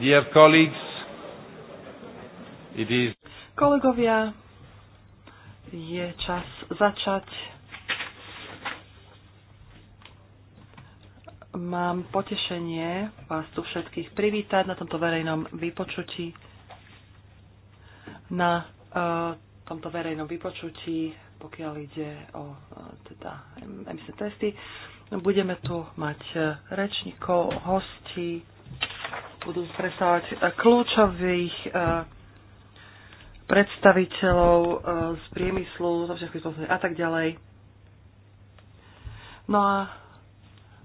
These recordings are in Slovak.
Dear colleagues, it is... Kolegovia, je čas začať. Mám potešenie vás tu všetkých privítať na tomto verejnom vypočutí. Na uh, tomto verejnom vypočutí, pokiaľ ide o uh, teda emisné testy, budeme tu mať e, rečníkov, hostí, budú stretávať eh, kľúčových eh, predstaviteľov eh, z priemyslu, zo všetkých a tak ďalej. No a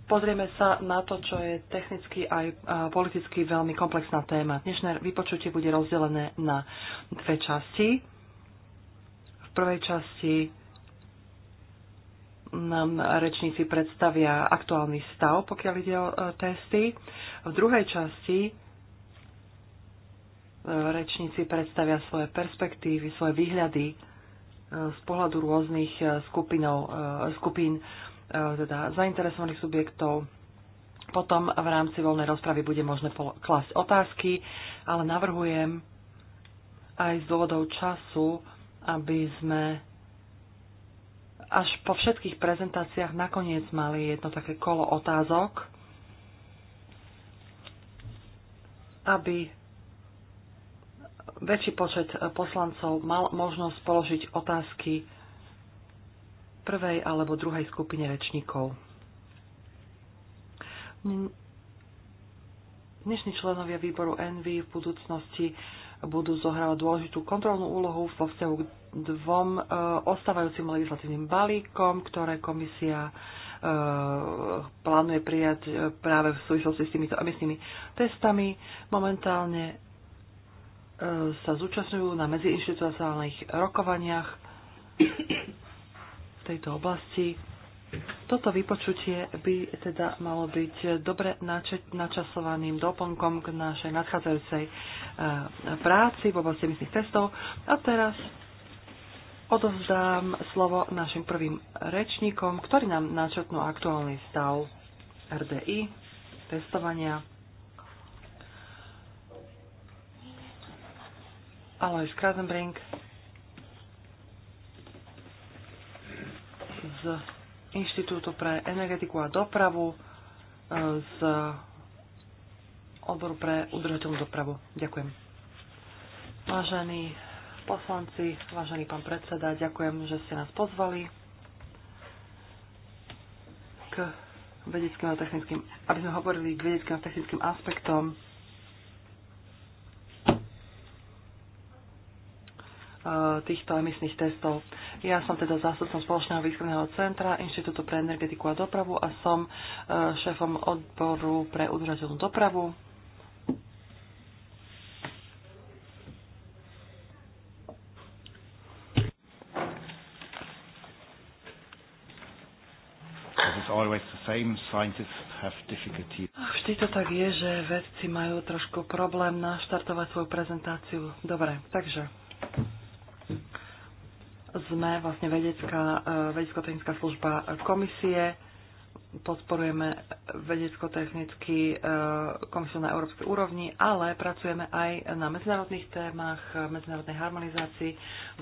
pozrieme sa na to, čo je technicky aj politicky veľmi komplexná téma. Dnešné vypočutie bude rozdelené na dve časti. V prvej časti nám rečníci predstavia aktuálny stav, pokiaľ ide o e, testy. V druhej časti e, rečníci predstavia svoje perspektívy, svoje výhľady e, z pohľadu rôznych skupinov, skupín teda zainteresovaných subjektov. Potom v rámci voľnej rozpravy bude možné klásť otázky, ale navrhujem aj z dôvodov času, aby sme až po všetkých prezentáciách nakoniec mali jedno také kolo otázok, aby väčší počet poslancov mal možnosť položiť otázky prvej alebo druhej skupine rečníkov. Dnešní členovia výboru NV v budúcnosti budú zohrávať dôležitú kontrolnú úlohu vo vzťahu k dvom e, ostávajúcim legislatívnym balíkom, ktoré komisia e, plánuje prijať e, práve v súvislosti s týmito emisnými testami. Momentálne sa zúčastňujú na medziinstitucionálnych rokovaniach v tejto oblasti toto vypočutie by teda malo byť dobre načasovaným doplnkom k našej nadchádzajúcej e, práci v oblasti emisných testov. A teraz odovzdám slovo našim prvým rečníkom, ktorí nám načetnú aktuálny stav RDI, testovania. Alois Krasenbrink z Inštitútu pre energetiku a dopravu e, z odboru pre udržateľnú dopravu. Ďakujem. Vážení poslanci, vážený pán predseda, ďakujem, že ste nás pozvali k vedeckým a technickým, aby sme hovorili k vedeckým a technickým aspektom týchto emisných testov. Ja som teda zástupcom Spoločného výskumného centra Inštitútu pre energetiku a dopravu a som e, šéfom odboru pre udržateľnú dopravu. Vždy to tak je, že vedci majú trošku problém naštartovať svoju prezentáciu. Dobre, takže sme vlastne vedecká, eh, vedecko-technická služba komisie, podporujeme vedecko technický eh, komisiu na európskej úrovni, ale pracujeme aj na medzinárodných témach, medzinárodnej harmonizácii,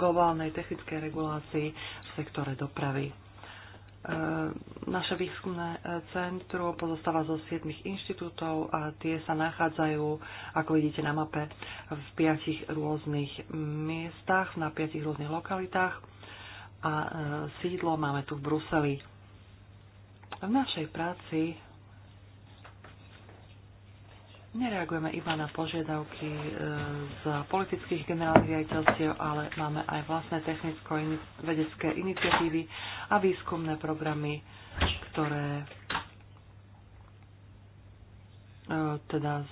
globálnej technickej regulácii v sektore dopravy. Eh, naše výskumné centrum pozostáva zo 7 inštitútov a tie sa nachádzajú, ako vidíte na mape, v piatich rôznych miestach, na piatich rôznych lokalitách a e, sídlo máme tu v Bruseli. V našej práci nereagujeme iba na požiadavky e, z politických generálnych riaditeľstiev, ale máme aj vlastné technicko-vedecké iniciatívy a výskumné programy, ktoré e, teda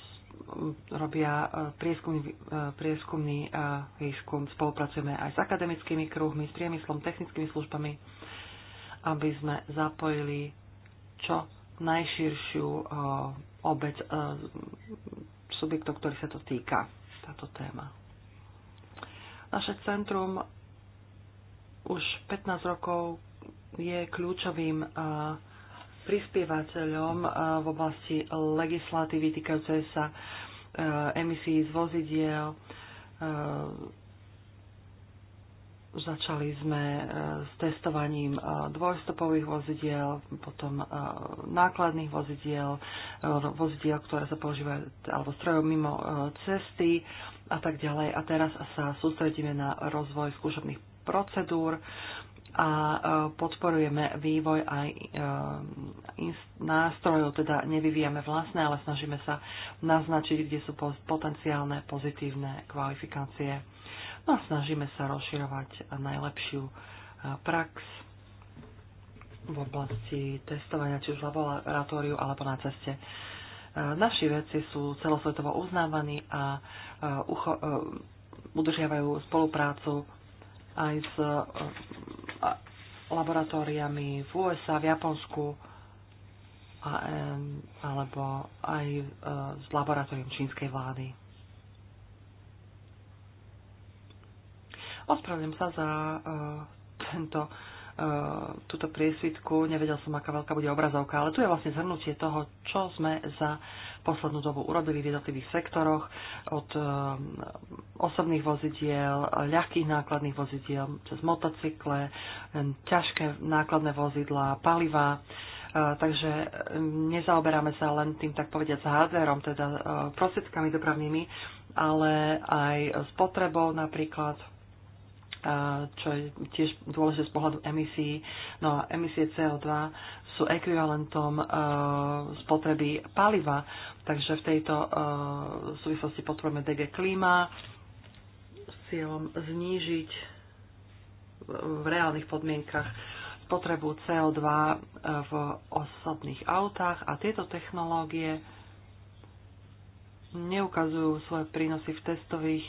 robia prieskumný, eh, prieskumný eh, eh, výskum. Spolupracujeme aj s akademickými kruhmi, s priemyslom, technickými službami, aby sme zapojili čo najširšiu obec subjektov, ktorý sa to týka, táto téma. Naše centrum už 15 rokov je kľúčovým uh, prispievateľom eh, v oblasti legislatívy týkajúcej sa eh, emisí z vozidiel. Eh, začali sme s testovaním dvojstopových vozidiel, potom nákladných vozidiel, vozidiel, ktoré sa používajú alebo strojov mimo cesty a tak ďalej. A teraz sa sústredíme na rozvoj skúšobných procedúr a e, podporujeme vývoj aj e, nástrojov, teda nevyvíjame vlastné, ale snažíme sa naznačiť, kde sú potenciálne pozitívne kvalifikácie. No a snažíme sa rozširovať najlepšiu e, prax v oblasti testovania, či už v laboratóriu alebo na ceste. Naši vedci sú celosvetovo uznávaní a udržiavajú spoluprácu aj s laboratóriami v USA, v Japonsku a, alebo aj e, s laboratóriom čínskej vlády. Ospravedlňujem sa za e, tento, e, túto priesvitku. Nevedel som, aká veľká bude obrazovka, ale tu je vlastne zhrnutie toho, čo sme za poslednú dobu urobili v jednotlivých sektoroch, od eh, osobných vozidiel, ľahkých nákladných vozidiel, cez motocykle, hm, ťažké nákladné vozidlá, paliva eh, takže hm, nezaoberáme sa len tým, tak povediať, s hardverom, teda eh, prostriedkami dopravnými, ale aj s potrebou napríklad čo je tiež dôležité z pohľadu emisí. No a emisie CO2 sú ekvivalentom e, spotreby paliva, takže v tejto e, súvislosti potrebujeme DG klíma s cieľom znížiť v reálnych podmienkach spotrebu CO2 e, v osobných autách a tieto technológie neukazujú svoje prínosy v, testových,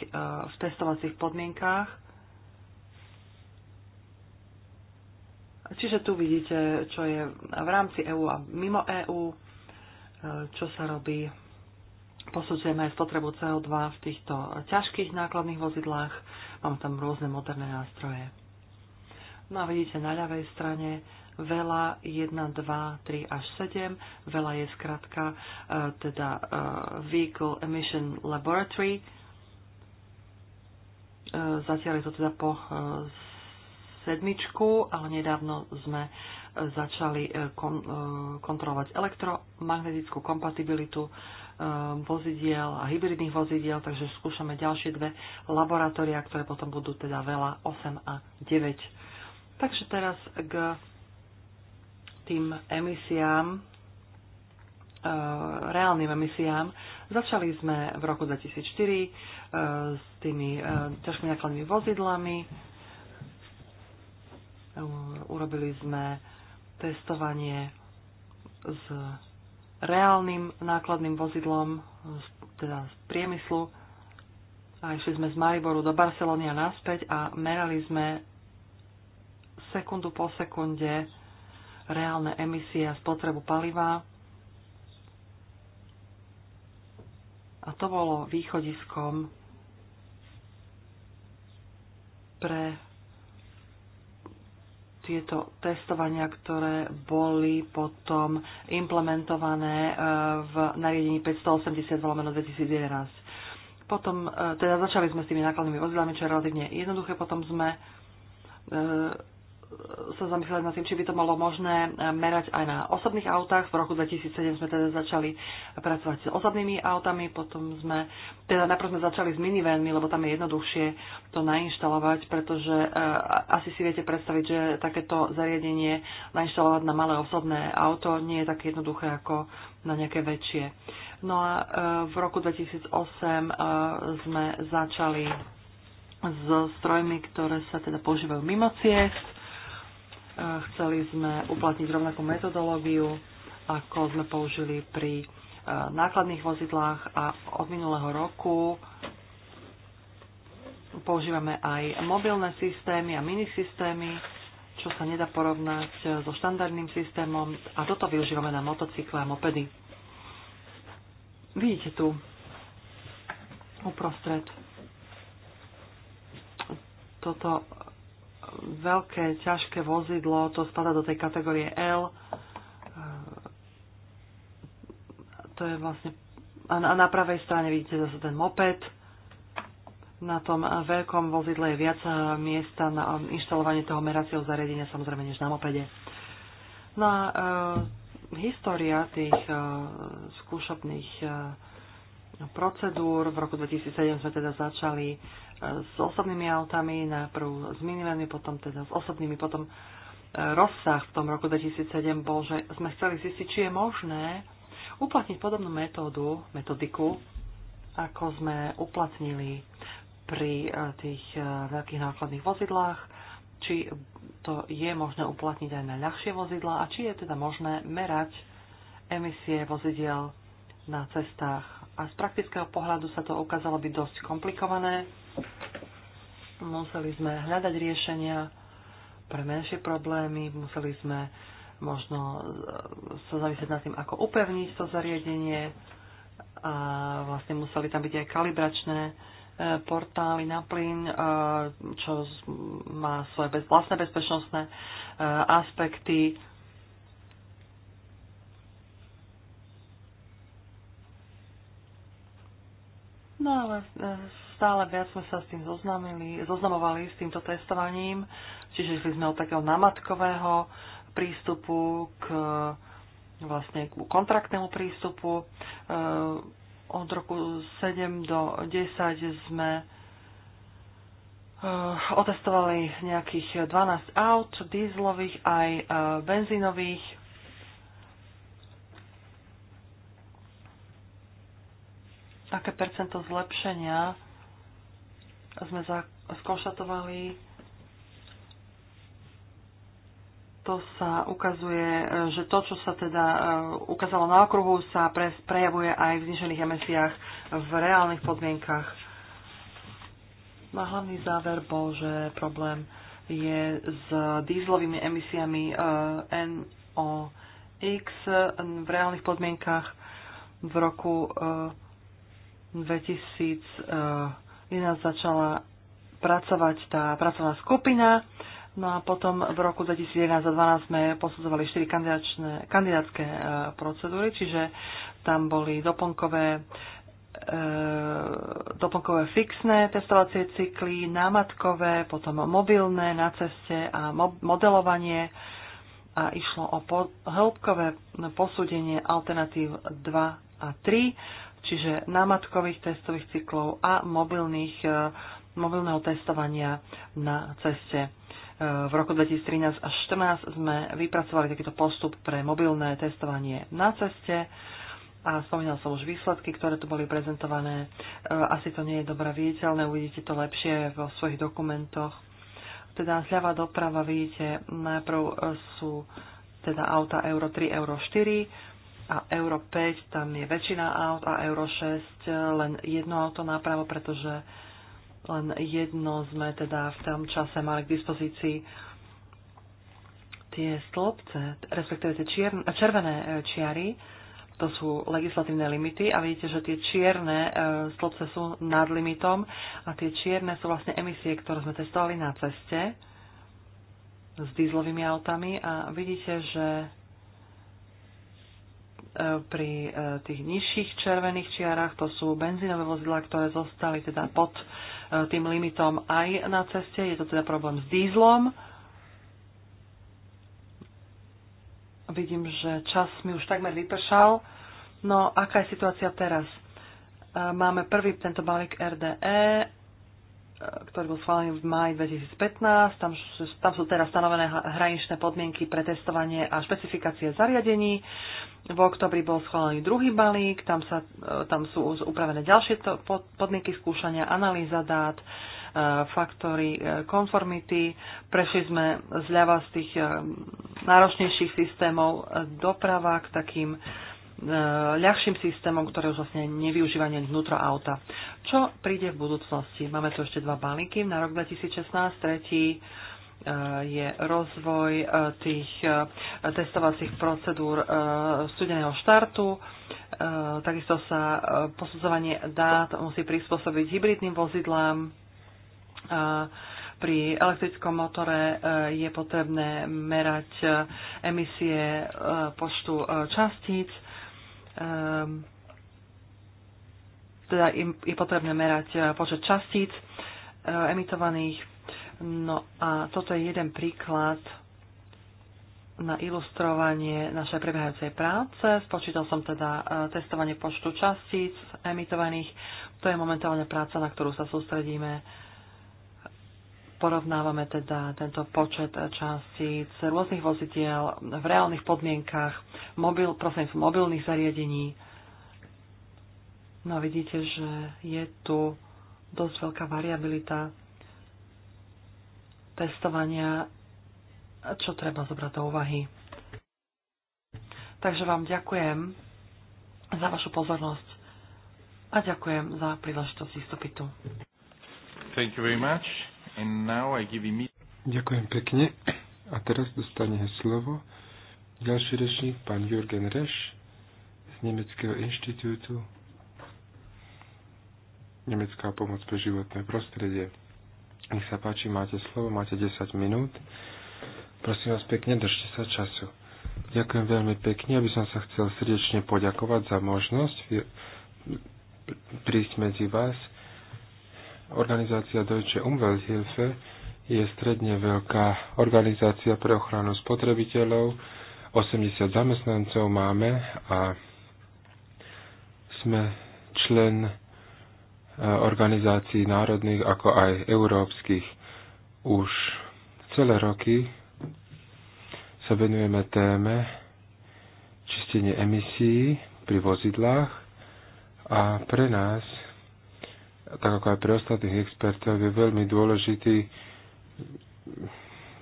v testovacích podmienkách Čiže tu vidíte, čo je v rámci EÚ a mimo EÚ, e, čo sa robí. Posudzujeme aj spotrebu CO2 v týchto ťažkých nákladných vozidlách. Mám tam rôzne moderné nástroje. No a vidíte na ľavej strane veľa 1, 2, 3 až 7. Veľa je skratka e, teda e, Vehicle Emission Laboratory. Zatiaľ je to teda po ale nedávno sme e, začali e, kon, e, kontrolovať elektromagnetickú kompatibilitu vozidiel a hybridných vozidiel, takže skúšame ďalšie dve laboratória, ktoré potom budú teda veľa 8 a 9. Takže teraz k tým emisiám reálnym emisiám. Začali sme v roku 2004 s tými ťažkými nákladnými vozidlami, Urobili sme testovanie s reálnym nákladným vozidlom, teda z priemyslu. A išli sme z Mariboru do Barcelony a naspäť a merali sme sekundu po sekunde reálne emisie a spotrebu paliva. A to bolo východiskom pre tieto testovania, ktoré boli potom implementované e, v nariadení 580 lomeno 2011. Potom, e, teda začali sme s tými nákladnými vozidlami, čo je relatívne jednoduché, potom sme e, sa zamysleli nad tým, či by to bolo možné eh, merať aj na osobných autách. V roku 2007 sme teda začali pracovať s osobnými autami, potom sme, teda najprv sme začali s minivanmi, lebo tam je jednoduchšie to nainštalovať, pretože uh, asi si viete predstaviť, že takéto zariadenie nainštalovať na malé osobné auto nie je tak jednoduché ako na nejaké väčšie. No a uh, v roku 2008 uh, sme začali s strojmi, ktoré sa teda používajú mimo ciest Chceli sme uplatniť rovnakú metodológiu, ako sme použili pri e, nákladných vozidlách a od minulého roku používame aj mobilné systémy a minisystémy, čo sa nedá porovnať e, so štandardným systémom a toto využívame na motocykle a mopedy. Vidíte tu uprostred toto veľké, ťažké vozidlo, to spada do tej kategórie L. To je vlastne... A na, pravej strane vidíte zase ten moped. Na tom veľkom vozidle je viac eh, miesta na eh, inštalovanie toho meracieho zariadenia, samozrejme, než na mopede. No a e, história tých e, skúšobných e, procedúr. V roku 2007 sme teda začali s osobnými autami, najprv s minivanmi, potom teda s osobnými, potom e, rozsah v tom roku 2007 bol, že sme chceli zistiť, či je možné uplatniť podobnú metódu, metodiku, ako sme uplatnili pri e, tých e, veľkých nákladných vozidlách, či to je možné uplatniť aj na ľahšie vozidla a či je teda možné merať emisie vozidiel na cestách. A z praktického pohľadu sa to ukázalo byť dosť komplikované, Museli sme hľadať riešenia pre menšie problémy, museli sme možno e, sa zavisieť nad tým, ako upevniť to zariadenie a vlastne museli tam byť aj kalibračné e, portály na plyn, e, čo má svoje vlastné bezpečnostné aspekty. No ale vlastne stále viac sme sa s tým zoznamili, zoznamovali s týmto testovaním, čiže išli sme od takého namatkového prístupu k vlastne k kontraktnému prístupu. Eh, od roku 7 do 10 sme eh, otestovali nejakých 12 aut, dízlových aj eh, benzínových. Aké percento zlepšenia sme za, skonštatovali, to sa ukazuje, že to, čo sa teda e, ukázalo na okruhu, sa pre, prejavuje aj v znižených emisiách v reálnych podmienkach. No hlavný záver bol, že problém je s dýzlovými emisiami e, NOx v reálnych podmienkach v roku 2000 e, nás začala pracovať tá pracovná skupina, no a potom v roku 2011 a 2012 sme posudzovali 4 kandidátske e, procedúry, čiže tam boli doplnkové e, doplnkové fixné testovacie cykly, námatkové, potom mobilné na ceste a mo- modelovanie a išlo o po- hĺbkové posúdenie alternatív 2 a 3 čiže námatkových testových cyklov a mobilných, e, mobilného testovania na ceste. E, v roku 2013 až 2014 sme vypracovali takýto postup pre mobilné testovanie na ceste a spomínal som už výsledky, ktoré tu boli prezentované. E, asi to nie je dobre viditeľné, uvidíte to lepšie vo svojich dokumentoch. Teda zľava doprava vidíte, najprv sú teda auta Euro 3, Euro 4, a Euro 5 tam je väčšina aut a Euro 6 len jedno auto nápravo, pretože len jedno sme teda v tom čase mali k dispozícii tie stĺpce, respektíve tie čierne, červené e, čiary, to sú legislatívne limity a vidíte, že tie čierne e, stĺpce sú nad limitom a tie čierne sú vlastne emisie, ktoré sme testovali na ceste s dízlovými autami a vidíte, že E, pri e, tých nižších červených čiarach, to sú benzínové vozidla, ktoré zostali teda pod e, tým limitom aj na ceste. Je to teda problém s dízlom. Vidím, že čas mi už takmer vypršal. No, aká je situácia teraz? Máme prvý tento balík RDE ktorý bol schválený v máji 2015. Tam, tam sú teraz stanovené hraničné podmienky pre testovanie a špecifikácie zariadení. V oktobri bol schválený druhý balík, tam, sa, e, tam sú upravené ďalšie to, podmienky skúšania, analýza dát, e, faktory e, konformity. Prešli sme zľava z tých náročnejších systémov doprava k takým E, ľahším systémom, ktoré už vlastne nevyužívanie vnútro auta. Čo príde v budúcnosti? Máme tu ešte dva balíky na rok 2016, tretí e, je rozvoj e, tých testovacích procedúr studeného štartu. Takisto sa posudzovanie dát musí prispôsobiť hybridným vozidlám. Pri elektrickom motore je potrebné merať emisie počtu častíc um, teda im, je potrebné merať eh, počet častíc uh, emitovaných. No a toto je jeden príklad na ilustrovanie našej prebiehajúcej práce. Spočítal som teda eh, testovanie počtu častíc emitovaných. To je momentálne práca, na ktorú sa sústredíme Porovnávame teda tento počet častíc rôznych vozidiel v reálnych podmienkach, mobil, prosím, mobilných zariadení. No a vidíte, že je tu dosť veľká variabilita testovania, čo treba zobrať do úvahy. Takže vám ďakujem za vašu pozornosť a ďakujem za príležitosť vystúpiť tu. Thank you very much. Ďakujem pekne. A teraz dostane slovo ďalší rečník, pán Jürgen Reš z Nemeckého inštitútu Nemecká pomoc pre životné prostredie. Nech sa páči, máte slovo, máte 10 minút. Prosím vás pekne, držte sa času. Ďakujem veľmi pekne, aby som sa chcel srdečne poďakovať za možnosť prísť medzi vás Organizácia Deutsche Umwelthilfe je stredne veľká organizácia pre ochranu spotrebiteľov. 80 zamestnancov máme a sme člen e, organizácií národných ako aj európskych. Už celé roky sa venujeme téme čistenie emisí pri vozidlách a pre nás tak ako aj pre ostatných expertov, je veľmi dôležitý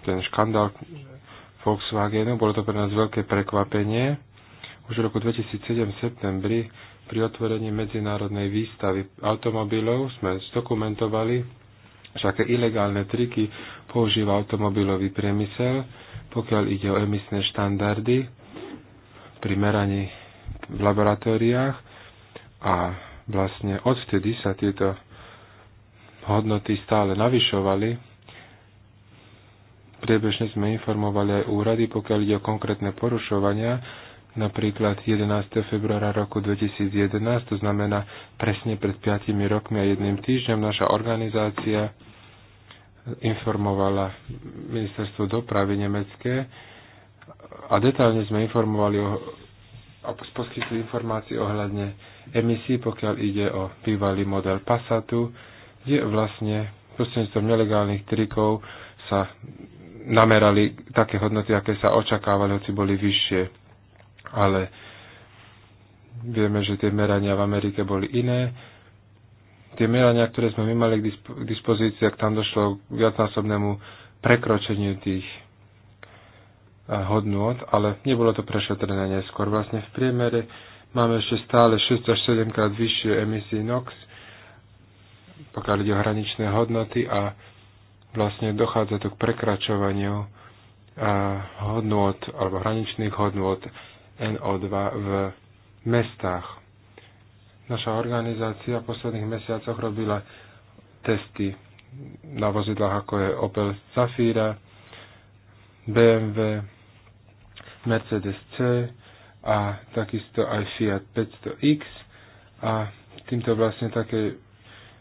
ten škandál Volkswagenu. Bolo to pre nás veľké prekvapenie. Už v roku 2007 v septembri pri otvorení medzinárodnej výstavy automobilov sme zdokumentovali, že aké ilegálne triky používa automobilový priemysel, pokiaľ ide o emisné štandardy pri meraní v laboratóriách a vlastne odvtedy sa tieto hodnoty stále navyšovali. Priebežne sme informovali aj úrady, pokiaľ ide o konkrétne porušovania, napríklad 11. februára roku 2011, to znamená presne pred 5 rokmi a jedným týždňom naša organizácia informovala ministerstvo dopravy nemecké a detálne sme informovali o a poskytli informácie ohľadne emisí, pokiaľ ide o bývalý model Passatu, kde vlastne prostredníctvom nelegálnych trikov sa namerali také hodnoty, aké sa očakávali, hoci boli vyššie. Ale vieme, že tie merania v Amerike boli iné. Tie merania, ktoré sme my mali k, k dispozícii, ak tam došlo k viacnásobnému prekročeniu tých hodnot, ale nebolo to prešetrené neskôr. Vlastne v priemere máme ešte stále 6 až 7 krát vyššie emisie NOx, pokiaľ ide o hraničné hodnoty a vlastne dochádza to k prekračovaniu hodnot alebo hraničných hodnot NO2 v mestách. Naša organizácia v posledných mesiacoch robila testy na vozidlách ako je Opel Zafira, BMW, Mercedes C a takisto aj Fiat 500X a týmto vlastne také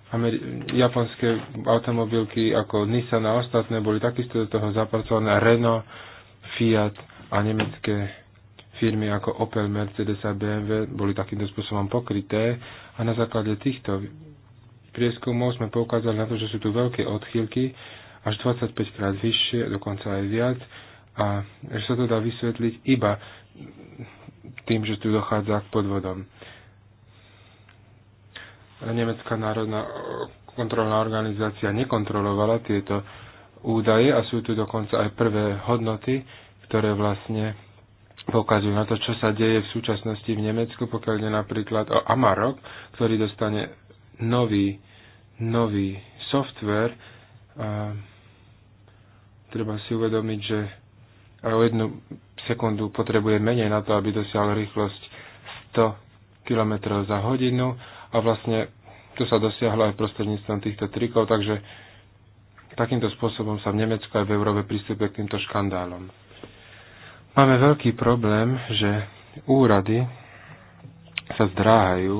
Ameri- japonské automobilky ako Nissan a ostatné boli takisto do toho zapracované Renault, Fiat a nemecké firmy ako Opel, Mercedes a BMW boli takýmto spôsobom pokryté a na základe týchto prieskumov sme poukázali na to, že sú tu veľké odchýlky, až 25 krát vyššie, dokonca aj viac, a že sa to dá vysvetliť iba tým, že tu dochádza k podvodom. Nemecká národná kontrolná organizácia nekontrolovala tieto údaje a sú tu dokonca aj prvé hodnoty, ktoré vlastne pokazujú na to, čo sa deje v súčasnosti v Nemecku, pokiaľ je napríklad o Amarok, ktorý dostane nový, nový software. A treba si uvedomiť, že ale o jednu sekundu potrebuje menej na to, aby dosial rýchlosť 100 km za hodinu a vlastne to sa dosiahlo aj prostredníctvom týchto trikov, takže takýmto spôsobom sa v Nemecku aj v Európe pristupuje k týmto škandálom. Máme veľký problém, že úrady sa zdráhajú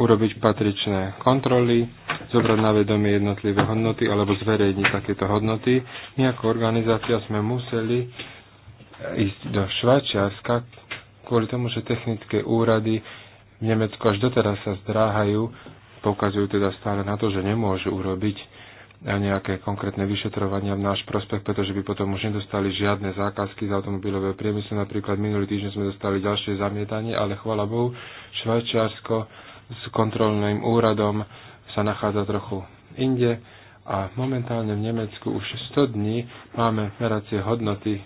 urobiť patričné kontroly, zobrať na vedomie jednotlivé hodnoty alebo zverejniť takéto hodnoty. My ako organizácia sme museli ísť do Švajčiarska kvôli tomu, že technické úrady v Nemecku až doteraz sa zdráhajú, poukazujú teda stále na to, že nemôžu urobiť eh, nejaké konkrétne vyšetrovania v náš prospech, pretože by potom už nedostali žiadne zákazky z automobilového priemyslu. Napríklad minulý týždeň sme dostali ďalšie zamietanie, ale chvala Bohu, Švajčiarsko s kontrolným úradom sa nachádza trochu inde a momentálne v Nemecku už 100 dní máme meracie hodnoty,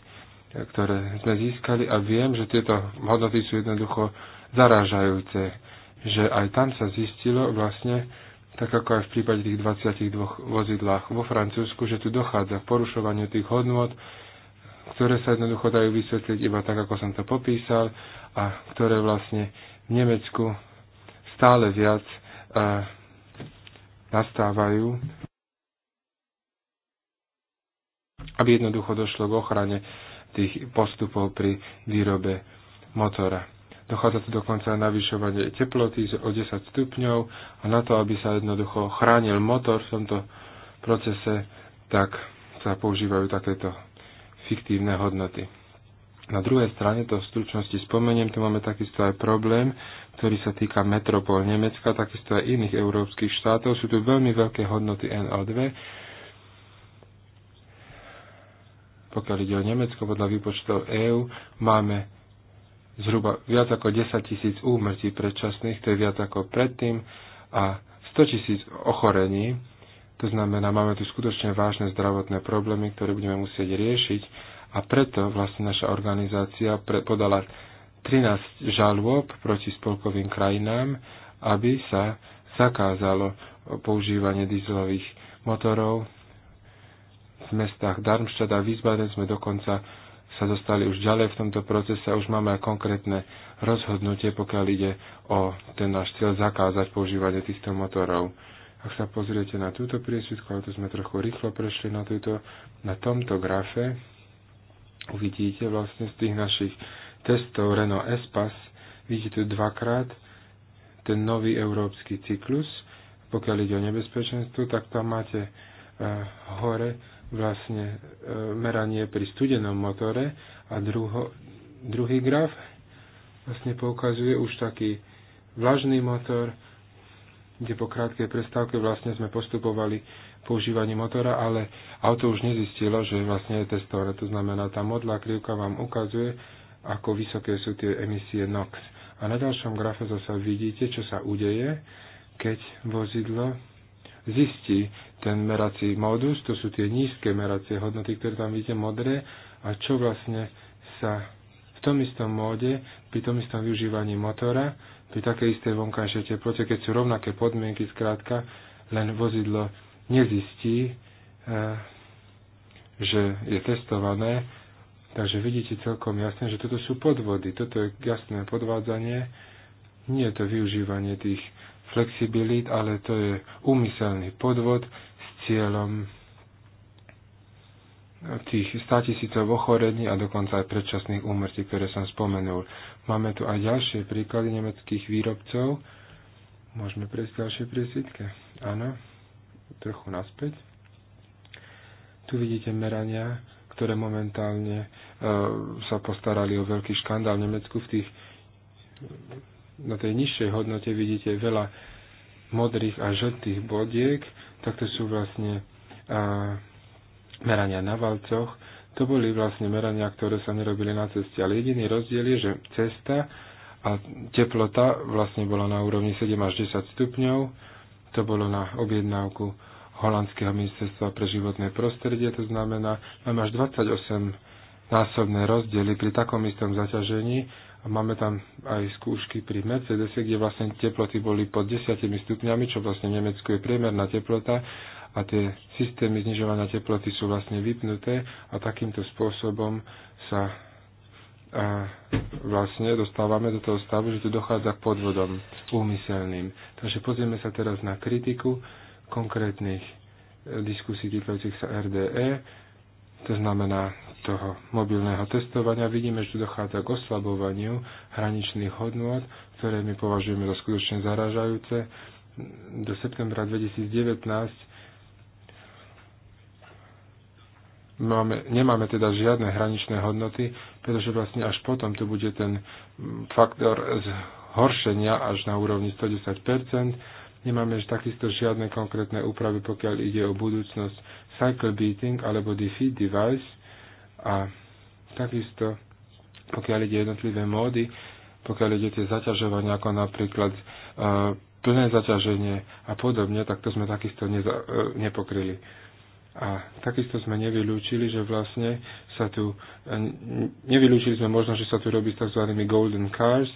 ktoré sme získali a viem, že tieto hodnoty sú jednoducho zarážajúce, že aj tam sa zistilo vlastne, tak ako aj v prípade tých 22 vozidlách vo Francúzsku, že tu dochádza k porušovaniu tých hodnot, ktoré sa jednoducho dajú vysvetliť iba tak, ako som to popísal a ktoré vlastne v Nemecku stále viac uh, nastávajú, aby jednoducho došlo k ochrane tých postupov pri výrobe motora. Dochádza tu dokonca aj navyšovanie teploty o 10 stupňov a na to, aby sa jednoducho chránil motor v tomto procese, tak sa používajú takéto fiktívne hodnoty. Na druhej strane, to v stručnosti spomeniem, tu máme takisto aj problém, ktorý sa týka metropol Nemecka, takisto aj iných európskych štátov. Sú tu veľmi veľké hodnoty NO2. Pokiaľ ide o Nemecko, podľa výpočtov EÚ máme zhruba viac ako 10 tisíc úmrtí predčasných, to je viac ako predtým, a 100 tisíc ochorení. To znamená, máme tu skutočne vážne zdravotné problémy, ktoré budeme musieť riešiť a preto vlastne naša organizácia podala 13 žalôb proti spolkovým krajinám, aby sa zakázalo používanie dieselových motorov. V mestách Darmstadt a Wiesbaden sme dokonca sa dostali už ďalej v tomto procese a už máme aj konkrétne rozhodnutie, pokiaľ ide o ten náš cieľ zakázať používanie týchto motorov. Ak sa pozriete na túto priesvitku, ale to sme trochu rýchlo prešli na, túto, na tomto grafe, uvidíte vlastne z tých našich testov Renault Espas, vidíte tu dvakrát ten nový európsky cyklus, pokiaľ ide o nebezpečenstvo, tak tam máte uh, hore vlastne uh, meranie pri studenom motore a druho, druhý graf vlastne poukazuje už taký vlažný motor, kde po krátkej prestávke vlastne sme postupovali používaní motora, ale auto už nezistilo, že vlastne je testované. To znamená, tá modlá krivka vám ukazuje, ako vysoké sú tie emisie NOx. A na ďalšom grafe zase vidíte, čo sa udeje, keď vozidlo zistí ten merací modus, to sú tie nízke meracie hodnoty, ktoré tam vidíte modré, a čo vlastne sa v tom istom móde, pri tom istom využívaní motora, pri takej istej vonkajšej teplote, keď sú rovnaké podmienky, zkrátka, len vozidlo nezistí, eh, že je testované. Takže vidíte celkom jasne, že toto sú podvody. Toto je jasné podvádzanie. Nie je to využívanie tých flexibilít, ale to je úmyselný podvod s cieľom eh, tých 100 tisícov ochorení a dokonca aj predčasných úmrtí, ktoré som spomenul. Máme tu aj ďalšie príklady nemeckých výrobcov. Môžeme prejsť ďalšie prísvitke. Áno trochu naspäť. Tu vidíte merania, ktoré momentálne e, sa postarali o veľký škandál v Nemecku. V tých, na tej nižšej hodnote vidíte veľa modrých a žltých bodiek. tak to sú vlastne e, merania na valcoch. To boli vlastne merania, ktoré sa nerobili na ceste. Ale jediný rozdiel je, že cesta a teplota vlastne bola na úrovni 7 až 10 stupňov to bolo na objednávku holandského ministerstva pre životné prostredie, to znamená, máme až 28 násobné rozdiely pri takom istom zaťažení a máme tam aj skúšky pri Mercedes, kde vlastne teploty boli pod 10 stupňami, čo vlastne v Nemecku je priemerná teplota a tie systémy znižovania teploty sú vlastne vypnuté a takýmto spôsobom sa vlastne dostávame do toho stavu, že tu dochádza k podvodom úmyselným. Takže pozrieme sa teraz na kritiku konkrétnych e, diskusí týkajúcich sa RDE, to znamená toho mobilného testovania. Vidíme, že tu dochádza k oslabovaniu hraničných hodnôt, ktoré my považujeme za skutočne zaražajúce. Do septembra 2019 máme, nemáme teda žiadne hraničné hodnoty, pretože vlastne až potom tu bude ten mm, faktor zhoršenia až na úrovni 110 Nemáme takisto žiadne konkrétne úpravy, pokiaľ ide o budúcnosť cycle beating alebo defeat device a takisto pokiaľ ide jednotlivé módy, pokiaľ ide tie zaťažovania ako napríklad uh, plné zaťaženie a podobne, tak to sme takisto neza, uh, nepokryli. A takisto sme nevylúčili, že vlastne sa tu, e, nevylúčili sme možno, že sa tu robí s tzv. golden cars,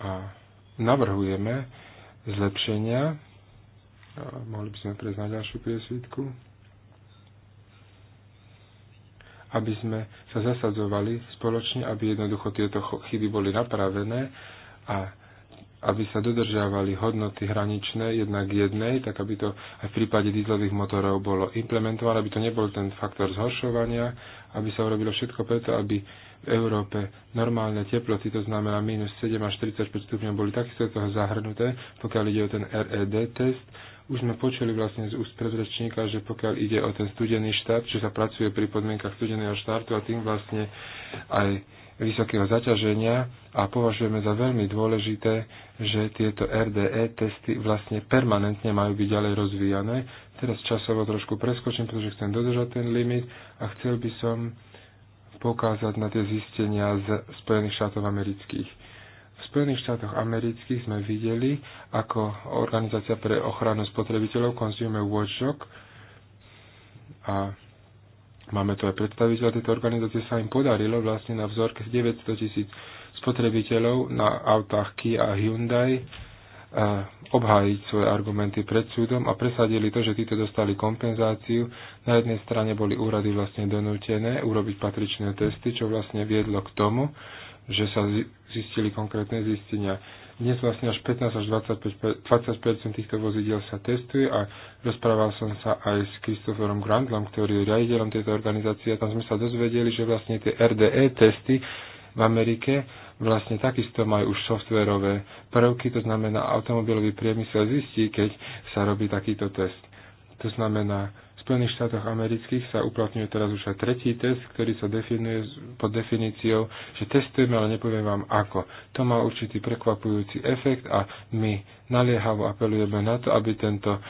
a navrhujeme zlepšenia. Mohli by sme prejsť na ďalšiu priesvitku. Aby sme sa zasadzovali spoločne, aby jednoducho tieto chyby boli napravené a aby sa dodržiavali hodnoty hraničné jednak jednej, tak aby to aj v prípade dieselových motorov bolo implementované, aby to nebol ten faktor zhoršovania, aby sa urobilo všetko preto, aby v Európe normálne teploty, to znamená minus 7 až 45 stupňov, boli takisto toho zahrnuté, pokiaľ ide o ten RED test. Už sme počuli vlastne z úst predrečníka, že pokiaľ ide o ten studený štart, že sa pracuje pri podmienkach studeného štartu a tým vlastne aj vysokého zaťaženia a považujeme za veľmi dôležité, že tieto RDE testy vlastne permanentne majú byť ďalej rozvíjane. Teraz časovo trošku preskočím, pretože chcem dodržať ten limit a chcel by som pokázať na tie zistenia z Spojených štátov amerických. V Spojených štátoch amerických sme videli, ako Organizácia pre ochranu spotrebiteľov Consumer Watchdog a Máme tu aj predstaviteľa tejto organizácie, sa im podarilo vlastne na vzorke 900 tisíc spotrebiteľov na autách Kia a Hyundai eh, obhájiť svoje argumenty pred súdom a presadili to, že títo dostali kompenzáciu. Na jednej strane boli úrady vlastne donútené urobiť patričné testy, čo vlastne viedlo k tomu, že sa zistili konkrétne zistenia. Dnes vlastne až 15 až 25, 20 týchto vozidiel sa testuje a rozprával som sa aj s Kristoferom Grandlom, ktorý je riaditeľom tejto organizácie a tam sme sa dozvedeli, že vlastne tie RDE testy v Amerike vlastne takisto majú už softverové prvky, to znamená automobilový priemysel zistí, keď sa robí takýto test. To znamená, Spojených štátoch amerických sa uplatňuje teraz už aj tretí test, ktorý sa definuje pod definíciou, že testujeme, ale nepoviem vám ako. To má určitý prekvapujúci efekt a my naliehavo apelujeme na to, aby tento e,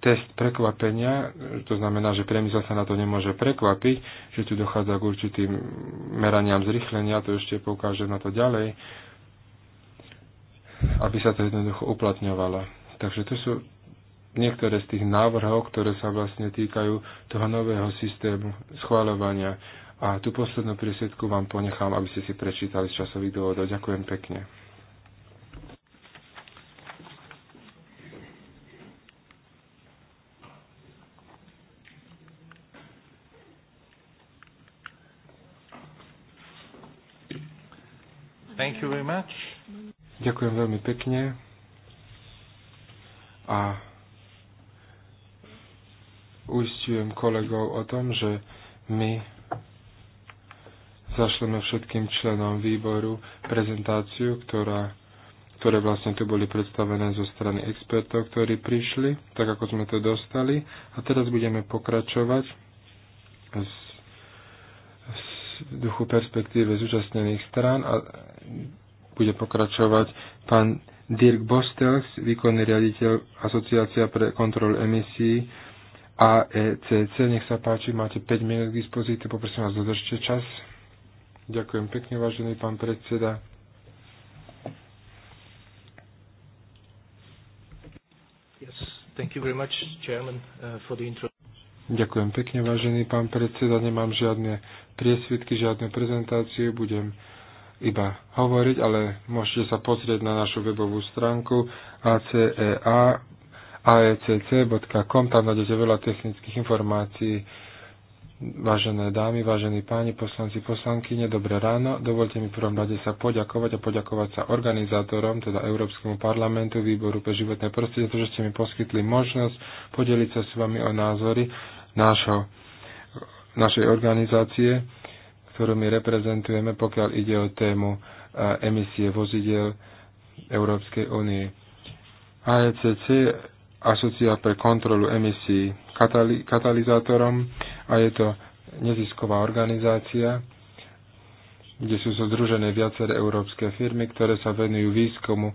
test prekvapenia, to znamená, že priemysel sa na to nemôže prekvapiť, že tu dochádza k určitým meraniam zrychlenia, to ešte poukážem na to ďalej, aby sa to jednoducho uplatňovalo. Takže to sú niektoré z tých návrhov, ktoré sa vlastne týkajú toho nového systému schváľovania. A tú poslednú prísvedku vám ponechám, aby ste si prečítali z časových dôvodov. Ďakujem pekne. Thank you very much. Ďakujem veľmi pekne. A uistujem kolegov o tom, že my zašleme všetkým členom výboru prezentáciu, ktorá, ktoré vlastne tu boli predstavené zo strany expertov, ktorí prišli, tak ako sme to dostali. A teraz budeme pokračovať z z duchu perspektíve zúčastnených strán a bude pokračovať pán Dirk Bostel, výkonný riaditeľ Asociácia pre kontrolu emisí AECC. Nech sa páči, máte 5 minút k dispozícii, poprosím vás, dodržte čas. Ďakujem pekne, vážený pán predseda. Yes, thank you very much, Chairman, uh, for the intro. Ďakujem pekne, vážený pán predseda. Nemám žiadne priesvitky, žiadne prezentácie. Budem iba hovoriť, ale môžete sa pozrieť na našu webovú stránku ACEA aecc.com, tam nájdete veľa technických informácií. Vážené dámy, vážení páni, poslanci, poslankyne, dobré ráno. Dovolte mi v prvom rade sa poďakovať a poďakovať sa organizátorom, teda Európskemu parlamentu, Výboru pre životné prostredie, to, že ste mi poskytli možnosť podeliť sa s vami o názory nášho, našej organizácie, ktorú my reprezentujeme, pokiaľ ide o tému e, emisie vozidel Európskej únie. AECC asociá pre kontrolu emisí katali- katalizátorom a je to nezisková organizácia, kde sú združené viaceré európske firmy, ktoré sa venujú výskumu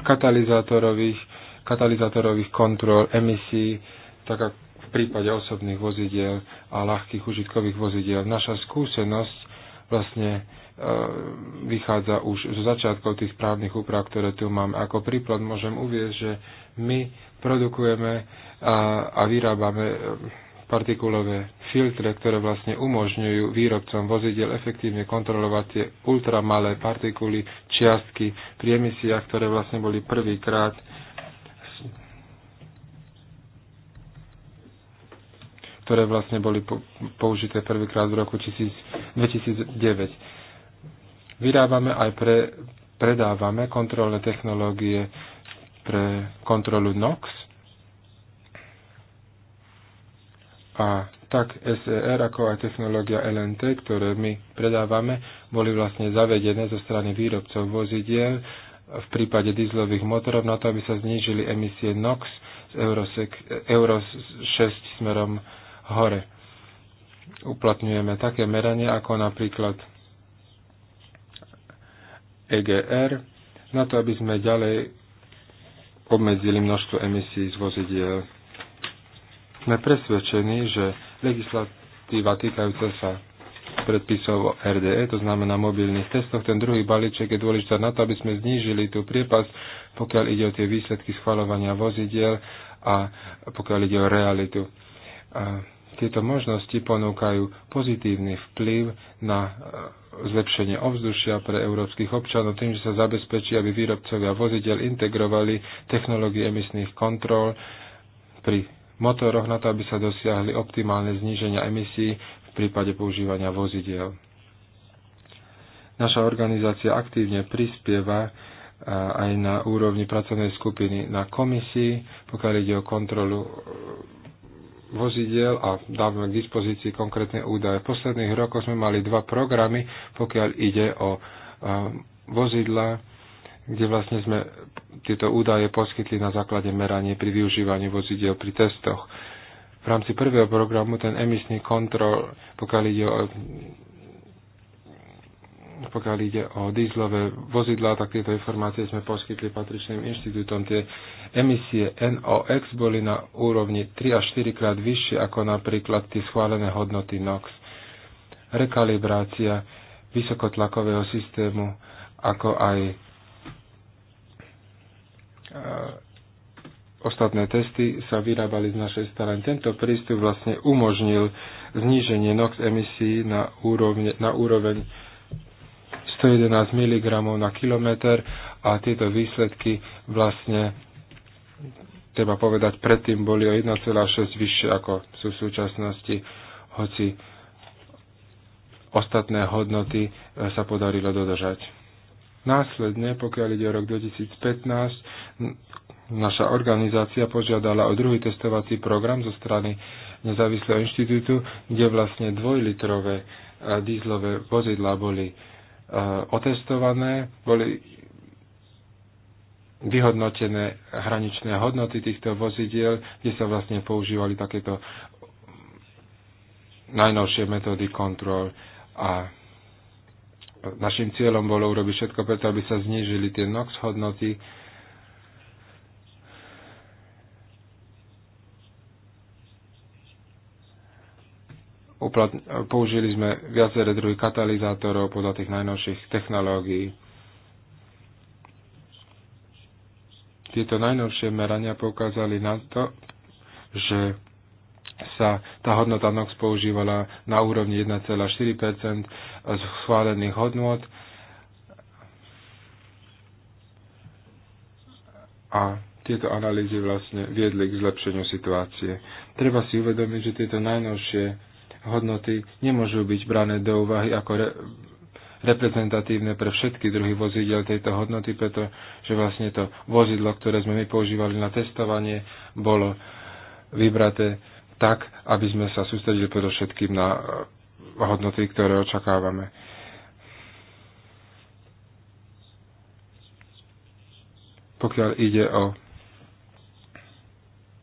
katalizátorových, katalizátorových kontrol emisí, tak ako v prípade osobných vozidiel a ľahkých užitkových vozidiel. Naša skúsenosť vlastne E, vychádza už zo začiatkov tých právnych úprav, ktoré tu máme. Ako príklad môžem uvieť, že my produkujeme a, a vyrábame e, partikulové filtre, ktoré vlastne umožňujú výrobcom vozidel efektívne kontrolovať tie ultramalé partikuly, čiastky pri emisiách, ktoré vlastne boli prvýkrát ktoré vlastne boli použité prvýkrát v roku 2009. Vyrábame aj pre, predávame kontrolné technológie pre kontrolu NOx a tak SER ako aj technológia LNT, ktoré my predávame, boli vlastne zavedené zo strany výrobcov vozidiel v prípade dizlových motorov na to, aby sa znížili emisie NOx z Euro, Euro 6 smerom hore. Uplatňujeme také meranie ako napríklad EGR, na to, aby sme ďalej obmedzili množstvo emisí z vozidiel. Sme presvedčení, že legislatíva týkajúca sa predpisov o RDE, to znamená mobilných testoch, ten druhý balíček je dôležitý na to, aby sme znížili tú priepas, pokiaľ ide o tie výsledky schvalovania vozidiel a pokiaľ ide o realitu. A tieto možnosti ponúkajú pozitívny vplyv na zlepšenie ovzdušia pre európskych občanov tým, že sa zabezpečí, aby výrobcovia vozidel integrovali technológie emisných kontrol pri motoroch na to, aby sa dosiahli optimálne zníženia emisí v prípade používania vozidiel. Naša organizácia aktívne prispieva aj na úrovni pracovnej skupiny na komisii, pokiaľ ide o kontrolu vozidiel a dávame k dispozícii konkrétne údaje. V posledných rokoch sme mali dva programy, pokiaľ ide o e, vozidla, kde vlastne sme tieto údaje poskytli na základe meranie pri využívaní vozidiel pri testoch. V rámci prvého programu ten emisný kontrol, pokiaľ ide o pokiaľ ide o dýzlové vozidlá, tak tieto informácie sme poskytli patričným inštitútom. Tie emisie NOx boli na úrovni 3 až 4 krát vyššie ako napríklad tie schválené hodnoty NOx. Rekalibrácia vysokotlakového systému, ako aj e, ostatné testy sa vyrábali z našej strany. Tento prístup vlastne umožnil zníženie NOx emisí na, úrovne, na úroveň 111 mg na kilometr a tieto výsledky vlastne treba povedať, predtým boli o 1,6 vyššie ako sú v súčasnosti, hoci ostatné hodnoty e, sa podarilo dodržať. Následne, pokiaľ ide o rok 2015, naša organizácia požiadala o druhý testovací program zo strany nezávislého inštitútu, kde vlastne dvojlitrové e, dízlové vozidlá boli Eh, otestované, boli vyhodnotené hraničné hodnoty týchto vozidiel, kde sa vlastne používali takéto najnovšie metódy kontrol a našim cieľom bolo urobiť všetko preto, aby sa znížili tie NOx hodnoty použili sme viaceré druhy katalizátorov podľa tých najnovších technológií. Tieto najnovšie merania poukázali na to, že sa tá hodnota NOx používala na úrovni 1,4 z schválených hodnot. a tieto analýzy vlastne viedli k zlepšeniu situácie. Treba si uvedomiť, že tieto najnovšie hodnoty nemôžu byť brané do úvahy ako re, reprezentatívne pre všetky druhy vozidel tejto hodnoty, pretože vlastne to vozidlo, ktoré sme my používali na testovanie, bolo vybraté tak, aby sme sa sústredili predovšetkým na eh, hodnoty, ktoré očakávame. Pokiaľ ide o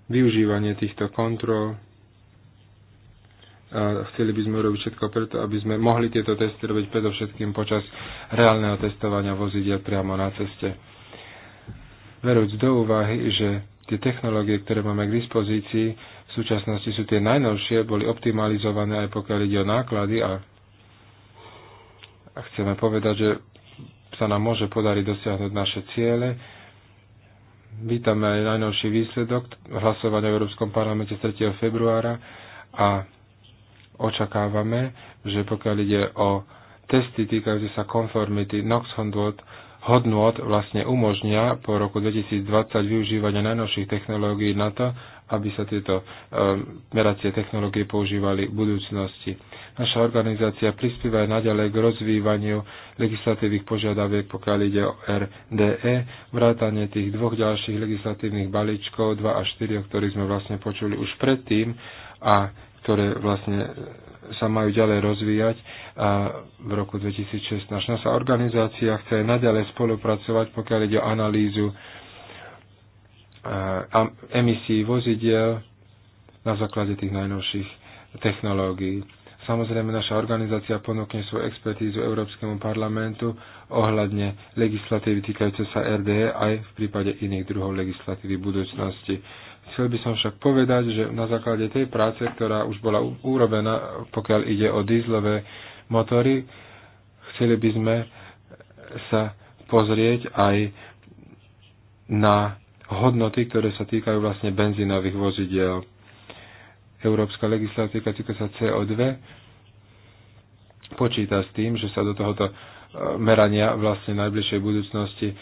využívanie týchto kontrol, a chceli by sme urobiť všetko preto, aby sme mohli tieto testy robiť predovšetkým počas reálneho testovania vozidiel priamo na ceste. Verujúc do úvahy, že tie technológie, ktoré máme k dispozícii, v súčasnosti sú tie najnovšie, boli optimalizované aj pokiaľ ide o náklady a, a chceme povedať, že sa nám môže podariť dosiahnuť naše ciele, Vítame aj najnovší výsledok hlasovania v Európskom parlamente 3. februára a očakávame, že pokiaľ ide o testy týkajúce sa konformity NOx hodnot, hodnot vlastne umožnia po roku 2020 využívanie najnovších technológií na to, aby sa tieto um, meracie technológie používali v budúcnosti. Naša organizácia prispieva aj naďalej k rozvývaniu legislatívnych požiadaviek, pokiaľ ide o RDE, vrátanie tých dvoch ďalších legislatívnych balíčkov, 2 a 4, o ktorých sme vlastne počuli už predtým, a ktoré vlastne sa majú ďalej rozvíjať a v roku 2016. Naša organizácia chce naďalej spolupracovať, pokiaľ ide o analýzu e, emisí vozidiel na základe tých najnovších technológií. Samozrejme, naša organizácia ponúkne svoju expertízu Európskemu parlamentu ohľadne legislatívy týkajúce sa RDE aj v prípade iných druhov legislatívy budúcnosti. Chcel by som však povedať, že na základe tej práce, ktorá už bola urobená, pokiaľ ide o dízlové motory, chceli by sme sa pozrieť aj na hodnoty, ktoré sa týkajú vlastne benzínových vozidiel. Európska legislatíva týka sa CO2 počíta s tým, že sa do tohoto e, merania vlastne najbližšej budúcnosti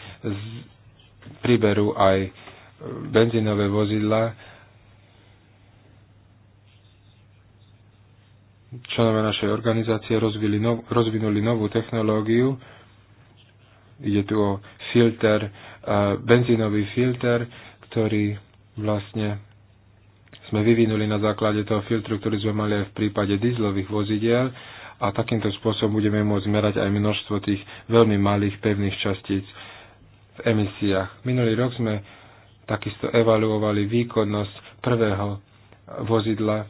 priberú aj benzínové vozidla, členové našej organizácie nov, rozvinuli novú technológiu. Ide tu o filter, benzínový filter, ktorý vlastne sme vyvinuli na základe toho filtru, ktorý sme mali aj v prípade dieslových vozidiel a takýmto spôsobom budeme môcť merať aj množstvo tých veľmi malých pevných častíc v emisiách. Minulý rok sme takisto evaluovali výkonnosť prvého vozidla,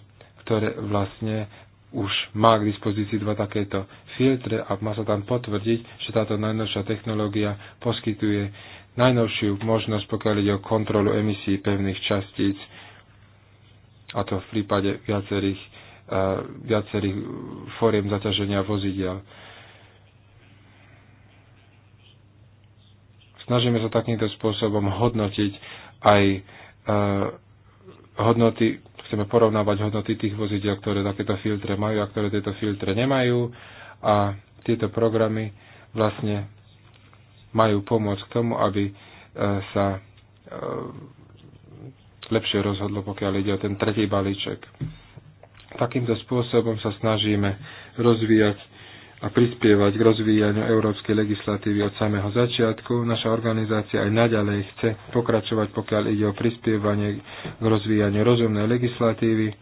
ktoré vlastne už má k dispozícii dva takéto filtre a má sa tam potvrdiť, že táto najnovšia technológia poskytuje najnovšiu možnosť, pokiaľ ide o kontrolu emisí pevných častíc, a to v prípade viacerých, uh, viacerých fóriem zaťaženia vozidiel. Snažíme sa takýmto spôsobom hodnotiť aj e, hodnoty, chceme porovnávať hodnoty tých vozidel, ktoré takéto filtre majú a ktoré tieto filtre nemajú a tieto programy vlastne majú pomôcť k tomu, aby e, sa e, lepšie rozhodlo, pokiaľ ide o ten tretí balíček. Takýmto spôsobom sa snažíme rozvíjať a prispievať k rozvíjaniu európskej legislatívy od samého začiatku. Naša organizácia aj naďalej chce pokračovať, pokiaľ ide o prispievanie k rozvíjaniu rozumnej legislatívy,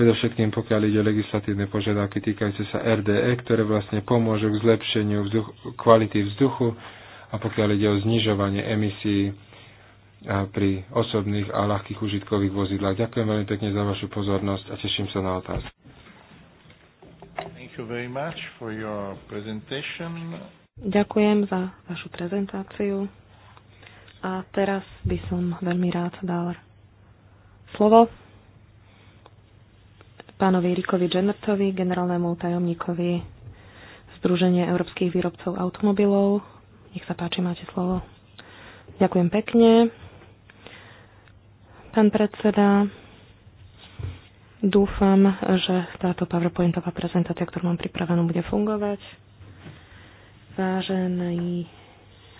predovšetkým pokiaľ ide o legislatívne požiadavky týkajúce sa RDE, ktoré vlastne pomôžu k zlepšeniu vzduch, kvality vzduchu a pokiaľ ide o znižovanie emisí pri osobných a ľahkých užitkových vozidlách. Ďakujem veľmi pekne za vašu pozornosť a teším sa na otázky. Thank you very much for your presentation. Ďakujem za vašu prezentáciu. A teraz by som veľmi rád dal slovo pánovi Rikovi Jennertovi, generálnemu tajomníkovi Združenia európskych výrobcov automobilov. Nech sa páči, máte slovo. Ďakujem pekne. Pán predseda, Dúfam, že táto PowerPointová prezentácia, ktorú mám pripravenú, bude fungovať. Vážení,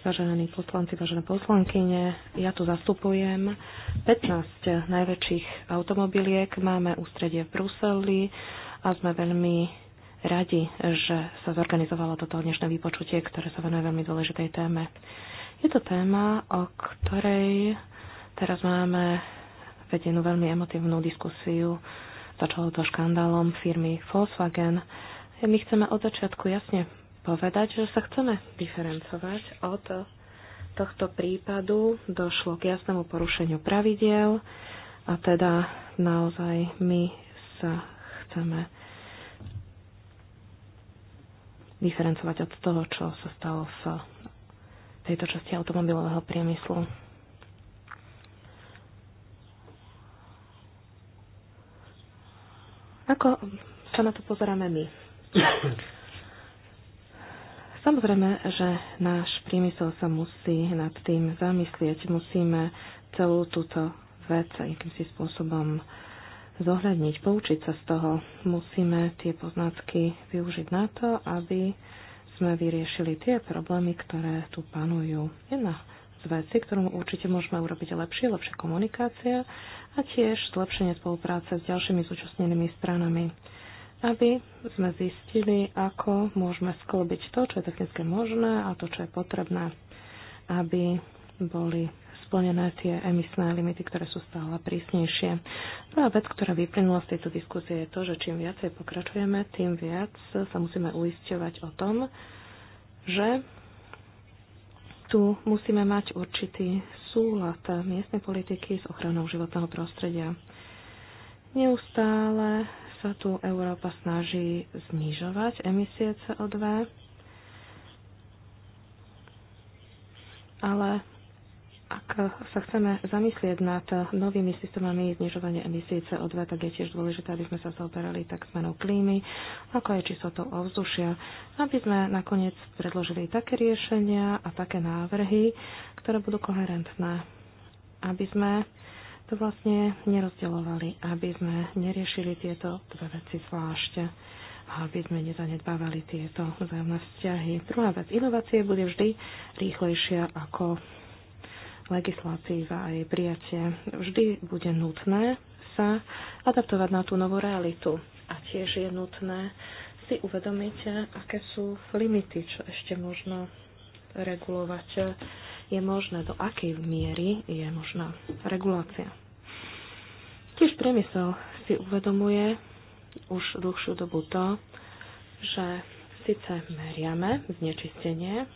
vážení poslanci, vážené poslankyne, ja tu zastupujem 15 najväčších automobiliek. Máme ústredie v Bruseli a sme veľmi radi, že sa zorganizovalo toto dnešné vypočutie, ktoré sa venuje veľmi dôležitej téme. Je to téma, o ktorej teraz máme vedenú veľmi emotívnu diskusiu Začalo to škandálom firmy Volkswagen. My chceme od začiatku jasne povedať, že sa chceme diferencovať od tohto prípadu. Došlo k jasnému porušeniu pravidiel a teda naozaj my sa chceme diferencovať od toho, čo sa stalo v tejto časti automobilového priemyslu. Ako sa na to pozeráme my? Samozrejme, že náš priemysel sa musí nad tým zamyslieť. Musíme celú túto vec akýmsi spôsobom zohľadniť, poučiť sa z toho. Musíme tie poznatky využiť na to, aby sme vyriešili tie problémy, ktoré tu panujú. Jedna z vecí, ktorú určite môžeme urobiť lepšie, lepšia komunikácia a tiež zlepšenie spolupráce s ďalšími zúčastnenými stranami, aby sme zistili, ako môžeme sklobiť to, čo je technicky možné a to, čo je potrebné, aby boli splnené tie emisné limity, ktoré sú stále prísnejšie. No a vec, ktorá vyplynula z tejto diskusie, je to, že čím viacej pokračujeme, tým viac sa musíme uisťovať o tom, že tu musíme mať určitý súlad miestnej politiky s ochranou životného prostredia. Neustále sa tu Európa snaží znižovať emisie CO2, ale ak sa chceme zamyslieť nad novými systémami znižovania emisí CO2, tak je tiež dôležité, aby sme sa zaoberali tak zmenou klímy, ako aj čistotou ovzdušia, aby sme nakoniec predložili také riešenia a také návrhy, ktoré budú koherentné, aby sme to vlastne nerozdielovali, aby sme neriešili tieto dve veci zvlášť aby sme nezanedbávali tieto vzájomné vzťahy. Druhá vec, inovácie bude vždy rýchlejšia ako legislatíva a jej prijatie. Vždy bude nutné sa adaptovať na tú novú realitu. A tiež je nutné si uvedomiť, aké sú limity, čo ešte možno regulovať je možné, do akej miery je možná regulácia. Tiež priemysel si uvedomuje už dlhšiu dobu to, že síce meriame znečistenie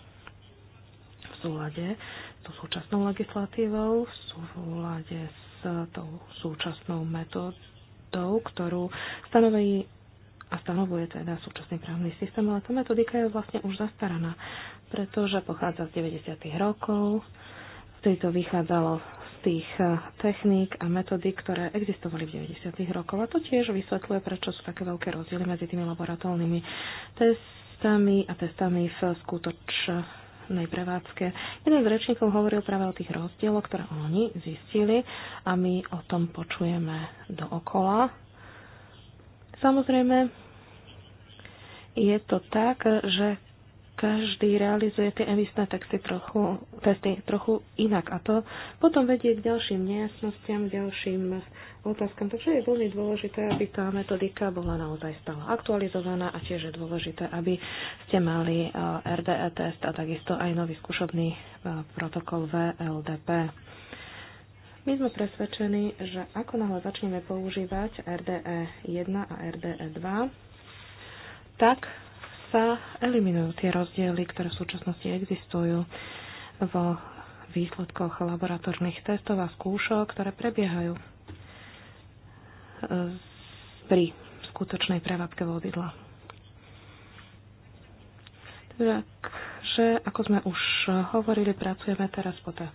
v súlade so súčasnou legislatívou, v súlade s tou súčasnou metódou, ktorú stanoví a stanovuje teda súčasný právny systém, ale tá metodika je vlastne už zastaraná, pretože pochádza z 90. rokov, vtedy to vychádzalo z tých e, techník a metodik, ktoré existovali v 90. rokoch. A to tiež vysvetľuje, prečo sú také veľké rozdiely medzi tými laboratórnymi testami a testami v skutočnosti tej prevádzke. Jeden z rečníkov hovoril práve o tých rozdieloch, ktoré oni zistili a my o tom počujeme dookola. Samozrejme, je to tak, že každý realizuje tie emisné texty trochu, testy trochu inak a to potom vedie k ďalším nejasnostiam, ďalším otázkam. Takže je veľmi dôležité, aby tá metodika bola naozaj stále aktualizovaná a tiež je dôležité, aby ste mali RDE e test a takisto aj nový skúšobný e, protokol VLDP. My sme presvedčení, že ako náhle začneme používať RDE 1 a RDE 2, tak sa eliminujú tie rozdiely, ktoré v súčasnosti existujú vo výsledkoch laboratórnych testov a skúšok, ktoré prebiehajú e, pri skutočnej prevádzke vozidla. Takže, ako sme už hovorili, pracujeme teraz podľa,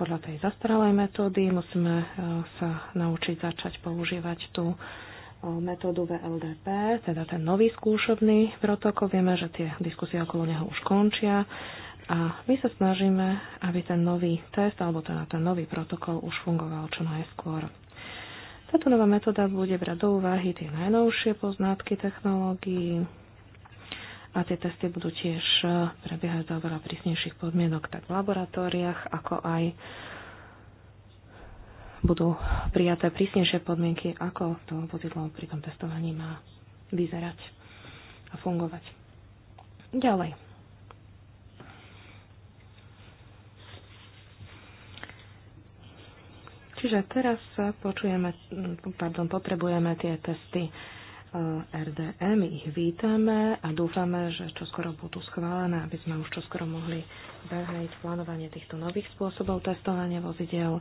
podľa tej zastaralej metódy. Musíme e, sa naučiť začať používať tú metódu VLDP, teda ten nový skúšobný protokol. Vieme, že tie diskusie okolo neho už končia a my sa snažíme, aby ten nový test alebo teda ten nový protokol už fungoval čo najskôr. Táto nová metóda bude brať do úvahy tie najnovšie poznatky technológií, a tie testy budú tiež prebiehať za oveľa prísnejších podmienok tak v laboratóriách, ako aj budú prijaté prísnejšie podmienky, ako to vozidlo pri tom testovaní má vyzerať a fungovať. Ďalej. Čiže teraz počujeme, pardon, potrebujeme tie testy eh, RDM, ich vítame a dúfame, že čo skoro budú schválené, aby sme už čo skoro mohli behať plánovanie týchto nových spôsobov testovania vozidel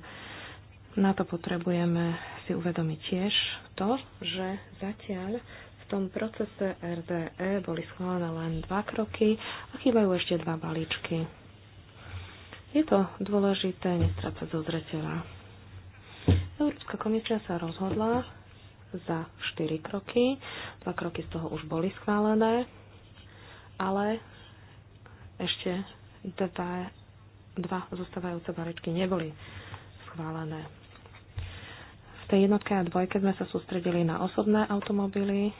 na to potrebujeme si uvedomiť tiež to, že zatiaľ v tom procese RDE boli schválené len dva kroky a chýbajú ešte dva balíčky. Je to dôležité nestrácať zo zreteľa. Európska komisia sa rozhodla za štyri kroky. Dva kroky z toho už boli schválené, ale ešte dva, dva zostávajúce balíčky neboli schválené tej jednotke a dvojke sme sa sústredili na osobné automobily.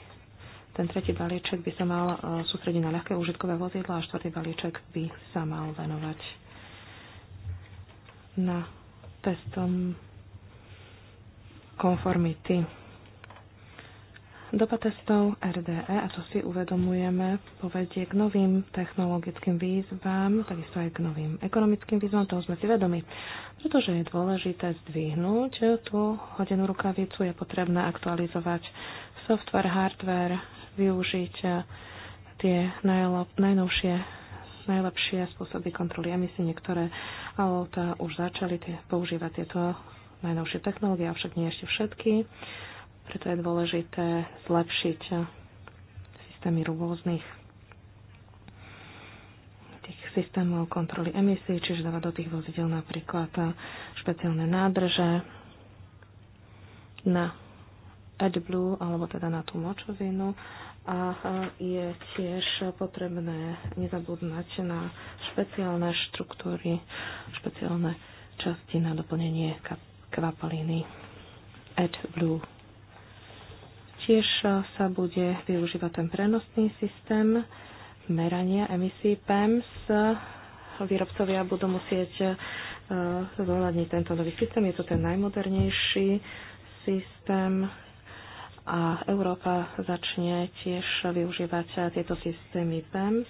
Ten tretí balíček by sa mal e, sústrediť na ľahké užitkové vozidla a štvrtý balíček by sa mal venovať na testom konformity. Doba testov RDE, a to si uvedomujeme, povedie k novým technologickým výzvam, takisto aj k novým ekonomickým výzvam, toho sme si vedomi. Pretože je dôležité zdvihnúť tú hodenú rukavicu, je potrebné aktualizovať software, hardware, využiť tie najnovšie najlepšie spôsoby kontroly emisí. Niektoré auta už začali používať tieto najnovšie technológie, avšak nie ešte všetky. Preto je dôležité zlepšiť systémy rôznych tých systémov kontroly emisí, čiže dávať do tých vozidel napríklad špeciálne nádrže na AdBlue, alebo teda na tú močovinu. A je tiež potrebné nezabudnať na špeciálne štruktúry, špeciálne časti na doplnenie kvapaliny AdBlue. Tiež sa bude využívať ten prenosný systém merania emisí PEMS. Výrobcovia budú musieť e, zohľadniť tento nový systém. Je to ten najmodernejší systém a Európa začne tiež využívať tieto systémy PEMS.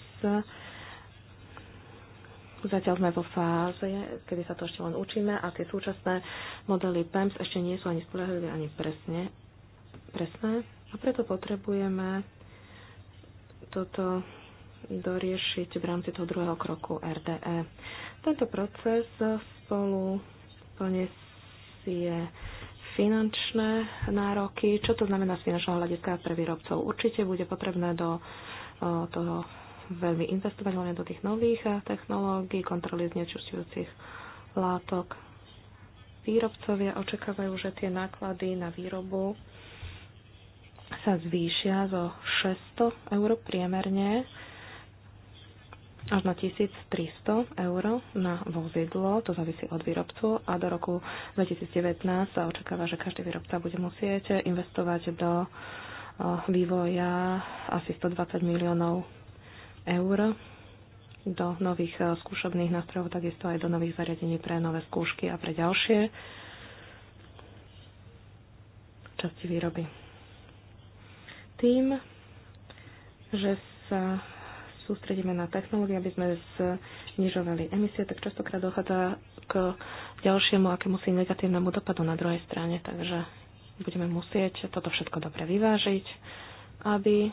Zatiaľ sme vo fáze, kedy sa to ešte len učíme a tie súčasné modely PEMS ešte nie sú ani spolehlivé, ani presne presné a preto potrebujeme toto doriešiť v rámci toho druhého kroku RDE. Tento proces spolu poniesie finančné nároky. Čo to znamená z finančného hľadiska pre výrobcov? Určite bude potrebné do toho veľmi investovať hlavne do tých nových technológií, kontroly znečistujúcich látok. Výrobcovia očakávajú, že tie náklady na výrobu sa zvýšia zo 600 eur priemerne až na 1300 eur na vozidlo, to závisí od výrobcu a do roku 2019 sa očakáva, že každý výrobca bude musieť investovať do vývoja asi 120 miliónov eur do nových skúšobných nástrojov, takisto aj do nových zariadení pre nové skúšky a pre ďalšie časti výroby tým, že sa sústredíme na technológie, aby sme znižovali emisie, tak častokrát dochádza k ďalšiemu akémusi negatívnemu dopadu na druhej strane. Takže budeme musieť toto všetko dobre vyvážiť, aby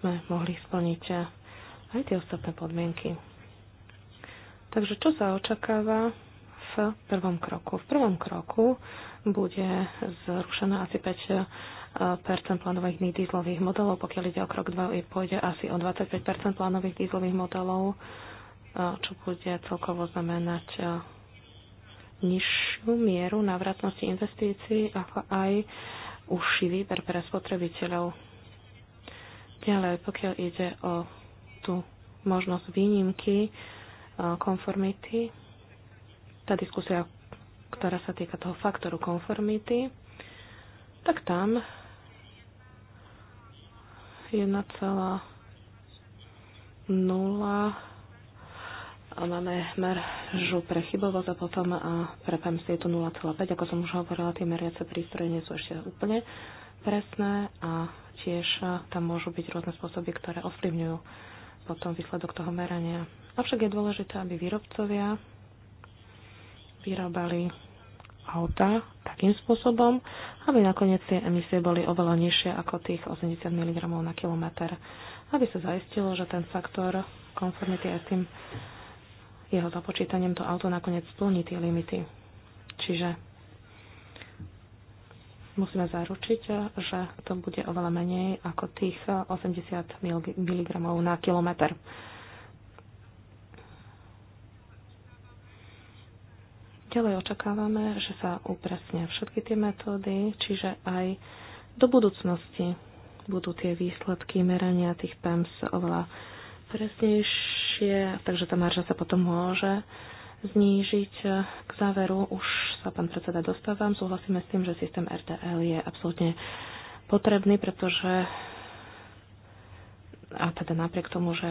sme mohli splniť aj tie ostatné podmienky. Takže čo sa očakáva v prvom kroku? V prvom kroku bude zrušená asi 5 percent plánových dýzlových modelov. Pokiaľ ide o krok 2, pôjde asi o 25 plánových dýzlových modelov, čo bude celkovo znamenať nižšiu mieru návratnosti investícií, ako aj užší výber pre spotrebiteľov. Ďalej, pokiaľ ide o tú možnosť výnimky, konformity, tá diskusia, ktorá sa týka toho faktoru konformity, tak tam 1,0 a máme žu pre chybovosť a potom a pre PEMS je to 0,5. Ako som už hovorila, tie meriace prístroje nie sú ešte úplne presné a tiež tam môžu byť rôzne spôsoby, ktoré ovplyvňujú potom výsledok toho merania. Avšak je dôležité, aby výrobcovia vyrábali auta takým spôsobom, aby nakoniec tie emisie boli oveľa nižšie ako tých 80 mg na kilometr, aby sa zaistilo, že ten faktor konformity aj s tým jeho započítaním to auto nakoniec splní tie limity. Čiže musíme zaručiť, že to bude oveľa menej ako tých 80 mg na kilometr. Ďalej očakávame, že sa upresnia všetky tie metódy, čiže aj do budúcnosti budú tie výsledky merania tých PEMS oveľa presnejšie, takže tá marža sa potom môže znížiť. K záveru už sa pán predseda dostávam. Súhlasíme s tým, že systém RTL je absolútne potrebný, pretože a teda napriek tomu, že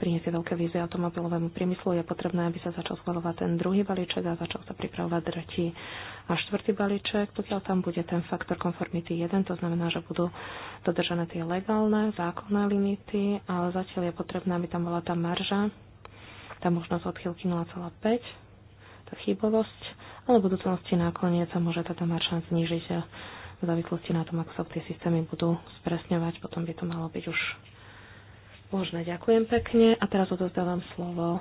priniesie veľké vízie automobilovému priemyslu, je potrebné, aby sa začal schvalovať ten druhý balíček a začal sa pripravovať tretí a štvrtý balíček, pokiaľ tam bude ten faktor konformity 1, to znamená, že budú dodržané tie legálne, zákonné limity, ale zatiaľ je potrebné, aby tam bola tá marža, tá možnosť odchylky 0,5, tá chybovosť, ale v budúcnosti nakoniec sa môže táto marža znižiť v závislosti na tom, ako sa tie systémy budú spresňovať, potom by to malo byť už Možno ďakujem pekne a teraz odozdávam slovo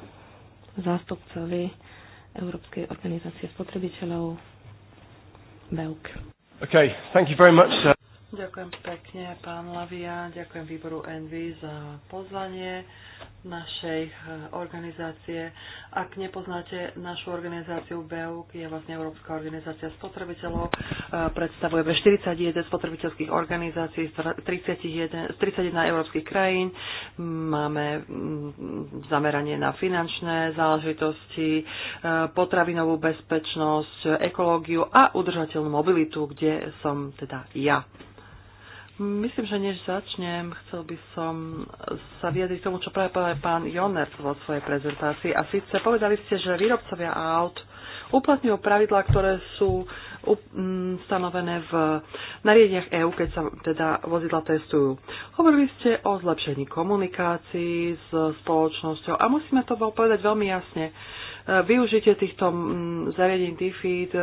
zástupcovi Európskej organizácie spotrebiteľov BEUK. Okay, thank you very much, sir. Ďakujem pekne, pán Lavia, ďakujem výboru Envy za pozvanie našej eh, organizácie. Ak nepoznáte našu organizáciu BEUK, je vlastne Európska organizácia spotrebiteľov, eh, predstavujeme 41 spotrebiteľských organizácií z 31, z 31 európskych krajín. Máme mm, zameranie na finančné záležitosti, eh, potravinovú bezpečnosť, ekológiu a udržateľnú mobilitu, kde som teda ja. Myslím, že než začnem, chcel by som sa vyjadriť tomu, čo práve povedal pán Joner vo svojej prezentácii. A síce povedali ste, že výrobcovia aut uplatňujú pravidlá, ktoré sú stanovené v nariadeniach EÚ, keď sa teda vozidla testujú. Hovorili ste o zlepšení komunikácií s spoločnosťou a musíme to povedať veľmi jasne využitie týchto mm, zariadení DFID e,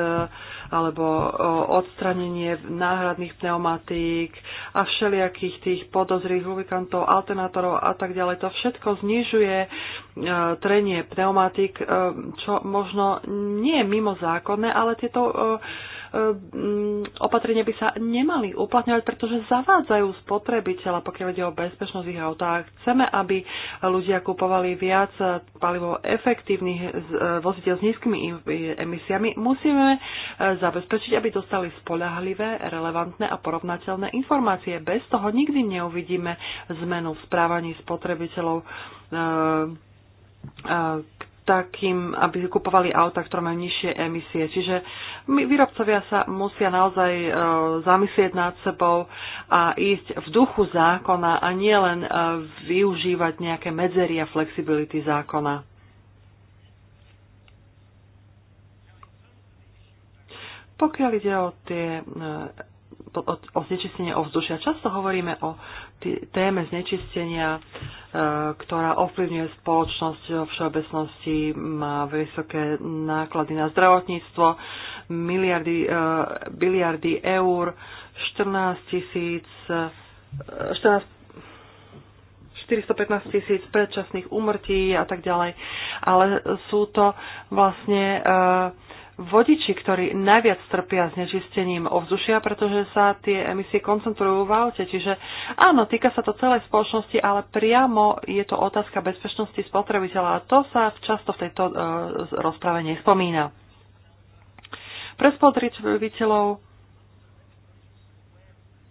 alebo e, odstranenie náhradných pneumatík a všelijakých tých podozrých lubrikantov, alternátorov a tak ďalej. To všetko znižuje e, trenie pneumatík, čo možno nie je mimo zákonné, ale tieto Ehm, opatrenia by sa nemali uplatňovať, pretože zavádzajú spotrebiteľa, pokiaľ ide o bezpečnosť ich auta. Chceme, aby ľudia kupovali viac palivo efektívnych e, vozidel s nízkymi e, emisiami. Musíme e, zabezpečiť, aby dostali spolahlivé, relevantné a porovnateľné informácie. Bez toho nikdy neuvidíme zmenu v správaní spotrebiteľov, ehm, takým, aby kupovali auta, ktoré majú nižšie emisie. Čiže my, výrobcovia sa musia naozaj e, zamyslieť nad sebou a ísť v duchu zákona a nielen e, využívať nejaké medzery a flexibility zákona. Pokiaľ ide o tie e, o, o znečistenie ovzdušia. Často hovoríme o téme znečistenia, e, ktorá ovplyvňuje spoločnosť vo všeobecnosti, má vysoké náklady na zdravotníctvo, miliardy, e, biliardy eur, 14 tisíc, 14 e, 415 tisíc predčasných úmrtí a tak ďalej. Ale sú to vlastne vodiči, ktorí najviac trpia znečistením ovzdušia, pretože sa tie emisie koncentrujú v aute. Čiže áno, týka sa to celej spoločnosti, ale priamo je to otázka bezpečnosti spotrebiteľa a to sa často v tejto uh, rozprave nespomína. Pre spotrebiteľov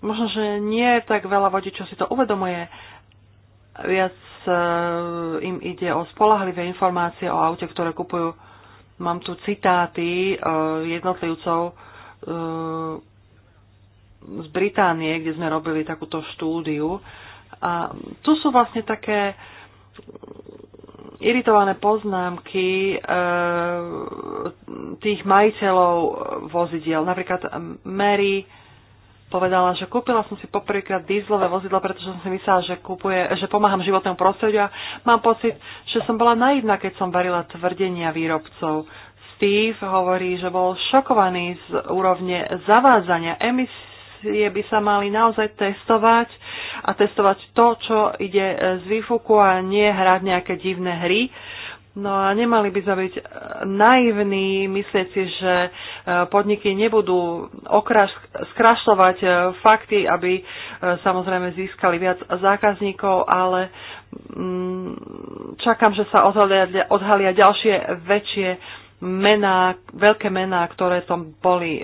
možno, že nie tak veľa vodičov si to uvedomuje, viac uh, im ide o spolahlivé informácie o aute, ktoré kupujú Mám tu citáty eh, jednotlivcov eh, z Británie, kde sme robili takúto štúdiu. A tu sú vlastne také iritované poznámky e, tých majiteľov vozidiel. Napríklad Mary povedala, že kúpila som si poprvýkrát dízlové vozidlo, pretože som si myslela, že, kúpuje, že pomáham životnému prostrediu a mám pocit, že som bola naivná, keď som varila tvrdenia výrobcov. Steve hovorí, že bol šokovaný z úrovne zavádzania emisie by sa mali naozaj testovať a testovať to, čo ide z výfuku a nie hrať nejaké divné hry. Uh, No a nemali by sme byť eh, naivní, myslieť si, že eh, podniky nebudú okraš- skrašľovať eh, fakty, aby samozrejme získali viac zákazníkov, ale mm, čakám, že sa odhalia, odhalia ďalšie väčšie mená, veľké mená, ktoré tam boli e,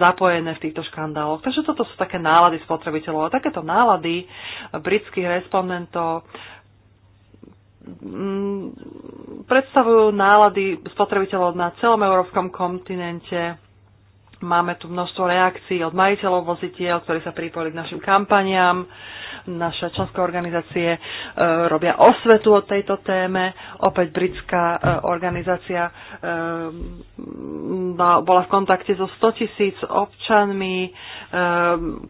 zapojené v týchto škandáloch. Takže toto sú také nálady spotrebiteľov. A takéto nálady britských respondentov Mm, predstavujú nálady spotrebiteľov na celom európskom kontinente. Máme tu množstvo reakcií od majiteľov vozitiel, ktorí sa pripojili k našim kampaniám. Naše členské organizácie e, robia osvetu o tejto téme. Opäť britská e, organizácia e, bola v kontakte so 100 tisíc občanmi, e,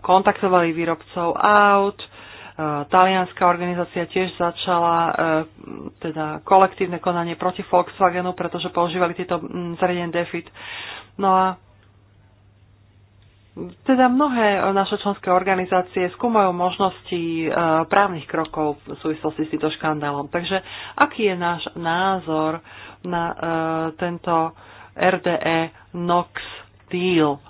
kontaktovali výrobcov aut, e, Eh, talianská organizácia tiež začala eh, teda kolektívne konanie proti Volkswagenu, pretože používali tieto mm, zariadenie DEFIT. No a teda mnohé eh, naše členské organizácie skúmajú možnosti právnych krokov v súvislosti s týmto škandálom. Takže aký je náš názor na tento RDE NOx deal?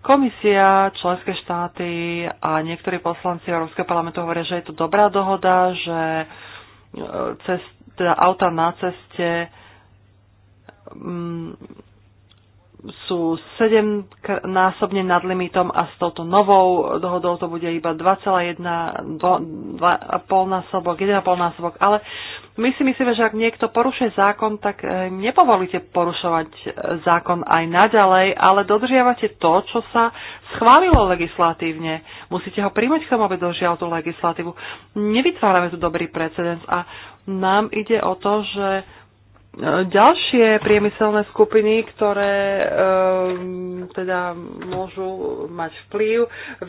Komisia, členské štáty a niektorí poslanci Európskeho parlamentu hovoria, že je to dobrá dohoda, že e, cest, teda auta na ceste mm, sú 7 násobne nad limitom a s touto novou dohodou to bude iba 2,1, 2,5 násobok, 1,5 násobok, ale my si myslíme, že ak niekto porušuje zákon, tak e, nepovolíte porušovať e, zákon aj naďalej, ale dodržiavate to, čo sa schválilo legislatívne. Musíte ho príjmať k tomu, aby dožiaľ tú legislatívu. Nevytvárame tu dobrý precedens a nám ide o to, že ďalšie priemyselné skupiny, ktoré ehm, teda môžu mať vplyv,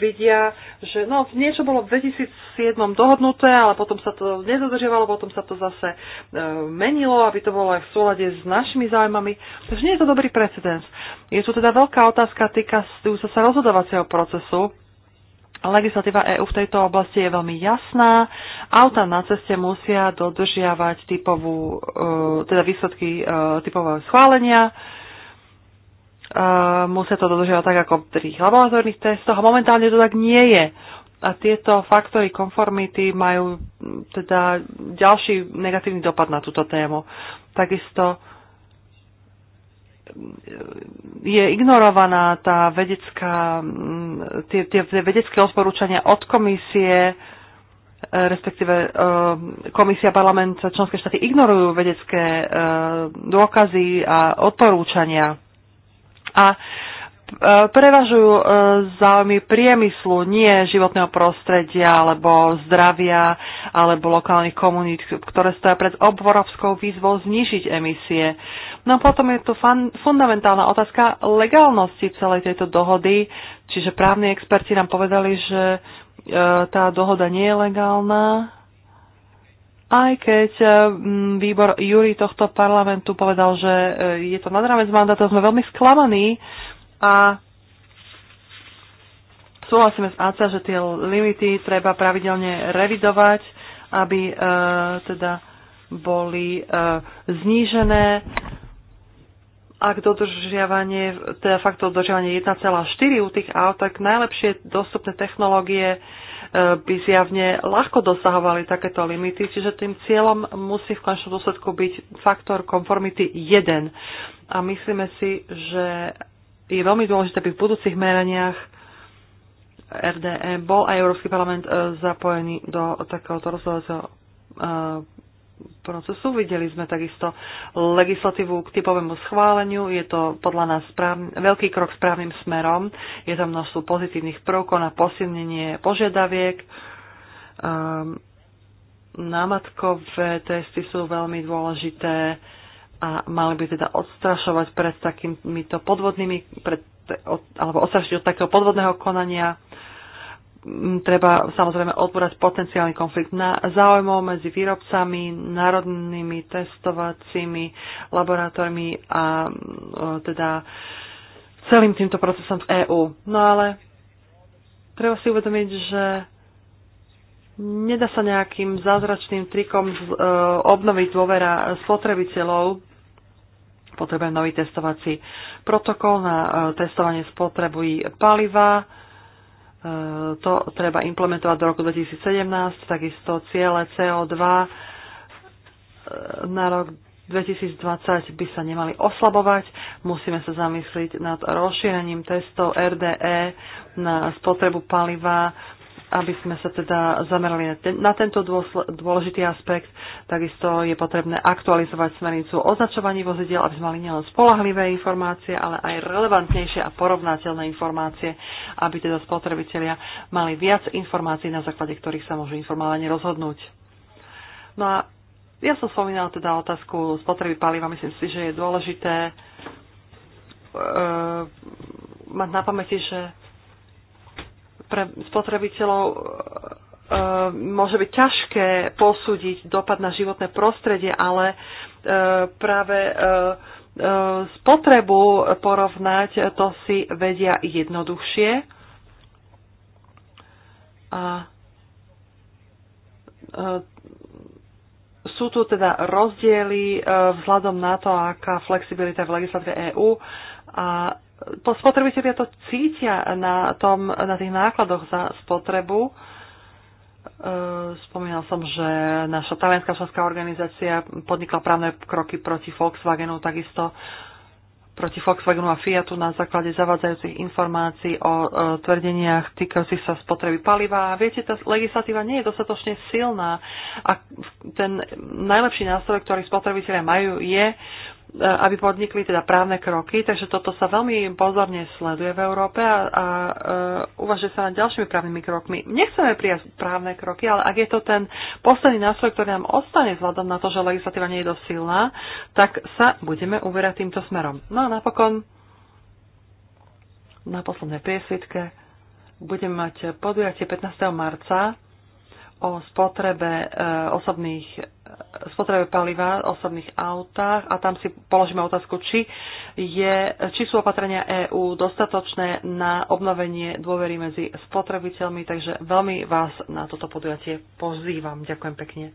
vidia, že no, niečo bolo v 2007 dohodnuté, ale potom sa to nedodržiavalo, potom sa to zase ehm, menilo, aby to bolo aj v súlade s našimi zájmami. Takže nie je to dobrý precedens. Je tu teda veľká otázka týka sa rozhodovacieho procesu Legislatíva EÚ v tejto oblasti je veľmi jasná. Auta na ceste musia dodržiavať typovú, e, teda výsledky e, typového schválenia. E, musia to dodržiavať tak ako v tých laboratórnych testoch a momentálne to tak nie je. A tieto faktory konformity majú teda ďalší negatívny dopad na túto tému. Takisto je ignorovaná tá vedecká, mm, tie, tie vedecké odporúčania od komisie, respektíve e, komisia, parlament, členské štáty ignorujú vedecké e, dôkazy a odporúčania. A e, prevažujú záujmy priemyslu, nie životného prostredia, alebo zdravia, alebo lokálnych komunít, ktoré stoja pred obvorovskou výzvou znižiť emisie. No a potom je tu fan, fundamentálna otázka legálnosti celej tejto dohody, čiže právni experti nám povedali, že e, tá dohoda nie je legálna, aj keď e, výbor Júri tohto parlamentu povedal, že e, je to nadramec mandátov, mandátu, sme veľmi sklamaní a súhlasíme s ACA, že tie limity treba pravidelne revidovať, aby e, teda boli e, znížené ak dodržiavanie, teda fakt dodržiavanie 1,4 u tých aut, tak najlepšie dostupné technológie e, by zjavne ľahko dosahovali takéto limity, čiže tým cieľom musí v končnom dôsledku byť faktor konformity 1. A myslíme si, že je veľmi dôležité, aby v budúcich meraniach RDE bol aj Európsky parlament e, zapojený do takéhoto rozhodovacieho e, procesu. Videli sme takisto legislatívu k typovému schváleniu. Je to podľa nás správny, veľký krok správnym smerom. Je tam množstvo pozitívnych prvkov na posilnenie požiadaviek. Um, námatkové testy sú veľmi dôležité a mali by teda odstrašovať pred takýmito podvodnými, pred, od, alebo odstrašiť od takého podvodného konania treba samozrejme odporať potenciálny konflikt na záujmov medzi výrobcami, národnými testovacími laboratóriami a teda celým týmto procesom v EÚ. No ale treba si uvedomiť, že nedá sa nejakým zázračným trikom e, obnoviť dôvera spotrebiteľov. Potrebujem nový testovací protokol na e, testovanie spotreby paliva, to treba implementovať do roku 2017, takisto ciele CO2 na rok 2020 by sa nemali oslabovať. Musíme sa zamyslieť nad rozšírením testov RDE na spotrebu paliva aby sme sa teda zamerali na, ten, na tento dôležitý aspekt. Takisto je potrebné aktualizovať smernicu o označovaní vozidiel, aby sme mali nielen spolahlivé informácie, ale aj relevantnejšie a porovnateľné informácie, aby teda spotrebitelia mali viac informácií, na základe ktorých sa môžu informovane rozhodnúť. No a ja som spomínala teda otázku spotreby paliva. Myslím si, že je dôležité e, mať na pamäti, že pre spotrebiteľov e, e, môže byť ťažké posúdiť dopad na životné prostredie, ale e, práve spotrebu porovnať, to si vedia jednoduchšie. A sú tu teda rozdiely vzhľadom na to, aká flexibilita v legislatíve EÚ a to spotrebitelia to cítia na, tom, na tých nákladoch za spotrebu. E, spomínal som, že naša talianská členská organizácia podnikla právne kroky proti Volkswagenu, takisto proti Volkswagenu a Fiatu na základe zavádzajúcich informácií o e, tvrdeniach týkajúcich sa spotreby paliva. Viete, tá legislatíva nie je dostatočne silná a ten najlepší nástroj, ktorý spotrebitelia majú, je aby podnikli teda právne kroky, takže toto sa veľmi pozorne sleduje v Európe a, a e, uvažuje sa nad ďalšími právnymi krokmi. Nechceme prijať právne kroky, ale ak je to ten posledný nástroj, ktorý nám ostane vzhľadom na to, že legislatíva nie je dosť silná, tak sa budeme uverať týmto smerom. No a napokon na poslednej priesvitke budeme mať podujatie 15. marca o spotrebe e, osobných e, spotrebe paliva, osobných autách a tam si položíme otázku, či, je, či sú opatrenia EÚ dostatočné na obnovenie dôvery medzi spotrebiteľmi, takže veľmi vás na toto podujatie pozývam. Ďakujem pekne.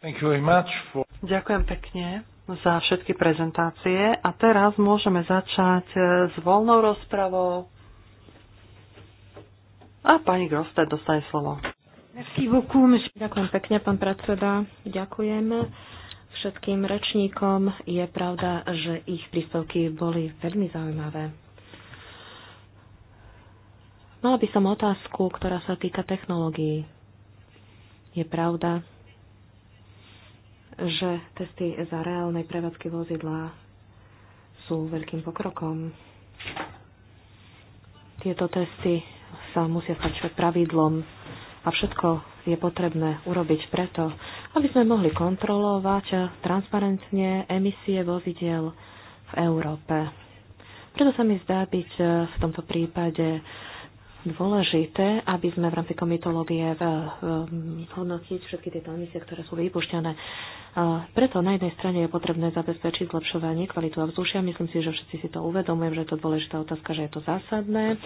Thank you very much for... Ďakujem pekne za všetky prezentácie a teraz môžeme začať e, s voľnou rozpravou. A pani Grosted dostane slovo. Merci beaucoup, monsieur. Ďakujem pekne, pán predseda. Ďakujem všetkým rečníkom. Je pravda, že ich príspevky boli veľmi zaujímavé. Mala by som otázku, ktorá sa týka technológií. Je pravda, že testy za reálnej prevádzky vozidla sú veľkým pokrokom. Tieto testy sa musia stať pravidlom a všetko je potrebné urobiť preto, aby sme mohli kontrolovať transparentne emisie vozidiel v Európe. Preto sa mi zdá byť v tomto prípade dôležité, aby sme v rámci komitológie v, eh, v, eh, hodnotiť všetky tieto emisie, ktoré sú vypušťané. Eh, preto na jednej strane je potrebné zabezpečiť zlepšovanie kvalitu vzdušia. Myslím si, že všetci si to uvedomujem, že je to dôležitá otázka, že je to zásadné.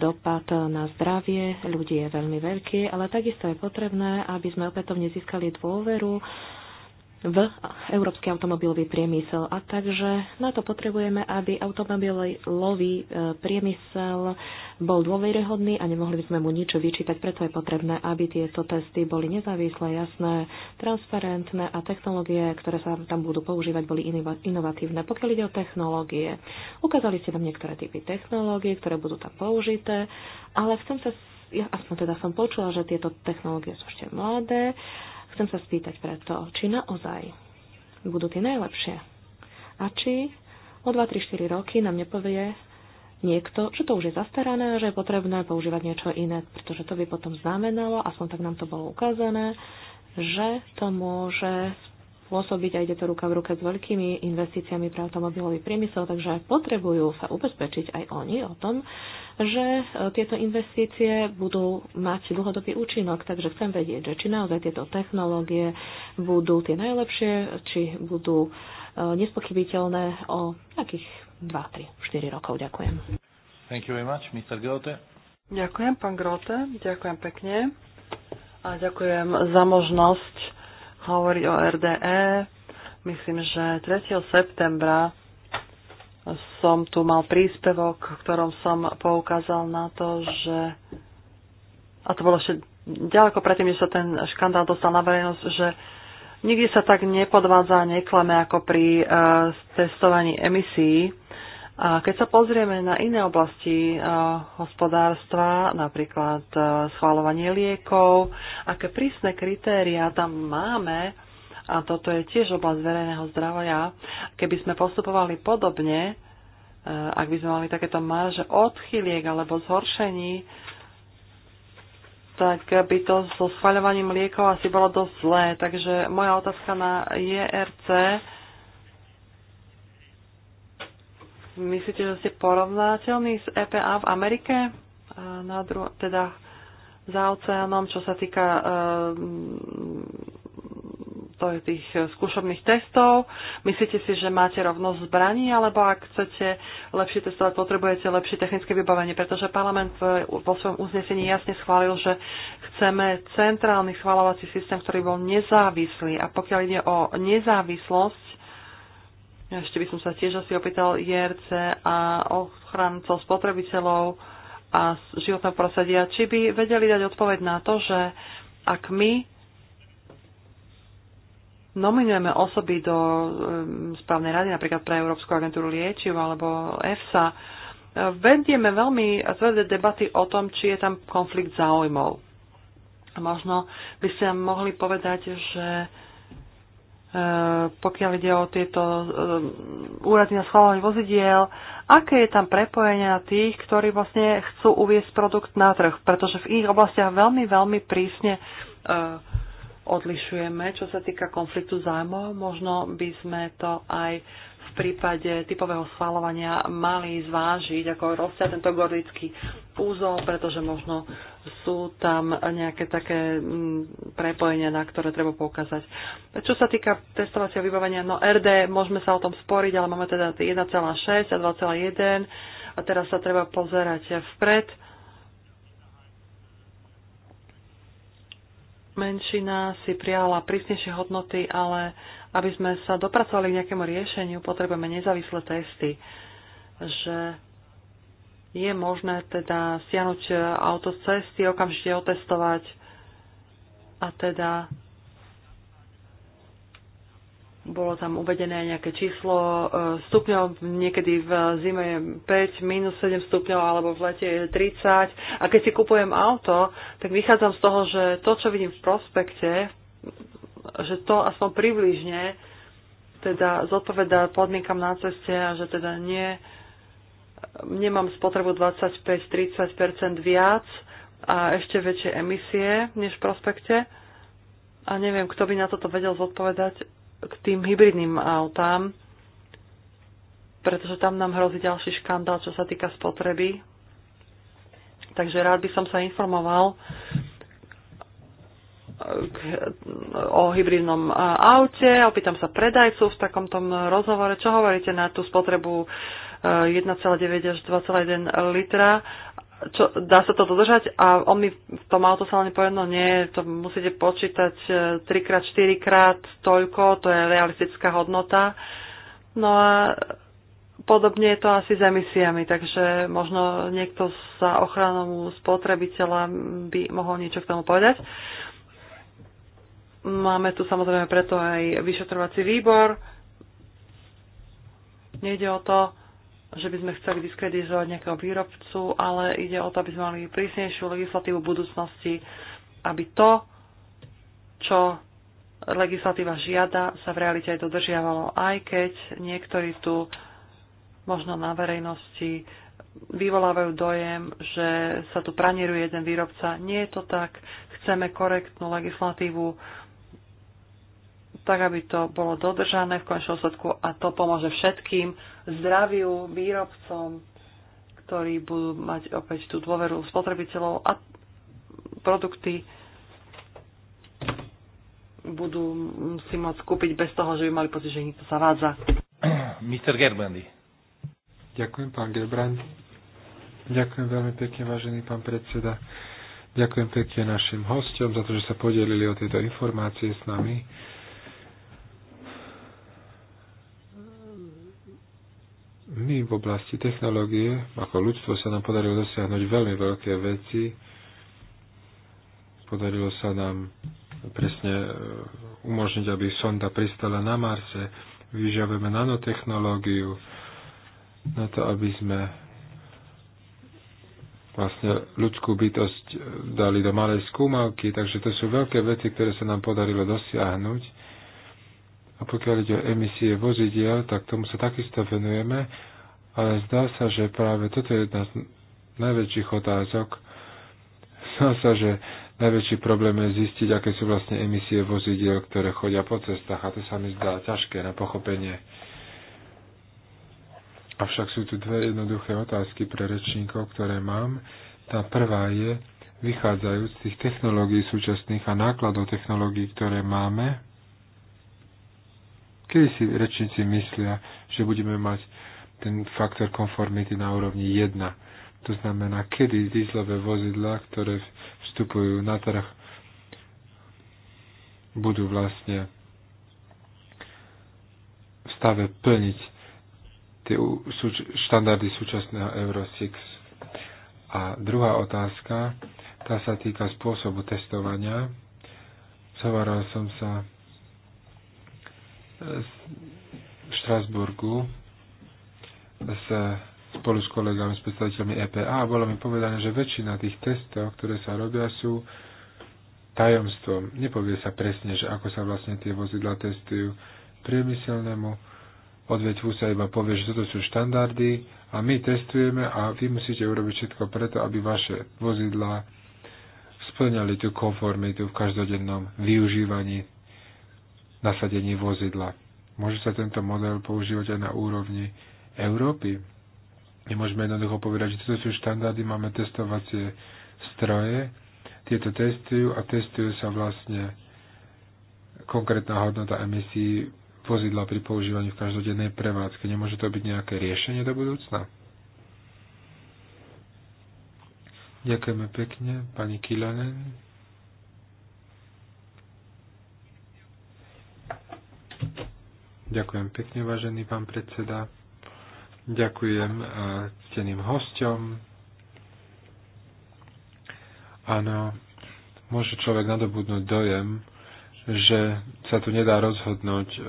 Dopad na zdravie ľudí je veľmi veľký, ale takisto je potrebné, aby sme opätovne získali dôveru v európsky automobilový priemysel. A takže na to potrebujeme, aby automobilový e, priemysel bol dôveryhodný a nemohli by sme mu nič vyčítať. Preto je potrebné, aby tieto testy boli nezávislé, jasné, transparentné a technológie, ktoré sa tam budú používať, boli inovatívne. Pokiaľ ide o technológie, ukázali ste nám niektoré typy technológie, ktoré budú tam použité, ale chcem sa ja aspoň teda som počula, že tieto technológie sú ešte mladé Chcem sa spýtať preto, či naozaj budú tie najlepšie a či o 2, 3, 4 roky nám nepovie niekto, že to už je zastarané, že je potrebné používať niečo iné, pretože to by potom znamenalo, aspoň tak nám to bolo ukázané, že to môže pôsobiť a ide to ruka v ruke s veľkými investíciami pre automobilový priemysel, takže potrebujú sa ubezpečiť aj oni o tom, že e, tieto investície budú mať dlhodobý účinok. Takže chcem vedieť, že či naozaj tieto technológie budú tie najlepšie, či budú e, nespochybiteľné o nejakých 2, 3, 4 rokov. Ďakujem. Thank you very much, Mr. Grote. Ďakujem, pán Grote. Ďakujem pekne. A ďakujem za možnosť hovorí o RDE. Myslím, že 3. septembra som tu mal príspevok, v ktorom som poukázal na to, že a to bolo ešte ďaleko predtým, než sa ten škandál dostal na verejnosť, že nikdy sa tak nepodvádza a neklame ako pri uh, testovaní emisí. A keď sa pozrieme na iné oblasti hospodárstva, napríklad schváľovanie schvalovanie liekov, aké prísne kritéria tam máme, a toto je tiež oblasť verejného zdravia, keby sme postupovali podobne, ak by sme mali takéto marže odchyliek alebo zhoršení, tak by to so schvaľovaním liekov asi bolo dosť zlé. Takže moja otázka na JRC, Myslíte, že ste porovnateľní s EPA v Amerike? Na dru- teda za oceánom, čo sa týka e, to je tých skúšobných testov. Myslíte si, že máte rovnosť zbraní, alebo ak chcete lepšie testovať, potrebujete lepšie technické vybavenie, pretože parlament vo svojom uznesení jasne schválil, že chceme centrálny schvalovací systém, ktorý bol nezávislý. A pokiaľ ide o nezávislosť, ešte by som sa tiež asi opýtal IRC a ochrancov spotrebiteľov a životného prostredia, či by vedeli dať odpoveď na to, že ak my nominujeme osoby do správnej rady, napríklad pre Európsku agentúru liečiv alebo EFSA, e, vedieme veľmi tvrdé debaty o tom, či je tam konflikt záujmov. Možno by ste mohli povedať, že E, pokiaľ ide o tieto e, úrady na schváľovanie vozidiel, aké je tam prepojenie na tých, ktorí vlastne chcú uviesť produkt na trh, pretože v ich oblastiach veľmi, veľmi prísne e, odlišujeme, čo sa týka konfliktu zájmov. Možno by sme to aj prípade typového schvalovania mali zvážiť, ako rozsia tento gordický úzol, pretože možno sú tam nejaké také mm, prepojenia, na ktoré treba poukázať. Čo sa týka testovacieho vybavenia, no RD, môžeme sa o tom sporiť, ale máme teda 1,6 a 2,1 a teraz sa treba pozerať vpred. Menšina si prijala prísnejšie hodnoty, ale aby sme sa dopracovali k nejakému riešeniu, potrebujeme nezávislé testy, že je možné teda stiahnuť auto z cesty, okamžite otestovať a teda bolo tam uvedené nejaké číslo e, stupňov, niekedy v zime je 5, minus 7 stupňov, alebo v lete je 30. A keď si kupujem auto, tak vychádzam z toho, že to, čo vidím v prospekte, že to aspoň približne teda zodpoveda podmienkam na ceste a že teda nie, nemám spotrebu 25-30% viac a ešte väčšie emisie než v prospekte. A neviem, kto by na toto vedel zodpovedať k tým hybridným autám, pretože tam nám hrozí ďalší škandál, čo sa týka spotreby. Takže rád by som sa informoval k, o hybridnom e, aute opýtam sa predajcu v takomto rozhovore, čo hovoríte na tú spotrebu 1,9 e, až 2,1 litra. Čo, dá sa to dodržať a on mi v tom autosalóne povedal, no nie, to musíte počítať 3x, e, 4x toľko, to je realistická hodnota. No a podobne je to asi s emisiami, takže možno niekto za ochranou spotrebiteľa by mohol niečo k tomu povedať. Máme tu samozrejme preto aj vyšetrovací výbor. Nejde o to, že by sme chceli diskreditizovať nejakého výrobcu, ale ide o to, aby sme mali prísnejšiu legislatívu budúcnosti, aby to, čo legislatíva žiada, sa v realite aj dodržiavalo, aj keď niektorí tu možno na verejnosti vyvolávajú dojem, že sa tu pranieruje jeden výrobca. Nie je to tak. Chceme korektnú legislatívu, tak aby to bolo dodržané v končnom sledku a to pomôže všetkým zdraviu, výrobcom, ktorí budú mať opäť tú dôveru spotrebiteľov a produkty budú si môcť kúpiť bez toho, že by mali pocit, že nikto sa zavádza. Mr. Gerbrandy. Ďakujem, pán Gerbrandy. Ďakujem veľmi pekne, vážený pán predseda. Ďakujem pekne našim hostom za to, že sa podelili o tieto informácie s nami. my v oblasti technológie, ako ľudstvo, sa nám podarilo dosiahnuť veľmi veľké veci. Podarilo sa nám presne e, umožniť, aby sonda pristala na Marse. Vyžiavame nanotechnológiu na to, aby sme vlastne ľudskú bytosť dali do malej skúmavky. Takže to sú veľké veci, ktoré sa nám podarilo dosiahnuť a pokiaľ ide o emisie vozidiel, tak tomu sa takisto venujeme, ale zdá sa, že práve toto je jedna z najväčších otázok. Zdá sa, že najväčší problém je zistiť, aké sú vlastne emisie vozidiel, ktoré chodia po cestách a to sa mi zdá ťažké na pochopenie. Avšak sú tu dve jednoduché otázky pre rečníkov, ktoré mám. Tá prvá je, vychádzajúc z tých technológií súčasných a nákladov technológií, ktoré máme, Kedy si rečníci myslia, že budeme mať ten faktor konformity na úrovni 1? To znamená, kedy dízlové vozidla, ktoré vstupujú na trh, budú vlastne v stave plniť tie štandardy súčasného Euro 6. A druhá otázka, tá sa týka spôsobu testovania. Zhovoril som sa v Štrasburgu s, spolu s kolegami, s predstaviteľmi EPA a bolo mi povedané, že väčšina tých testov, ktoré sa robia, sú tajomstvom. Nepovie sa presne, že ako sa vlastne tie vozidla testujú priemyselnému odvetvu sa iba povie, že toto sú štandardy a my testujeme a vy musíte urobiť všetko preto, aby vaše vozidlá splňali tú konformitu v každodennom využívaní nasadení vozidla. Môže sa tento model používať aj na úrovni Európy. Nemôžeme jednoducho povedať, že toto sú štandardy, máme testovacie stroje, tieto testujú a testuje sa vlastne konkrétna hodnota emisí vozidla pri používaní v každodennej prevádzke. Nemôže to byť nejaké riešenie do budúcna? Ďakujeme pekne, pani Kilanen. Ďakujem pekne, vážený pán predseda. Ďakujem eh, cteným hostom. Áno, môže človek nadobudnúť dojem, že sa tu nedá rozhodnúť, eh,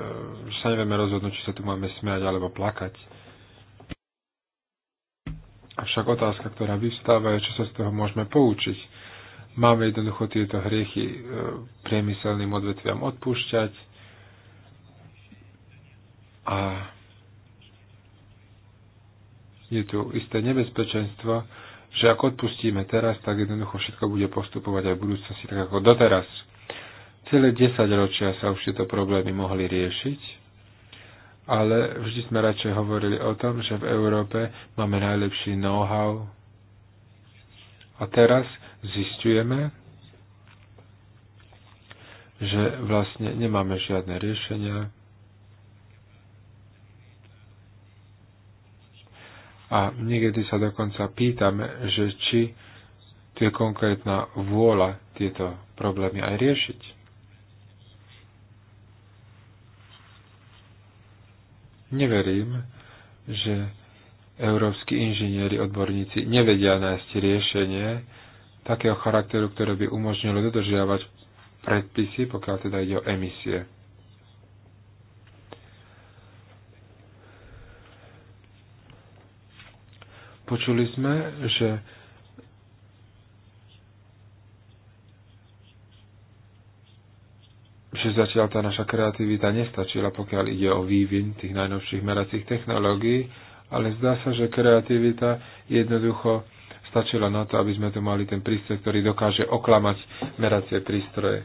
že sa nevieme rozhodnúť, či sa tu máme smiať alebo plakať. Avšak otázka, ktorá vystáva, je, čo sa z toho môžeme poučiť. Máme jednoducho tieto hriechy eh, priemyselným odvetviam odpúšťať, a je tu isté nebezpečenstvo, že ak odpustíme teraz, tak jednoducho všetko bude postupovať aj v budúcnosti tak ako doteraz. Celé 10 ročia sa už tieto problémy mohli riešiť, ale vždy sme radšej hovorili o tom, že v Európe máme najlepší know-how. A teraz zistujeme, že vlastne nemáme žiadne riešenia, A niekedy sa dokonca pýtame, že či tu je konkrétna vôľa tieto problémy aj riešiť. Neverím, že európsky inžinieri, odborníci nevedia nájsť riešenie takého charakteru, ktoré by umožnilo dodržiavať predpisy, pokiaľ teda ide o emisie. Počuli sme, že že zatiaľ tá naša kreativita nestačila, pokiaľ ide o vývin tých najnovších meracích technológií, ale zdá sa, že kreativita jednoducho stačila na to, aby sme tu mali ten prístroj, ktorý dokáže oklamať meracie prístroje.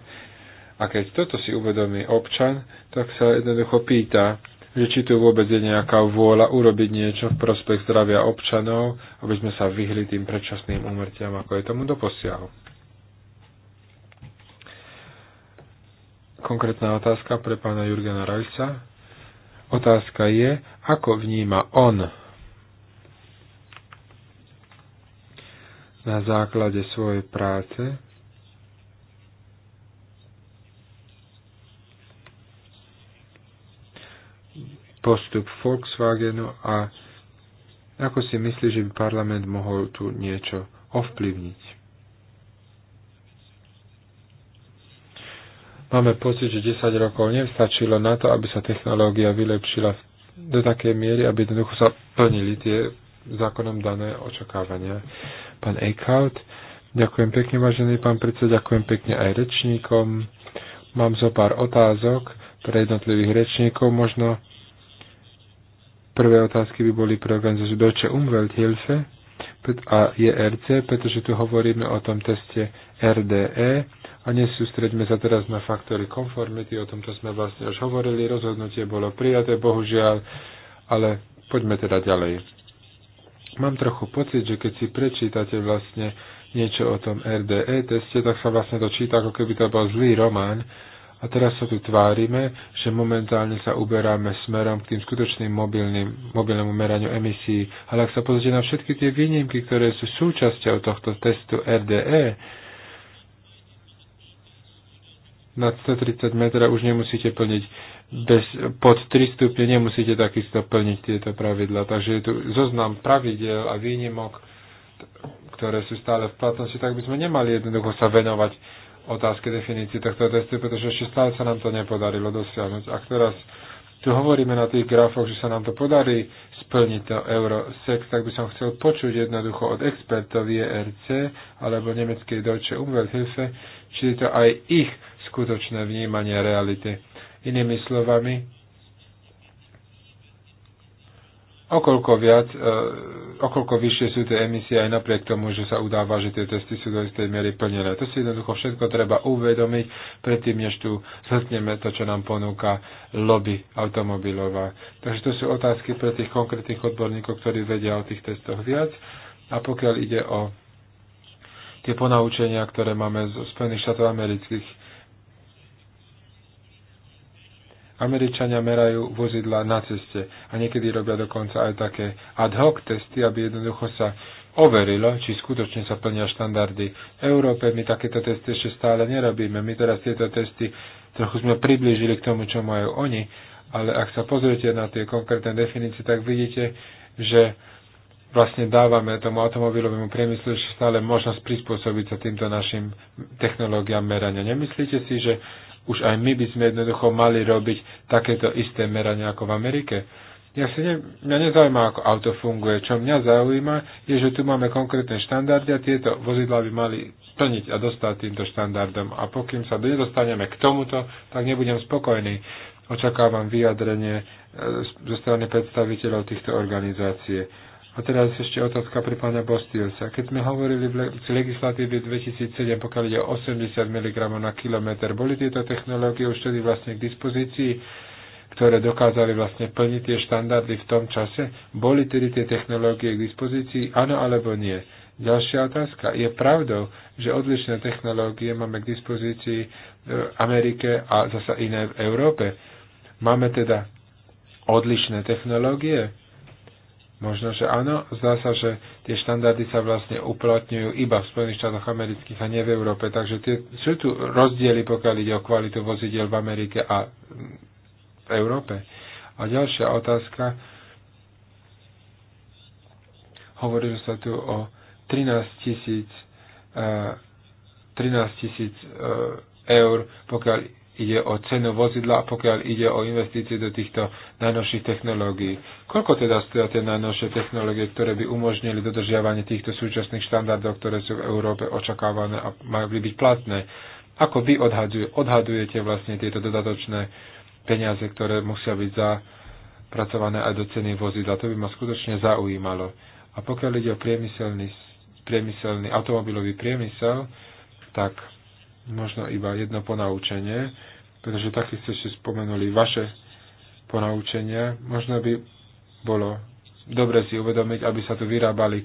A keď toto si uvedomí občan, tak sa jednoducho pýta, že či tu vôbec je nejaká vôľa urobiť niečo v prospech zdravia občanov, aby sme sa vyhli tým predčasným umrtiam, ako je tomu doposiaľ. Konkrétna otázka pre pána Jurgena Rojsa. Otázka je, ako vníma on na základe svojej práce postup Volkswagenu a ako si myslí, že by parlament mohol tu niečo ovplyvniť? Máme pocit, že 10 rokov nevstačilo na to, aby sa technológia vylepšila do takej miery, aby jednoducho sa plnili tie zákonom dané očakávania. Pán Eichhout, ďakujem pekne, vážený pán predseda, ďakujem pekne aj rečníkom. Mám zo pár otázok pre jednotlivých rečníkov. Možno Prvé otázky by boli pre organizáciu Deutsche Umwelthilfe a JRC, e pretože tu hovoríme o tom teste RDE a nesústredíme sa teraz na faktory konformity, o tomto sme vlastne už hovorili, rozhodnutie bolo prijaté, bohužiaľ, ale poďme teda ďalej. Mám trochu pocit, že keď si prečítate vlastne niečo o tom RDE teste, tak sa vlastne to číta, ako keby to bol zlý román, a teraz sa tu tvárime, že momentálne sa uberáme smerom k tým skutočným mobilným, mobilnému meraniu emisí. Ale ak sa pozrite na všetky tie výnimky, ktoré sú súčasťou tohto testu RDE, nad 130 metra už nemusíte plniť bez, pod 3 stupne nemusíte takisto plniť tieto pravidla. Takže je tu zoznam pravidel a výnimok, ktoré sú stále v platnosti, tak by sme nemali jednoducho sa venovať otázky definície tohto testu, pretože ešte stále sa nám to nepodarilo dosiahnuť. Ak teraz tu hovoríme na tých grafoch, že sa nám to podarí splniť to Eurosex, tak by som chcel počuť jednoducho od expertov ERC alebo nemeckej Deutsche Umwelthilfe, či je to aj ich skutočné vnímanie reality. Inými slovami, okoľko viac, e, okoľko vyššie sú tie emisie aj napriek tomu, že sa udáva, že tie testy sú do istej miery plnené. To si jednoducho všetko treba uvedomiť predtým, než tu zhrtneme to, čo nám ponúka lobby automobilová. Takže to sú otázky pre tých konkrétnych odborníkov, ktorí vedia o tých testoch viac. A pokiaľ ide o tie ponaučenia, ktoré máme zo Spojených štátov amerických, Američania merajú vozidla na ceste a niekedy robia dokonca aj také ad hoc testy, aby jednoducho sa overilo, či skutočne sa plnia štandardy. V Európe my takéto testy ešte stále nerobíme. My teraz tieto testy trochu sme priblížili k tomu, čo majú oni, ale ak sa pozriete na tie konkrétne definície, tak vidíte, že vlastne dávame tomu automobilovému priemyslu ešte stále možnosť prispôsobiť sa týmto našim technológiám merania. Nemyslíte si, že už aj my by sme jednoducho mali robiť takéto isté merania ako v Amerike. Ja si ne, mňa nezaujíma, ako auto funguje. Čo mňa zaujíma, je, že tu máme konkrétne štandardy a tieto vozidla by mali splniť a dostať týmto štandardom. A pokým sa nedostaneme k tomuto, tak nebudem spokojný. Očakávam vyjadrenie e, zo strany predstaviteľov týchto organizácie. A teraz ešte otázka pre pána Bostilsa. Keď sme hovorili v legislatíve 2007, pokiaľ ide o 80 mg na kilometr, boli tieto technológie už tedy vlastne k dispozícii, ktoré dokázali vlastne plniť tie štandardy v tom čase? Boli tedy tie technológie k dispozícii, áno alebo nie? Ďalšia otázka. Je pravdou, že odlišné technológie máme k dispozícii v Amerike a zasa iné v Európe? Máme teda odlišné technológie? Možno, že áno, zdá sa, že tie štandardy sa vlastne uplatňujú iba v Spojených štátoch amerických a nie v Európe, takže tie, sú tu rozdiely, pokiaľ ide o kvalitu vozidiel v Amerike a v Európe. A ďalšia otázka, hovorilo sa tu o 13 tisíc 13 eh, tisíc eh, eur, pokiaľ ide o cenu vozidla a pokiaľ ide o investície do týchto najnovších technológií. Koľko teda stojí tie najnovšie technológie, ktoré by umožnili dodržiavanie týchto súčasných štandardov, ktoré sú v Európe očakávané a majú by byť platné? Ako vy odhaduje, odhadujete vlastne tieto dodatočné peniaze, ktoré musia byť zapracované aj do ceny vozidla? To by ma skutočne zaujímalo. A pokiaľ ide o priemyselný, priemyselný automobilový priemysel, tak možno iba jedno ponaučenie, pretože takisto ste spomenuli vaše ponaučenia. Možno by bolo dobre si uvedomiť, aby sa tu vyrábali e,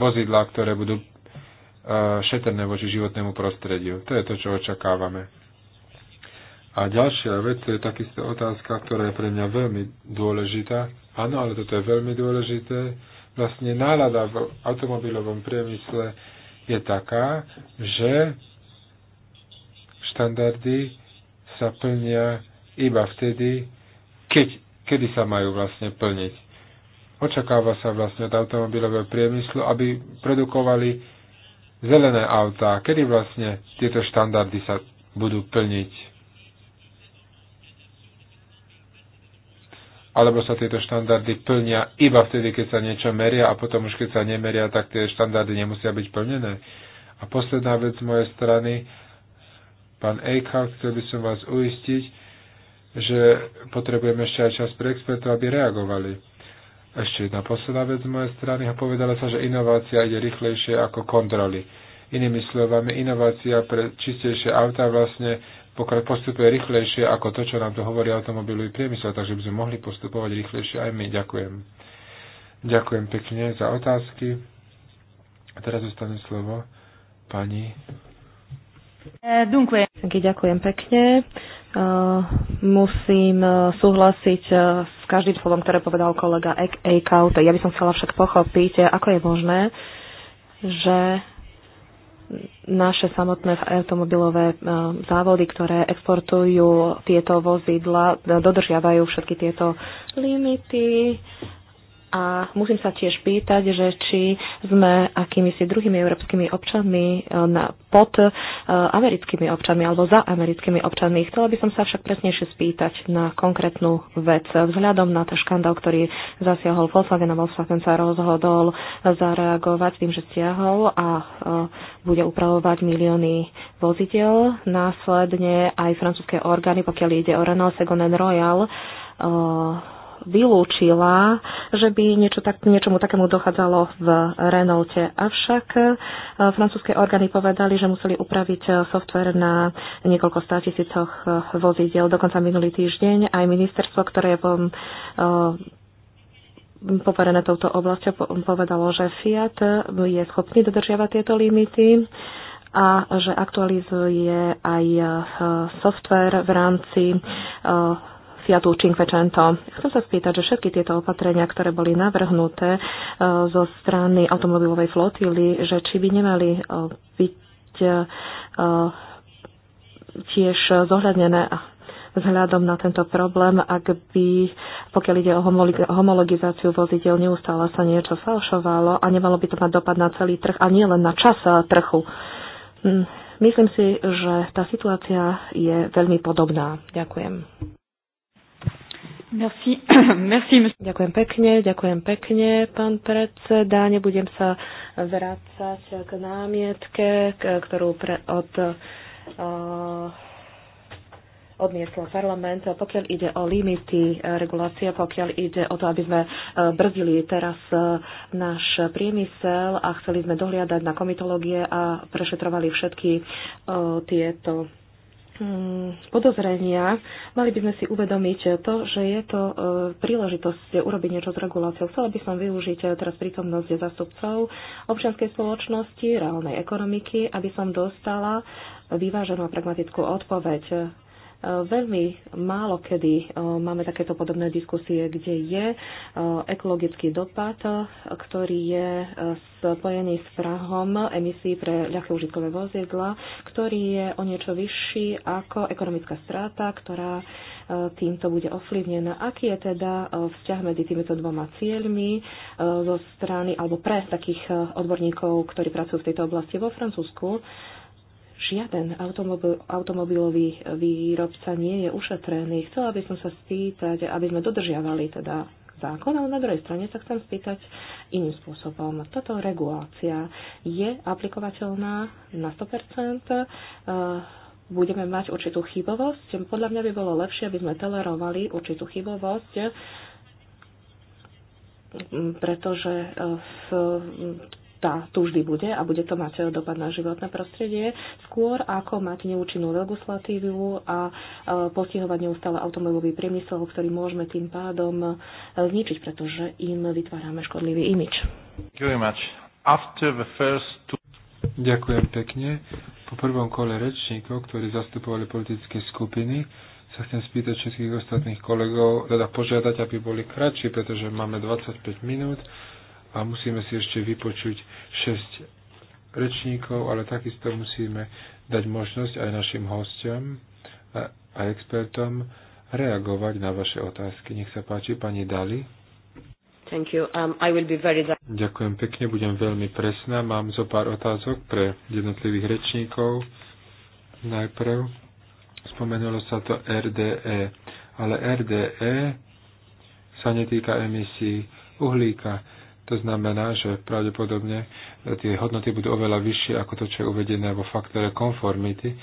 vozidlá, ktoré budú e, šetrné voči životnému prostrediu. To je to, čo očakávame. A ďalšia vec, to je takisto otázka, ktorá je pre mňa veľmi dôležitá. Áno, ale toto je veľmi dôležité. Vlastne nálada v automobilovom priemysle je taká, že štandardy sa plnia iba vtedy, keď, kedy sa majú vlastne plniť. Očakáva sa vlastne od automobilového priemyslu, aby produkovali zelené autá, kedy vlastne tieto štandardy sa budú plniť. alebo sa tieto štandardy plnia iba vtedy, keď sa niečo meria a potom už keď sa nemeria, tak tie štandardy nemusia byť plnené. A posledná vec z mojej strany, pán Eichhardt, chcel by som vás uistiť, že potrebujeme ešte aj čas pre expertov, aby reagovali. Ešte jedna posledná vec z mojej strany a povedala sa, že inovácia ide rýchlejšie ako kontroly. Inými slovami, inovácia pre čistejšie autá vlastne postupuje rýchlejšie ako to, čo nám to hovorí automobilový priemysel, takže by sme mohli postupovať rýchlejšie aj my. Ďakujem. Ďakujem pekne za otázky. A teraz zostane slovo pani. E, dunque. Ďakujem pekne. E, musím e, súhlasiť s každým slovom, ktoré povedal kolega Eichhout. Ja by som chcela však pochopiť, ako je možné, že naše samotné automobilové eh, závody, ktoré exportujú tieto vozidla, dodržiavajú všetky tieto limity a musím sa tiež pýtať, že či sme akými si druhými európskymi občanmi e, na, pod e, americkými občanmi alebo za americkými občanmi. Chcela by som sa však presnejšie spýtať na konkrétnu vec. Vzhľadom na ten škandál, ktorý zasiahol Volkswagen a Volkswagen sa rozhodol zareagovať tým, že stiahol a e, bude upravovať milióny voziteľ. Následne aj francúzske orgány, pokiaľ ide o Renault Segonen Royal, vylúčila, že by niečo tak, niečomu takému dochádzalo v Renaulte. Avšak e, francúzske orgány povedali, že museli upraviť e, software na niekoľko stá tisícoch e, vozidiel. Dokonca minulý týždeň aj ministerstvo, ktoré je um, poverené touto oblasťou, povedalo, že Fiat je schopný dodržiavať tieto limity a že aktualizuje aj software v rámci Fiatu Cinquecento. Chcem sa spýtať, že všetky tieto opatrenia, ktoré boli navrhnuté e, zo strany automobilovej flotily, že či by nemali e, byť e, tiež zohľadnené vzhľadom na tento problém, ak by, pokiaľ ide o homologizáciu vozidel, neustále sa niečo falšovalo a nemalo by to mať dopad na celý trh a nie len na čas trhu. Hm, myslím si, že tá situácia je veľmi podobná. Ďakujem. Merci. Merci. Ďakujem pekne, ďakujem pekne, pán predseda. Nebudem sa vrácať k námietke, ktorú pre, od, uh, eh, odniesla parlament, pokiaľ ide o limity eh, regulácie, pokiaľ ide o to, aby sme eh, brzdili teraz náš priemysel a chceli sme dohliadať na komitológie a prešetrovali všetky uh, tieto Mm, podozrenia, mali by sme si uvedomiť to, že je to e, príležitosť urobiť niečo s reguláciou. Chcela by som využiť e, teraz prítomnosť zastupcov občianskej spoločnosti, reálnej ekonomiky, aby som dostala vyváženú a pragmatickú odpoveď E, veľmi málo kedy e, máme takéto podobné diskusie, kde je e, ekologický dopad, ktorý je spojený s prahom emisí pre ľahké užitkové vozidla, ktorý je o niečo vyšší ako ekonomická strata, ktorá týmto bude ovplyvnená. Aký je teda vzťah medzi týmito dvoma cieľmi zo strany alebo pre takých odborníkov, ktorí pracujú v tejto oblasti vo Francúzsku? žiaden automobil, automobilový výrobca nie je ušetrený. Chcela by som sa spýtať, aby sme dodržiavali teda zákon, ale na druhej strane sa chcem spýtať iným spôsobom. Toto regulácia je aplikovateľná na 100%, e, budeme mať určitú chybovosť. Podľa mňa by bolo lepšie, aby sme tolerovali určitú chybovosť, pretože e, v tá tu vždy bude a bude to mať dopad na životné prostredie, skôr ako mať neúčinnú legislatívu a e, postihovať neustále automobilový priemysel, ktorý môžeme tým pádom e, zničiť, pretože im vytvárame škodlivý imič. Ďakujem pekne. Po prvom kole rečníkov, ktorí zastupovali politické skupiny, sa chcem spýtať všetkých ostatných kolegov, teda požiadať, aby boli kratší, pretože máme 25 minút a musíme si ešte vypočuť šesť rečníkov, ale takisto musíme dať možnosť aj našim hostiam a, a expertom reagovať na vaše otázky. Nech sa páči, pani Dali. Thank you. Um, I will be very... Ďakujem pekne, budem veľmi presná. Mám zo pár otázok pre jednotlivých rečníkov. Najprv spomenulo sa to RDE, ale RDE sa netýka emisí uhlíka. To znamená, že pravdepodobne tie hodnoty budú oveľa vyššie ako to, čo je uvedené vo faktore konformity,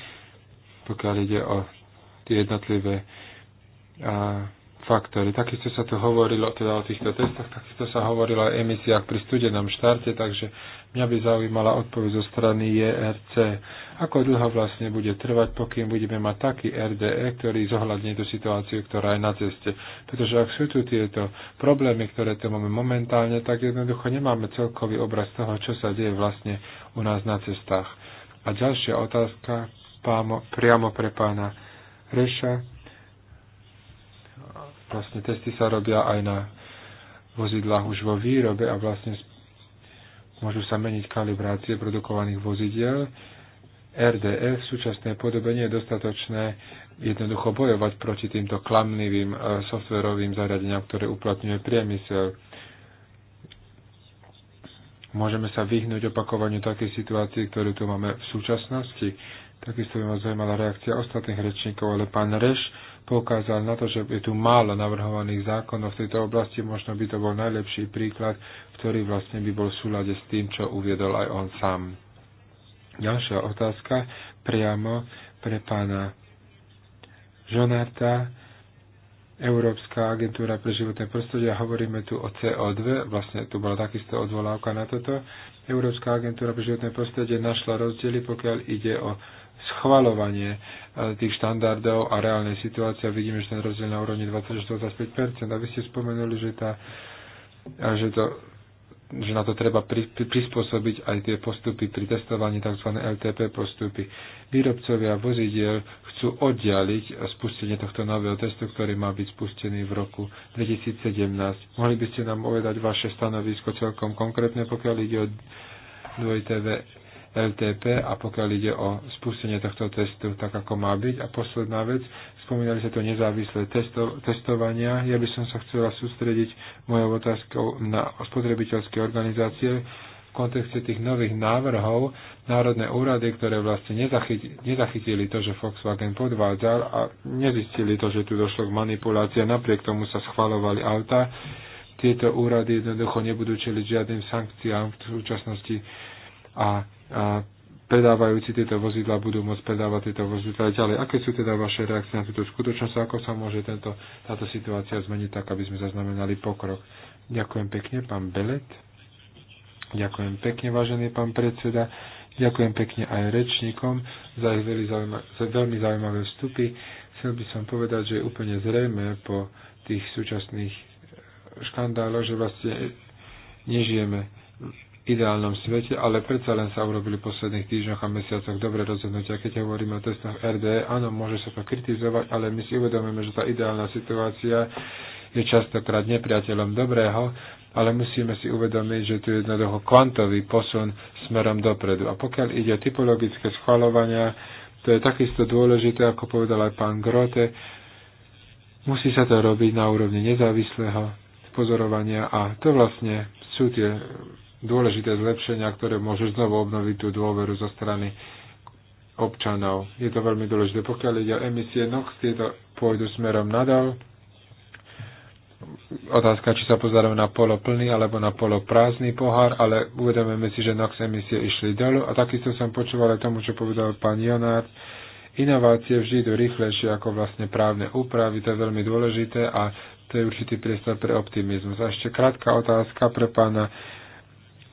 pokiaľ ide o tie jednotlivé a, faktory. Takisto sa tu hovorilo teda o týchto testoch, takisto sa hovorilo o emisiách pri studenom štarte, takže mňa by zaujímala odpoveď zo strany JRC. E Ako dlho vlastne bude trvať, pokým budeme mať taký RDE, ktorý zohľadní tú situáciu, ktorá je na ceste. Pretože ak sú tu tieto problémy, ktoré tu máme momentálne, tak jednoducho nemáme celkový obraz toho, čo sa deje vlastne u nás na cestách. A ďalšia otázka pámo, priamo pre pána Reša vlastne testy sa robia aj na vozidlách už vo výrobe a vlastne môžu sa meniť kalibrácie produkovaných vozidiel. RDF v súčasnej podobe nie je dostatočné jednoducho bojovať proti týmto klamlivým e, softverovým zariadeniam, ktoré uplatňuje priemysel. Môžeme sa vyhnúť opakovaniu takej situácii, ktorú tu máme v súčasnosti. Takisto by ma zaujímala reakcia ostatných rečníkov, ale pán Reš poukázal na to, že je tu málo navrhovaných zákonov v tejto oblasti. Možno by to bol najlepší príklad, ktorý vlastne by bol v súlade s tým, čo uviedol aj on sám. Ďalšia otázka priamo pre pána Žonarta. Európska agentúra pre životné prostredie, hovoríme tu o CO2, vlastne tu bola takisto odvolávka na toto. Európska agentúra pre životné prostredie našla rozdiely, pokiaľ ide o schvaľovanie e, tých štandardov a reálnej situácie. Vidíme, že ten rozdiel na úrovni 20-25%. A vy ste spomenuli, že, tá, že, to, že na to treba pri, pri, prispôsobiť aj tie postupy pri testovaní tzv. LTP postupy. Výrobcovia vozidiel chcú oddialiť spustenie tohto nového testu, ktorý má byť spustený v roku 2017. Mohli by ste nám povedať vaše stanovisko celkom konkrétne, pokiaľ ide o dvojité LTP a pokiaľ ide o spustenie tohto testu tak, ako má byť. A posledná vec, spomínali sa to nezávislé testo, testovania. Ja by som sa chcela sústrediť mojou otázkou na spotrebiteľské organizácie, v kontexte tých nových návrhov národné úrady, ktoré vlastne nezachytili, nezachytili to, že Volkswagen podvádzal a nezistili to, že tu došlo k manipulácii a napriek tomu sa schvalovali auta. Tieto úrady jednoducho nebudú čeliť žiadnym sankciám v súčasnosti a a predávajúci tieto vozidla budú môcť predávať tieto vozidla ďalej. Aké sú teda vaše reakcie na túto skutočnosť a ako sa môže tento, táto situácia zmeniť tak, aby sme zaznamenali pokrok? Ďakujem pekne, pán Belet. Ďakujem pekne, vážený pán predseda. Ďakujem pekne aj rečníkom za ich veľmi, zaujíma, za veľmi zaujímavé vstupy. Chcel by som povedať, že je úplne zrejme po tých súčasných škandáloch, že vlastne nežijeme ideálnom svete, ale predsa len sa urobili v posledných týždňoch a mesiacoch dobre rozhodnutia. Keď hovoríme o testoch RDE, áno, môže sa to kritizovať, ale my si uvedomíme, že tá ideálna situácia je častokrát nepriateľom dobrého, ale musíme si uvedomiť, že tu je jednoducho kvantový posun smerom dopredu. A pokiaľ ide o typologické schvalovania, to je takisto dôležité, ako povedal aj pán Grote, musí sa to robiť na úrovni nezávislého pozorovania a to vlastne sú tie dôležité zlepšenia, ktoré môžu znovu obnoviť tú dôveru zo strany občanov. Je to veľmi dôležité. Pokiaľ ide o emisie NOx, tieto pôjdu smerom nadal. Otázka, či sa pozeráme na poloplný alebo na poloprázdny pohár, ale uvedomujeme si, že NOx emisie išli dolu. A takisto som počúval aj tomu, čo povedal pán Jonát. Inovácie vždy idú rýchlejšie ako vlastne právne úpravy, to je veľmi dôležité a to je určitý priestor pre optimizmus. A ešte krátka otázka pre pána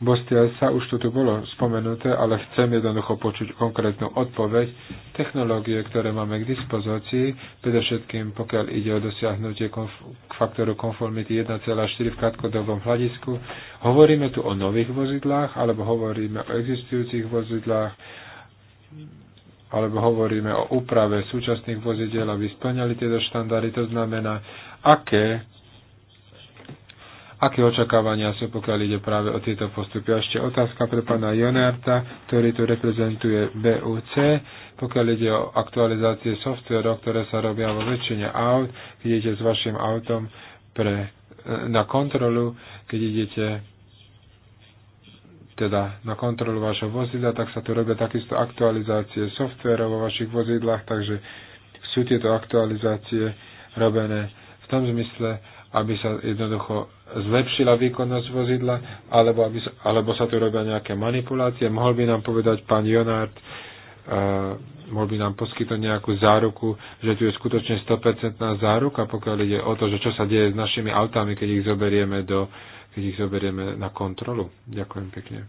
Bostia už to tu bolo spomenuté, ale chcem jednoducho počuť konkrétnu odpoveď. Technológie, ktoré máme k dispozícii, predovšetkým pokiaľ ide o dosiahnutie konf- k faktoru konformity 1,4 v krátkodobom hľadisku, hovoríme tu o nových vozidlách, alebo hovoríme o existujúcich vozidlách, alebo hovoríme o úprave súčasných vozidel, aby splňali tieto štandardy. To znamená, aké aké očakávania sú, pokiaľ ide práve o tieto postupy. A ešte otázka pre pána Jonerta, ktorý tu reprezentuje BUC, pokiaľ ide o aktualizácie softverov, ktoré sa robia vo väčšine aut, keď idete s vašim autom pre, e, na kontrolu, keď idete teda na kontrolu vašho vozidla, tak sa tu robia takisto aktualizácie softverov vo vašich vozidlách, takže sú tieto aktualizácie robené v tom zmysle, aby sa jednoducho zlepšila výkonnosť vozidla, alebo, aby, alebo sa tu robia nejaké manipulácie. Mohol by nám povedať pán Jonard, uh, mohol by nám poskytnúť nejakú záruku, že tu je skutočne 100% záruka, pokiaľ ide o to, že čo sa deje s našimi autami, keď ich zoberieme, do, keď ich zoberieme na kontrolu. Ďakujem pekne.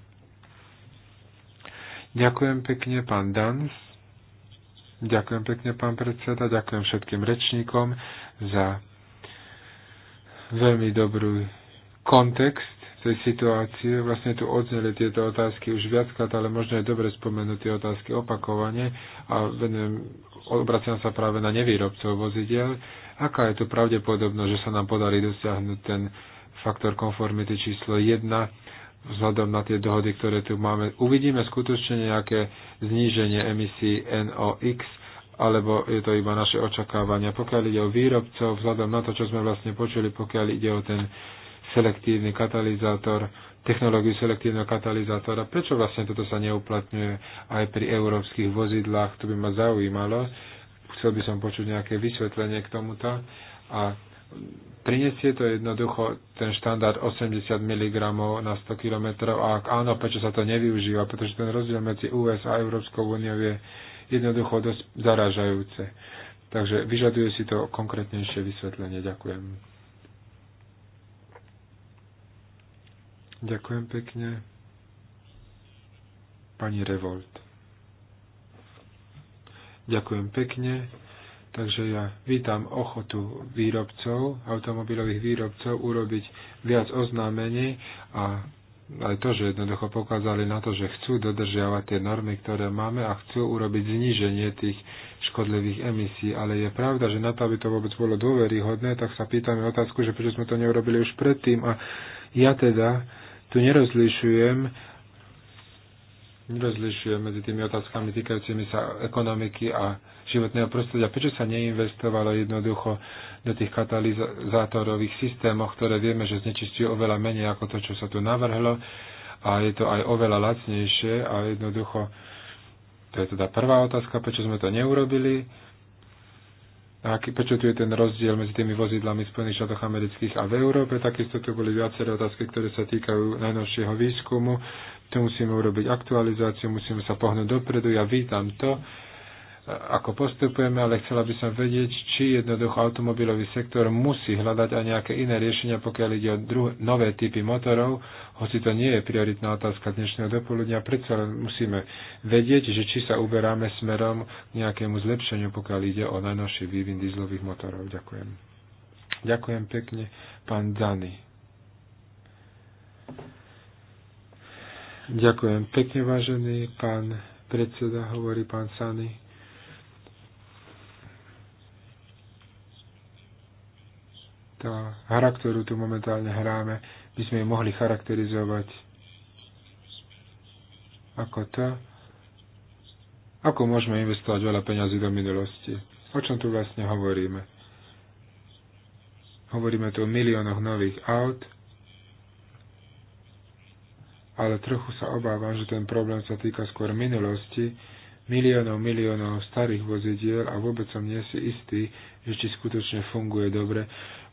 Ďakujem pekne, pán Dans. Ďakujem pekne, pán predseda. Ďakujem všetkým rečníkom za veľmi dobrý kontext tej situácie. Vlastne tu odzneli tieto otázky už viackrát, ale možno je dobre spomenúť tie otázky opakovane a venujem, obraciam sa práve na nevýrobcov vozidel, Aká je tu pravdepodobnosť, že sa nám podarí dosiahnuť ten faktor konformity číslo 1 vzhľadom na tie dohody, ktoré tu máme. Uvidíme skutočne nejaké zníženie emisí NOx alebo je to iba naše očakávania. Pokiaľ ide o výrobcov, vzhľadom na to, čo sme vlastne počuli, pokiaľ ide o ten selektívny katalizátor, technológiu selektívneho katalizátora, prečo vlastne toto sa neuplatňuje aj pri európskych vozidlách, to by ma zaujímalo. Chcel by som počuť nejaké vysvetlenie k tomuto a prinesie to jednoducho ten štandard 80 mg na 100 km a ak áno, prečo sa to nevyužíva, pretože ten rozdiel medzi US a Európskou úniou je jednoducho dosť zaražajúce. Takže vyžaduje si to konkrétnejšie vysvetlenie. Ďakujem. Ďakujem pekne. Pani Revolt. Ďakujem pekne. Takže ja vítam ochotu výrobcov, automobilových výrobcov urobiť viac oznámení a aj to, že jednoducho pokázali na to, že chcú dodržiavať tie normy, ktoré máme a chcú urobiť zníženie tých škodlivých emisí. Ale je pravda, že na to, aby to vôbec bolo dôveryhodné, tak sa pýtame otázku, že prečo sme to neurobili už predtým. A ja teda tu nerozlišujem nerozlišuje medzi tými otázkami týkajúcimi sa ekonomiky a životného prostredia. Prečo sa neinvestovalo jednoducho do tých katalizátorových systémov, ktoré vieme, že znečistujú oveľa menej ako to, čo sa tu navrhlo a je to aj oveľa lacnejšie a jednoducho to je teda prvá otázka, prečo sme to neurobili a prečo tu je ten rozdiel medzi tými vozidlami v Spojených štátoch amerických a v Európe. Takisto tu boli viaceré otázky, ktoré sa týkajú najnovšieho výskumu tu musíme urobiť aktualizáciu, musíme sa pohnúť dopredu. Ja vítam to, e, ako postupujeme, ale chcela by som vedieť, či jednoducho automobilový sektor musí hľadať aj nejaké iné riešenia, pokiaľ ide o druh- nové typy motorov, hoci to nie je prioritná otázka dnešného dopoludnia, predsa len musíme vedieť, že či sa uberáme smerom k nejakému zlepšeniu, pokiaľ ide o najnovší vývin dizlových motorov. Ďakujem. Ďakujem pekne, pán Dany. Ďakujem pekne, vážený pán predseda, hovorí pán Sany. Tá hra, ktorú tu momentálne hráme, by sme ju mohli charakterizovať ako to, ako môžeme investovať veľa peňazí do minulosti. O čom tu vlastne hovoríme? Hovoríme tu o miliónoch nových aut, ale trochu sa obávam, že ten problém sa týka skôr minulosti, miliónov, miliónov starých vozidiel a vôbec som nie si istý, že či skutočne funguje dobre,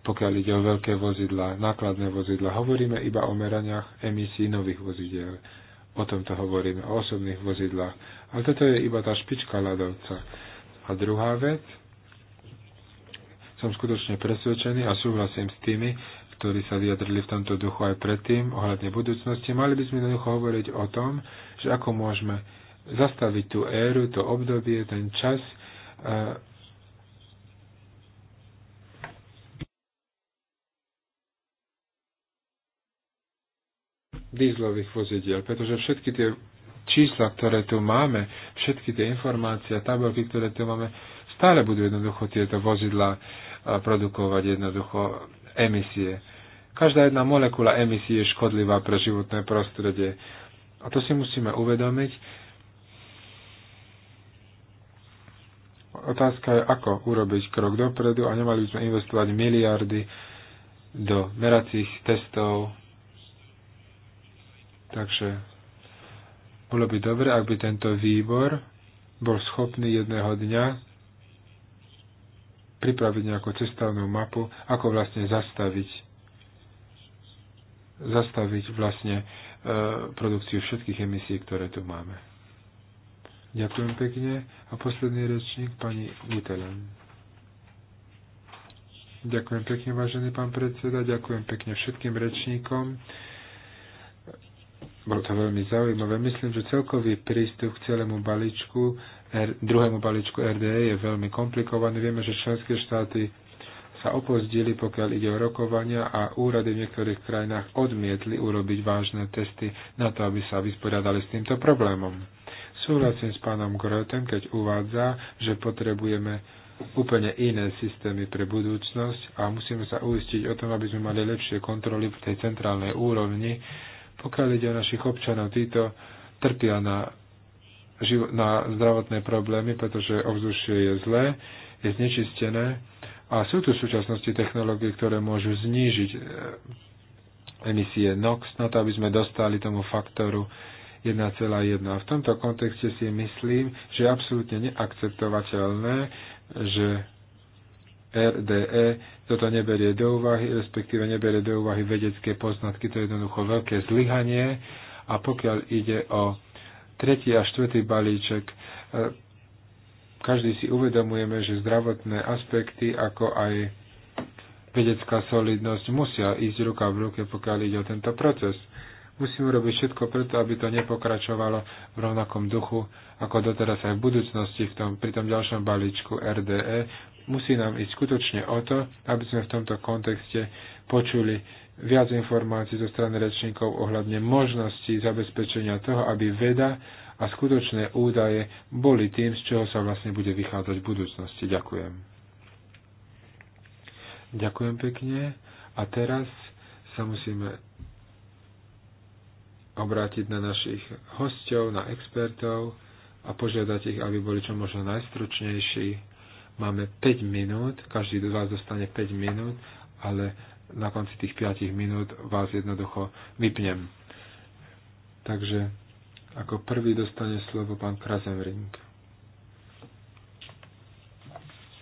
pokiaľ ide o veľké vozidla, nákladné vozidla. Hovoríme iba o meraniach emisí nových vozidiel. O tomto hovoríme, o osobných vozidlách. Ale toto je iba tá špička ľadovca. A druhá vec, som skutočne presvedčený a súhlasím s tými, ktorí sa vyjadrili v tomto duchu aj predtým ohľadne budúcnosti. Mali by sme jednoducho hovoriť o tom, že ako môžeme zastaviť tú éru, to obdobie, ten čas, eh, dízlových vozidiel, pretože všetky tie čísla, ktoré tu máme, všetky tie informácie a tabelky, ktoré tu máme, stále budú jednoducho tieto vozidla eh, produkovať jednoducho emisie. Každá jedna molekula emisie je škodlivá pre životné prostredie. A to si musíme uvedomiť. Otázka je, ako urobiť krok dopredu a nemali by sme investovať miliardy do meracích testov. Takže bolo by dobre, ak by tento výbor bol schopný jedného dňa pripraviť nejakú cestovnú mapu, ako vlastne zastaviť, zastaviť vlastne e, produkciu všetkých emisí, ktoré tu máme. Ďakujem pekne. A posledný rečník, pani Gutelen. Ďakujem pekne, vážený pán predseda. Ďakujem pekne všetkým rečníkom. Bolo to veľmi zaujímavé. Myslím, že celkový prístup k celému balíčku R. druhému balíčku RDE je veľmi komplikovaný. Vieme, že členské štáty sa opozdili, pokiaľ ide o rokovania a úrady v niektorých krajinách odmietli urobiť vážne testy na to, aby sa vysporiadali s týmto problémom. Súhlasím s pánom Grotem, keď uvádza, že potrebujeme úplne iné systémy pre budúcnosť a musíme sa uistiť o tom, aby sme mali lepšie kontroly v tej centrálnej úrovni, pokiaľ ide o našich občanov, títo trpia na na zdravotné problémy, pretože ovzdušie je zlé, je znečistené a sú tu v súčasnosti technológie, ktoré môžu znížiť e, emisie NOx na to, aby sme dostali tomu faktoru 1,1. A V tomto kontexte si myslím, že je absolútne neakceptovateľné, že RDE toto neberie do úvahy, respektíve neberie do úvahy vedecké poznatky. To je jednoducho veľké zlyhanie. A pokiaľ ide o tretí a štvrtý balíček. E, každý si uvedomujeme, že zdravotné aspekty, ako aj vedecká solidnosť musia ísť ruka v ruke, pokiaľ ide o tento proces. Musíme robiť všetko preto, aby to nepokračovalo v rovnakom duchu, ako doteraz aj v budúcnosti v tom, pri tom ďalšom balíčku RDE. Musí nám ísť skutočne o to, aby sme v tomto kontexte počuli viac informácií zo strany rečníkov ohľadne možnosti zabezpečenia toho, aby veda a skutočné údaje boli tým, z čoho sa vlastne bude vychádzať v budúcnosti. Ďakujem. Ďakujem pekne. A teraz sa musíme obrátiť na našich hostov, na expertov a požiadať ich, aby boli čo možno najstručnejší. Máme 5 minút, každý z vás dostane 5 minút, ale na konci tých 5 minút vás jednoducho vypnem. Takže ako prvý dostane slovo pán Krasenring.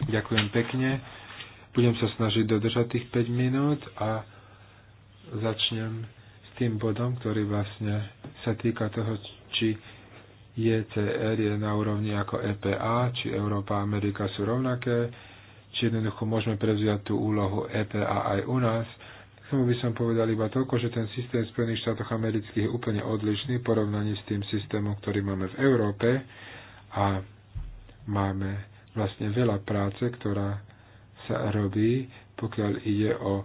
Ďakujem pekne. Budem sa snažiť dodržať tých 5 minút a začnem s tým bodom, ktorý vlastne sa týka toho, či JCR je na úrovni ako EPA, či Európa a Amerika sú rovnaké či jednoducho môžeme prevziať tú úlohu EPA aj u nás. K tomu by som povedal iba toľko, že ten systém v Spojených štátoch amerických je úplne odlišný v porovnaní s tým systémom, ktorý máme v Európe a máme vlastne veľa práce, ktorá sa robí, pokiaľ ide o e,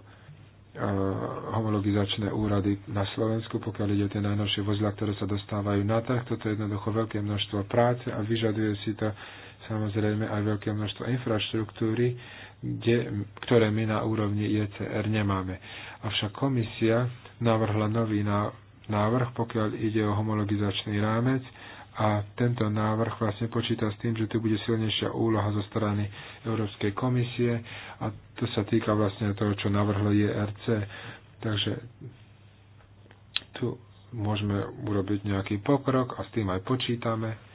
homologizačné úrady na Slovensku, pokiaľ ide o tie najnovšie vozidla, ktoré sa dostávajú na trh. Toto je jednoducho veľké množstvo práce a vyžaduje si to samozrejme aj veľké množstvo infraštruktúry, kde, ktoré my na úrovni ICR nemáme. Avšak komisia navrhla nový návrh, pokiaľ ide o homologizačný rámec a tento návrh vlastne počíta s tým, že tu bude silnejšia úloha zo strany Európskej komisie a to sa týka vlastne toho, čo navrhlo IRC. Takže tu môžeme urobiť nejaký pokrok a s tým aj počítame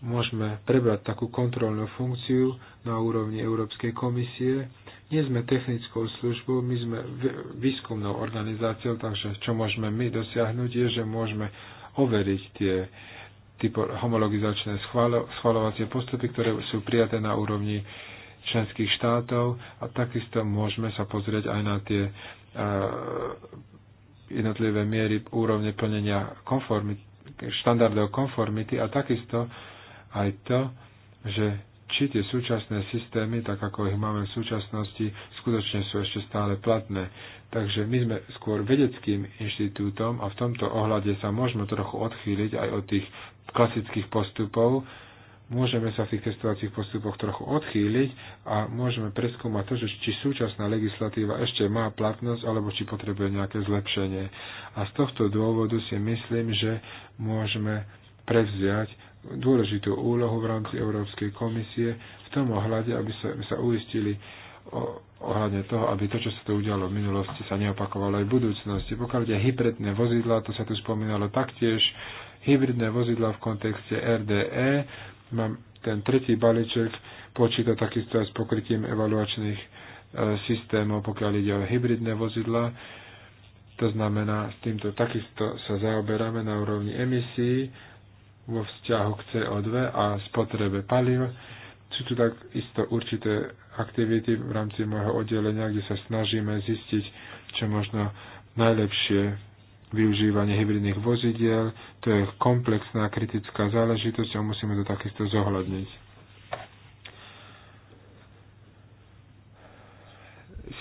môžeme prebrať takú kontrolnú funkciu na úrovni Európskej komisie. Nie sme technickou službou, my sme výskumnou organizáciou, takže čo môžeme my dosiahnuť je, že môžeme overiť tie typo, homologizačné schvalo, schvalovacie postupy, ktoré sú prijaté na úrovni členských štátov a takisto môžeme sa pozrieť aj na tie e, jednotlivé miery úrovne plnenia konformity, štandardov konformity a takisto aj to, že či tie súčasné systémy, tak ako ich máme v súčasnosti, skutočne sú ešte stále platné. Takže my sme skôr vedeckým inštitútom a v tomto ohľade sa môžeme trochu odchýliť aj od tých klasických postupov. Môžeme sa v tých testovacích postupoch trochu odchýliť a môžeme preskúmať to, že či súčasná legislatíva ešte má platnosť alebo či potrebuje nejaké zlepšenie. A z tohto dôvodu si myslím, že môžeme prevziať dôležitú úlohu v rámci Európskej komisie v tom ohľade, aby sa, aby sa uistili o, ohľadne toho, aby to, čo sa to udialo v minulosti, sa neopakovalo aj v budúcnosti. Pokiaľ ide hybridné vozidla, to sa tu spomínalo taktiež, hybridné vozidla v kontexte RDE, mám ten tretí balíček, počíta takisto aj s pokrytím evaluačných e, systémov, pokiaľ ide o hybridné vozidla. To znamená, s týmto takisto sa zaoberáme na úrovni emisí vo vzťahu k CO2 a spotrebe paliv. Sú tu takisto určité aktivity v rámci môjho oddelenia, kde sa snažíme zistiť, čo možno najlepšie využívanie hybridných vozidiel. To je komplexná kritická záležitosť a musíme to takisto zohľadniť.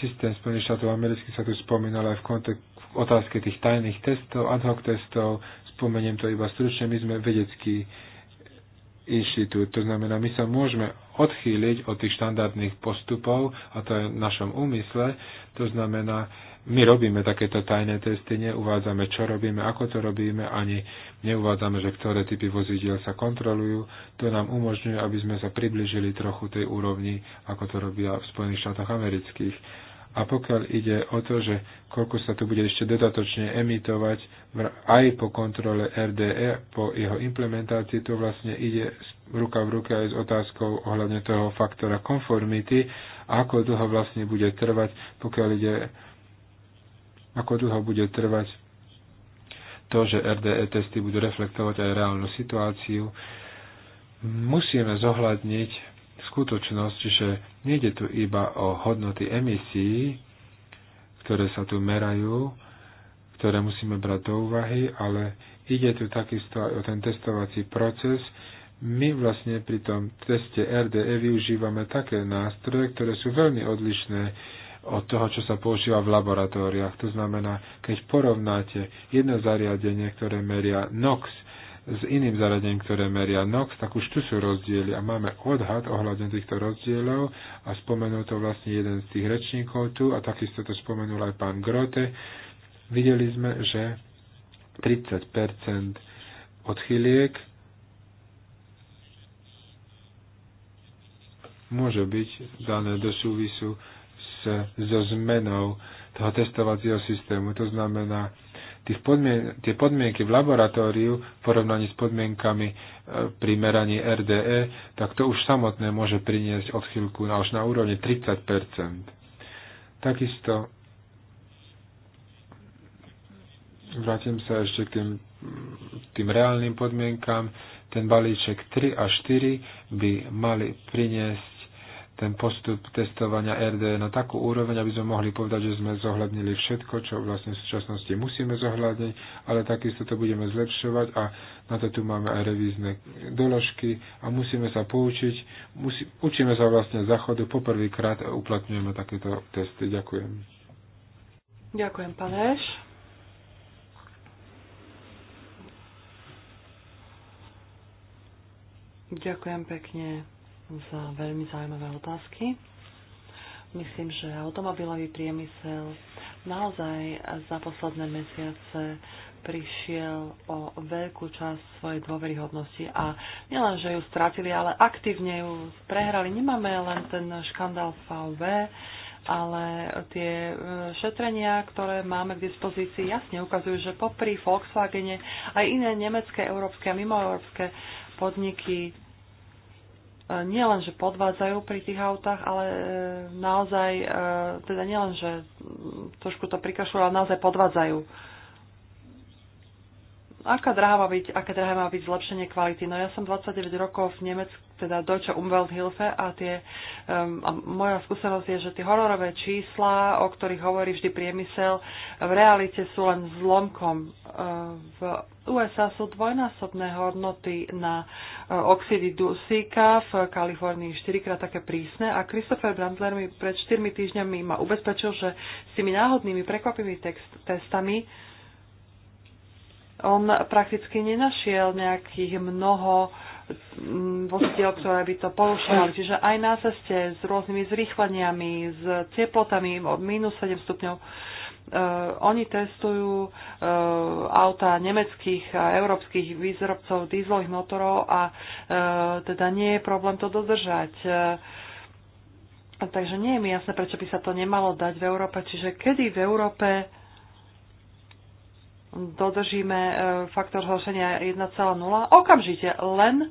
Systém Spojených štátov amerických sa tu spomínal aj v, kontek- v otázke tých tajných testov, ad hoc testov, spomeniem to iba stručne, my sme vedecký inštitút. To znamená, my sa môžeme odchýliť od tých štandardných postupov, a to je v našom úmysle. To znamená, my robíme takéto tajné testy, neuvádzame, čo robíme, ako to robíme, ani neuvádzame, že ktoré typy vozidiel sa kontrolujú. To nám umožňuje, aby sme sa približili trochu tej úrovni, ako to robia v Spojených štátoch amerických a pokiaľ ide o to, že koľko sa tu bude ešte dodatočne emitovať aj po kontrole RDE, po jeho implementácii, to vlastne ide ruka v ruke aj s otázkou ohľadne toho faktora konformity, ako dlho vlastne bude trvať, pokiaľ ide, ako dlho bude trvať to, že RDE testy budú reflektovať aj reálnu situáciu. Musíme zohľadniť skutočnosť, že nejde tu iba o hodnoty emisí, ktoré sa tu merajú, ktoré musíme brať do úvahy, ale ide tu takisto aj o ten testovací proces. My vlastne pri tom teste RDE využívame také nástroje, ktoré sú veľmi odlišné od toho, čo sa používa v laboratóriách. To znamená, keď porovnáte jedno zariadenie, ktoré meria NOx s iným zaradením, ktoré meria NOx, tak už tu sú rozdiely a máme odhad ohľadne týchto rozdielov a spomenul to vlastne jeden z tých rečníkov tu a takisto to spomenul aj pán Grote. Videli sme, že 30 odchyliek môže byť dané do súvisu s, so zmenou toho testovacieho systému. To znamená, podmien- tie podmienky v laboratóriu v porovnaní s podmienkami e, pri meraní RDE, tak to už samotné môže priniesť odchylku na až na úrovni 30 Takisto vrátim sa ešte k tým, tým reálnym podmienkam. Ten balíček 3 a 4 by mali priniesť ten postup testovania RD na takú úroveň, aby sme mohli povedať, že sme zohľadnili všetko, čo vlastne v súčasnosti musíme zohľadniť, ale takisto to budeme zlepšovať a na to tu máme aj revízne doložky a musíme sa poučiť, musí, učíme sa vlastne zachodu, poprvýkrát uplatňujeme takéto testy. Ďakujem. Ďakujem, pán Eš. Ďakujem pekne za veľmi zaujímavé otázky. Myslím, že automobilový priemysel naozaj za posledné mesiace prišiel o veľkú časť svojej dôveryhodnosti a nielen, že ju stratili, ale aktívne ju prehrali. Nemáme len ten škandál VV, ale tie e, šetrenia, ktoré máme k dispozícii, jasne ukazujú, že popri Volkswagene aj iné nemecké, európske a mimoeurópske podniky E, nielen, že podvádzajú pri tých autách, ale e, naozaj, e, teda nielen, že trošku to prikašľujú, ale naozaj podvádzajú aká drahá má byť, aké drahé má byť zlepšenie kvality. No ja som 29 rokov v Nemecku, teda Deutsche Umwelthilfe a tie, um, a moja skúsenosť je, že tie hororové čísla, o ktorých hovorí vždy priemysel, v realite sú len zlomkom. Uh, v USA sú dvojnásobné hodnoty na uh, oxidy dusíka, v Kalifornii štyrikrát také prísne a Christopher Brandler mi pred 4 týždňami ma ubezpečil, že s tými náhodnými prekvapivými testami on prakticky nenašiel nejakých mnoho mm, vozidiel, ktoré by to porušovali. Čiže aj na ceste s rôznymi zrýchleniami, s teplotami od minus 7 stupňov, Uh, oni testujú uh, auta nemeckých a európskych výrobcov dízlových motorov a uh, teda nie je problém to dodržať. Uh, takže nie je mi jasné, prečo by sa to nemalo dať v Európe. Čiže kedy v Európe dodržíme e, faktor zhoršenia 1,0 okamžite, len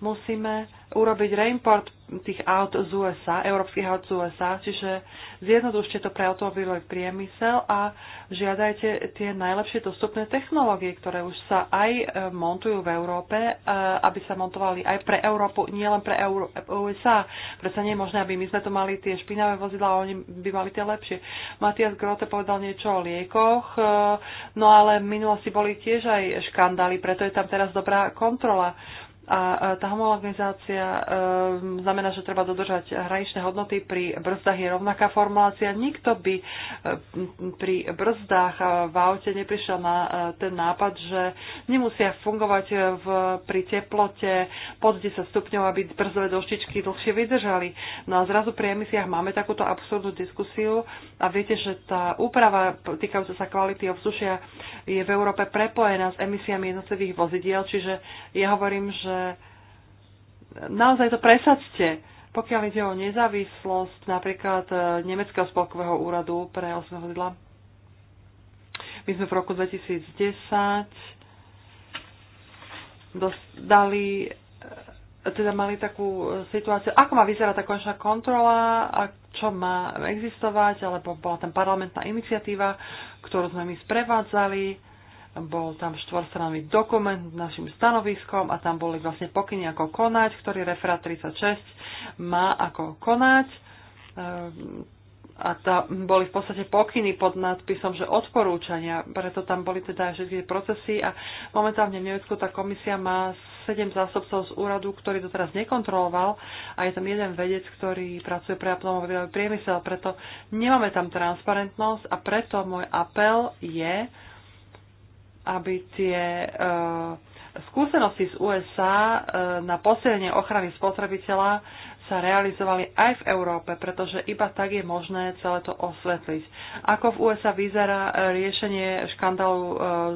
musíme urobiť reimport tých aut z USA, európskych aut z USA, čiže zjednodušte to pre automobilový priemysel a žiadajte tie najlepšie dostupné technológie, ktoré už sa aj e, montujú v Európe, e, aby sa montovali aj pre Európu, nielen pre Euró- USA. Preto nie je možné, aby my sme to mali tie špinavé vozidla a oni by mali tie lepšie. Matias Grote povedal niečo o liekoch, e, no ale v minulosti boli tiež aj škandály, preto je tam teraz dobrá kontrola a tá homologizácia ehm, znamená, že treba dodržať hraničné hodnoty. Pri brzdách je rovnaká formulácia. Nikto by e, pri brzdách e, v aute neprišiel na e, ten nápad, že nemusia fungovať v, pri teplote pod 10 stupňov, aby brzdové doštičky dlhšie vydržali. No a zrazu pri emisiách máme takúto absurdnú diskusiu a viete, že tá úprava týkajúca sa kvality ovzdušia je v Európe prepojená s emisiami jednotlivých vozidiel, čiže ja hovorím, že naozaj to presadzte. Pokiaľ ide o nezávislosť napríklad e, Nemeckého spolkového úradu pre osobné vozidla, my sme v roku 2010 dostali, e, teda mali takú e, situáciu, ako má vyzerať tá konečná kontrola a čo má existovať, alebo bola tam parlamentná iniciatíva, ktorú sme my sprevádzali bol tam štvorstranný dokument s našim stanoviskom a tam boli vlastne pokyny ako konať, ktorý referát 36 má ako konať. Ehm, a tá, boli v podstate pokyny pod nadpisom, že odporúčania, preto tam boli teda aj všetky procesy a momentálne v Nemecku tá komisia má 7 zásobcov z úradu, ktorý to teraz nekontroloval a je tam jeden vedec, ktorý pracuje pre aplomový priemysel, preto nemáme tam transparentnosť a preto môj apel je, aby tie eh, skúsenosti z USA eh, na posilnenie ochrany spotrebiteľa sa realizovali aj v Európe, pretože iba tak je možné celé to osvetliť. Ako v USA vyzerá eh, riešenie škandálu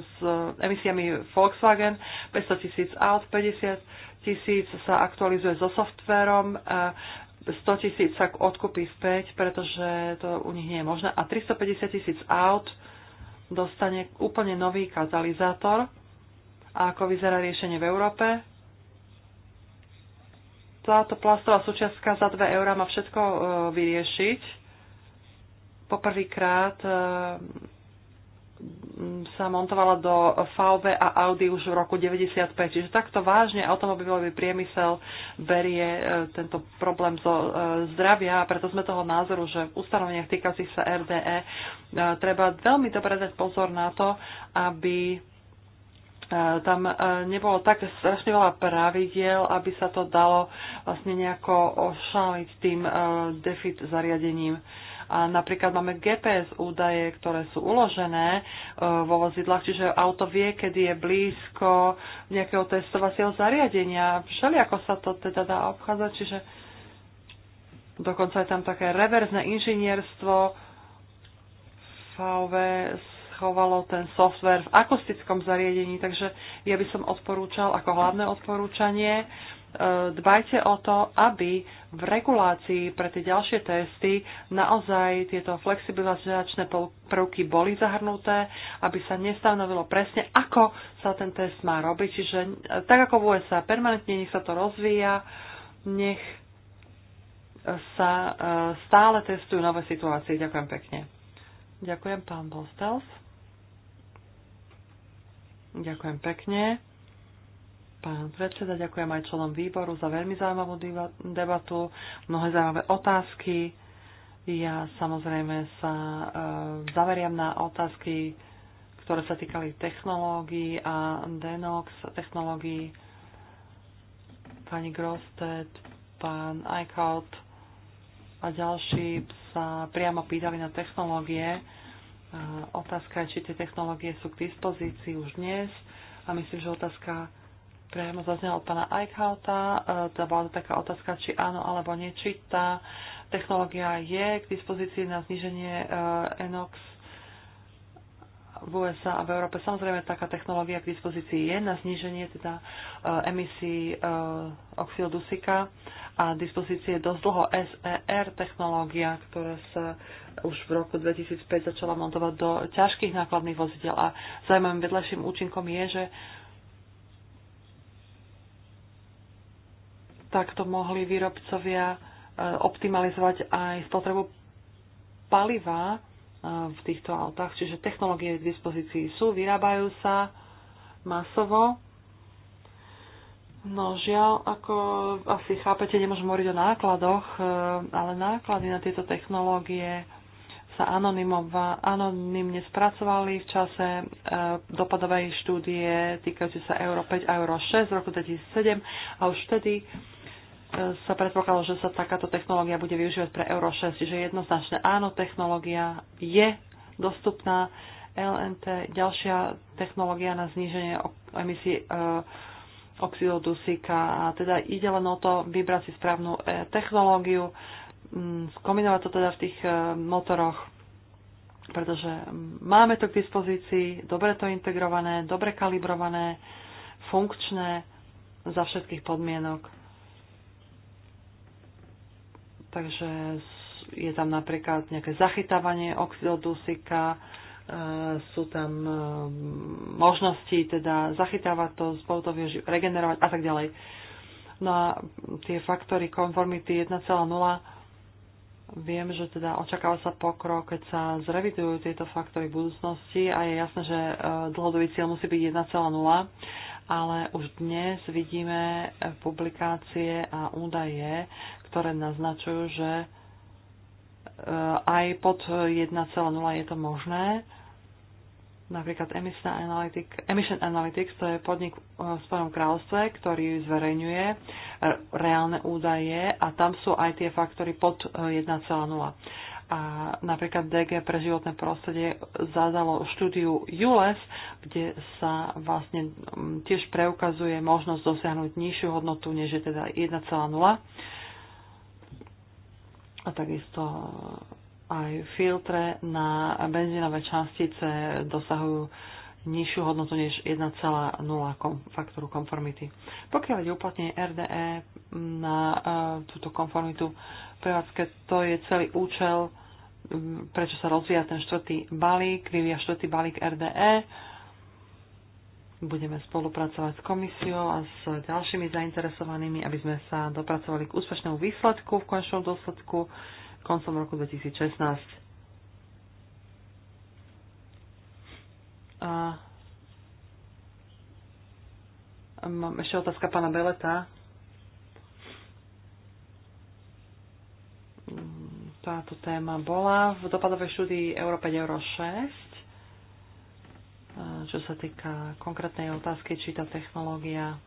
s emisiami Volkswagen, 500 tisíc aut, 50 tisíc sa aktualizuje so softverom, 100 tisíc sa odkupí späť, pretože to u nich nie je možné a 350 tisíc aut dostane úplne nový katalizátor. A ako vyzerá riešenie v Európe? Táto plastová súčiastka za 2 eur má všetko e, vyriešiť. Poprvýkrát e, sa montovala do VW a Audi už v roku 95. Čiže takto vážne automobilový priemysel berie e, tento problém zo e, zdravia a preto sme toho názoru, že v ustanoveniach týkajúcich sa RDE e, treba veľmi dobre dať pozor na to, aby tam nebolo tak strašne veľa pravidiel, aby sa to dalo vlastne nejako ošaliť tým defit zariadením. A napríklad máme GPS údaje, ktoré sú uložené e, vo vozidlách, čiže auto vie, kedy je blízko nejakého testovacieho zariadenia. Všelijako sa to teda dá obchádzať, čiže dokonca je tam také reverzné inžinierstvo. VV schovalo ten software v akustickom zariadení, takže ja by som odporúčal ako hlavné odporúčanie dbajte o to, aby v regulácii pre tie ďalšie testy naozaj tieto flexibilizačné prvky boli zahrnuté, aby sa nestanovilo presne, ako sa ten test má robiť. Čiže e, tak ako v USA, permanentne nech sa to rozvíja, nech e, sa e, stále testujú nové situácie. Ďakujem pekne. Ďakujem, pán Bostels. Ďakujem pekne. Pán predseda, ďakujem aj členom výboru za veľmi zaujímavú debatu, mnohé zaujímavé otázky. Ja samozrejme sa e, zaveriam na otázky, ktoré sa týkali technológií a Denox technológií. Pani Grosted, pán Eichhout a ďalší sa priamo pýtali na technológie. E, otázka je, či tie technológie sú k dispozícii už dnes. A myslím, že otázka priamo zaznel od pána Eichhauta. E, to bola taká otázka, či áno alebo nie. Či tá technológia je k dispozícii na zniženie e, NOx v USA a v Európe. Samozrejme, taká technológia k dispozícii je na zníženie teda e, emisí oxidu dusika a dispozície dosť dlho SER technológia, ktorá sa už v roku 2005 začala montovať do ťažkých nákladných vozidel a zaujímavým vedľajším účinkom je, že takto mohli výrobcovia e, optimalizovať aj spotrebu paliva e, v týchto autách. Čiže technológie k dispozícii sú, vyrábajú sa masovo. No žiaľ, ako asi chápete, nemôžem hovoriť o nákladoch, e, ale náklady na tieto technológie sa anonymne spracovali v čase dopadovej štúdie týkajúce sa Euro 5 a Euro 6 v roku 2007 a už vtedy sa predpokladalo, že sa takáto technológia bude využívať pre Euro 6, čiže jednoznačne áno, technológia je dostupná. LNT, ďalšia technológia na zníženie emisí e, oxidov dusíka. A teda ide len o to vybrať si správnu e, technológiu, mm, skombinovať to teda v tých e, motoroch, pretože mm, máme to k dispozícii, dobre to integrované, dobre kalibrované, funkčné za všetkých podmienok. Takže je tam napríklad nejaké zachytávanie oxidov dusíka, e, sú tam e, možnosti teda zachytávať to, spolu regenerovať a tak ďalej. No a tie faktory konformity 1,0 Viem, že teda očakáva sa pokrok, keď sa zrevidujú tieto faktory v budúcnosti a je jasné, že e, dlhodobý cieľ musí byť 1,0 ale už dnes vidíme publikácie a údaje, ktoré naznačujú, že eh, aj pod 1,0 je to možné. Napríklad Emission Analytics, Emission Analytics to je podnik eh, v Spojenom kráľovstve, ktorý zverejňuje eh, reálne údaje a tam sú aj tie faktory pod 1,0 a napríklad DG pre životné prostredie zadalo štúdiu ULES, kde sa vlastne mm, tiež preukazuje možnosť dosiahnuť nižšiu hodnotu, než je teda 1,0. A takisto aj filtre na benzínové častice dosahujú nižšiu hodnotu než 1,0 faktoru konformity. Pokiaľ je uplatnenie RDE na e, túto konformitu prevádzke, to je celý účel prečo sa rozvíja ten štvrtý balík, vyvíja štvrtý balík RDE. Budeme spolupracovať s komisiou a s ďalšími zainteresovanými, aby sme sa dopracovali k úspešnému výsledku v končnom dôsledku koncom roku 2016. A mám ešte otázka pána Beleta táto téma bola v dopadovej štúdii Euro 5 Euro 6, čo sa týka konkrétnej otázky, či tá technológia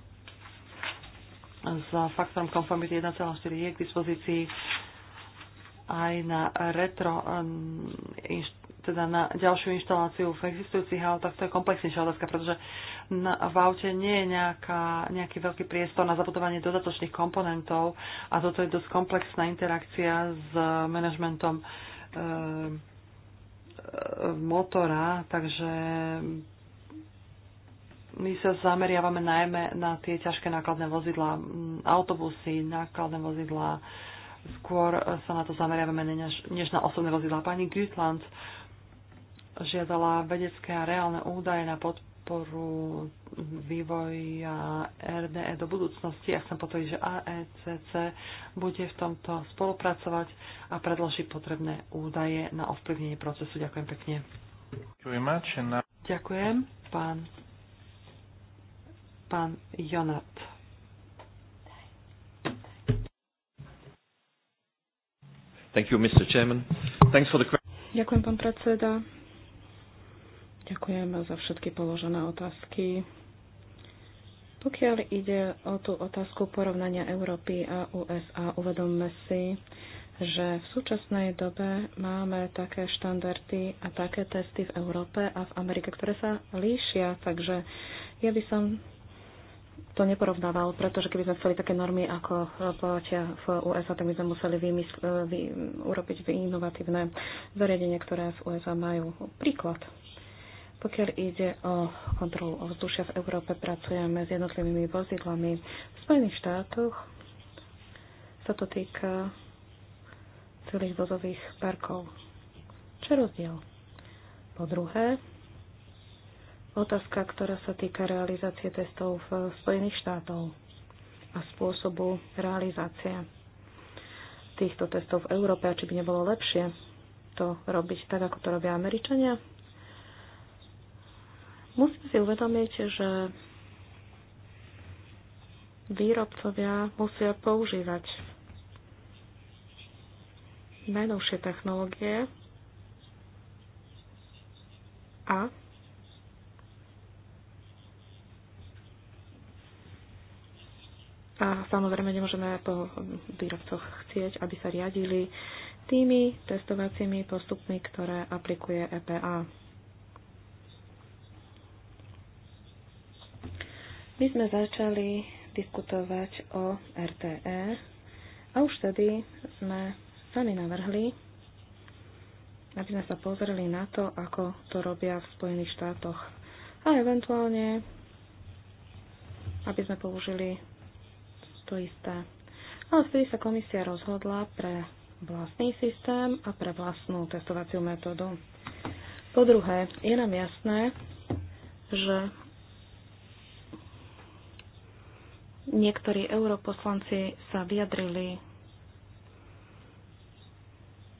s faktorom konformity 1,4 je k dispozícii aj na retro, teda na ďalšiu inštaláciu v existujúcich autách. To je komplexnejšia otázka, pretože na, v aute nie je nejaká, nejaký veľký priestor na zabudovanie dodatočných komponentov a toto je dosť komplexná interakcia s manažmentom e, e, motora, takže my sa zameriavame najmä na tie ťažké nákladné vozidlá, mm, autobusy, nákladné vozidlá, skôr eh, sa na to zameriavame než, než na osobné vozidlá. Pani Gütland žiadala vedecké a reálne údaje na podporu podporu vývoja RDE do budúcnosti. Ja chcem potvrdiť, že AECC bude v tomto spolupracovať a predloží potrebné údaje na ovplyvnenie procesu. Ďakujem pekne. Ďakujem, pán, pán Jonat. Thank you, Mr. Chairman. Thanks for the... Ďakujem, pán predseda. Ďakujem za všetky položené otázky. Pokiaľ ide o tú otázku porovnania Európy a USA, uvedomme si, že v súčasnej dobe máme také štandardy a také testy v Európe a v Amerike, ktoré sa líšia, takže ja by som to neporovnával, pretože keby sme chceli také normy, ako platia v USA, tak by sme museli vymysl- vy- urobiť inovatívne zariadenie, ktoré v USA majú. Príklad pokiaľ ide o kontrolu ovzdušia v Európe, pracujeme s jednotlivými vozidlami. V Spojených štátoch sa to týka celých vozových parkov. Čo je rozdiel? Po druhé, otázka, ktorá sa týka realizácie testov v Spojených štátov a spôsobu realizácie týchto testov v Európe a či by nebolo lepšie to robiť tak, ako to robia Američania Musíme si uvedomiť, že výrobcovia musia používať najnovšie technológie a A samozrejme nemôžeme po výrobcoch chcieť, aby sa riadili tými testovacími postupmi, ktoré aplikuje EPA. my sme začali diskutovať o RTE a už tedy sme sami navrhli, aby sme sa pozreli na to, ako to robia v Spojených štátoch a eventuálne, aby sme použili to isté. Ale vtedy sa komisia rozhodla pre vlastný systém a pre vlastnú testovaciu metódu. Po druhé, je nám jasné, že Niektorí europoslanci sa vyjadrili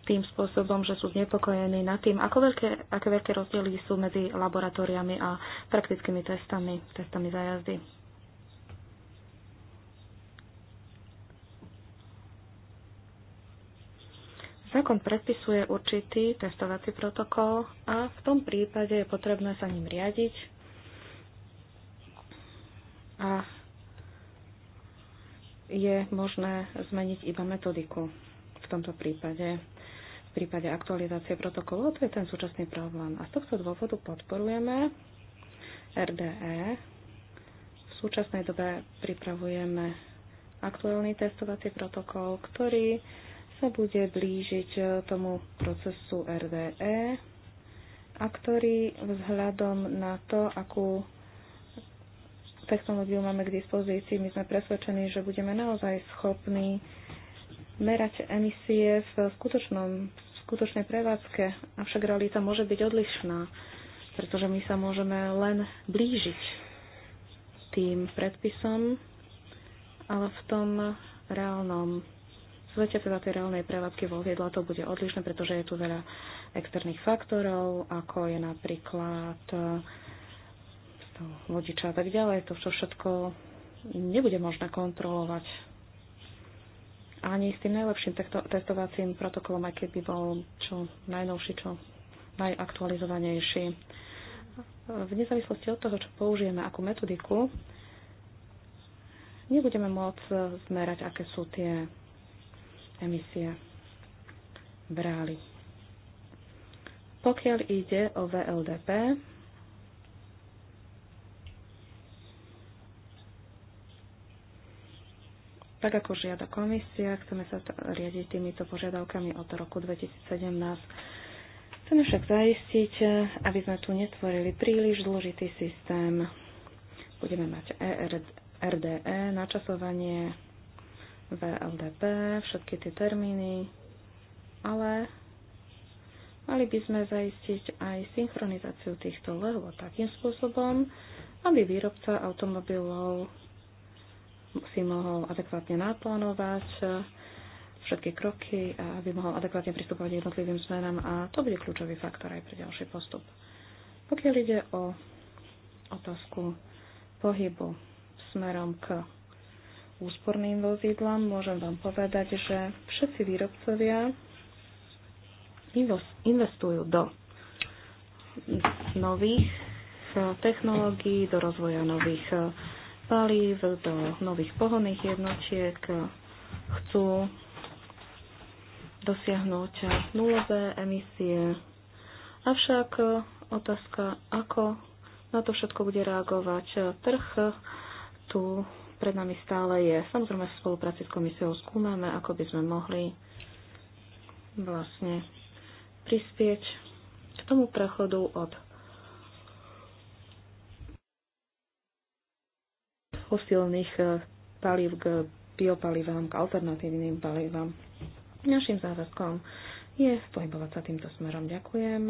tým spôsobom, že sú znepokojení nad tým, ako veľké, aké veľké rozdiely sú medzi laboratóriami a praktickými testami, testami zajazdy. Zákon predpisuje určitý testovací protokol a v tom prípade je potrebné sa ním riadiť a je možné zmeniť iba metodiku v tomto prípade, v prípade aktualizácie protokolu, to je ten súčasný problém. A z tohto dôvodu podporujeme RDE. V súčasnej dobe pripravujeme aktuálny testovací protokol, ktorý sa bude blížiť tomu procesu RDE a ktorý vzhľadom na to, akú technológiu máme k dispozícii, my sme presvedčení, že budeme naozaj schopní merať emisie v, skutočnom, v skutočnej prevádzke, avšak realita môže byť odlišná, pretože my sa môžeme len blížiť tým predpisom, ale v tom reálnom svete, teda tej reálnej prevádzky vo viedla, to bude odlišné, pretože je tu veľa externých faktorov, ako je napríklad uh, vodiča a tak ďalej. To čo všetko nebude možné kontrolovať. Ani s tým najlepším testovacím protokolom, aj keby bol čo najnovší, čo najaktualizovanejší. V nezávislosti od toho, čo použijeme ako metodiku, nebudeme môcť zmerať, aké sú tie emisie brály. Pokiaľ ide o VLDP, Tak ako žiada komisia, chceme sa riadiť týmito požiadavkami od roku 2017. Chceme však zaistiť, eh, aby sme tu netvorili príliš zložitý systém. Budeme mať RDE, e, načasovanie VLDP, všetky tie termíny, ale mali by sme zaistiť aj synchronizáciu týchto lehov takým spôsobom, aby výrobca automobilov si mohol adekvátne naplánovať eh, všetky kroky a aby mohol adekvátne pristupovať jednotlivým zmenám a to bude kľúčový faktor aj pre ďalší postup. Pokiaľ ide o otázku pohybu smerom k úsporným vozidlám, môžem vám povedať, že všetci výrobcovia investujú do nových eh, technológií, do rozvoja nových eh, palív, do nových pohonných jednotiek, chcú dosiahnuť nulové emisie. Avšak otázka, ako na to všetko bude reagovať trh, tu pred nami stále je. Samozrejme v spolupráci s komisiou skúmame, ako by sme mohli vlastne prispieť k tomu prechodu od fosílnych e, palív k biopalivám, k alternatívnym palivám. Našim záväzkom je pohybovať sa týmto smerom. Ďakujem.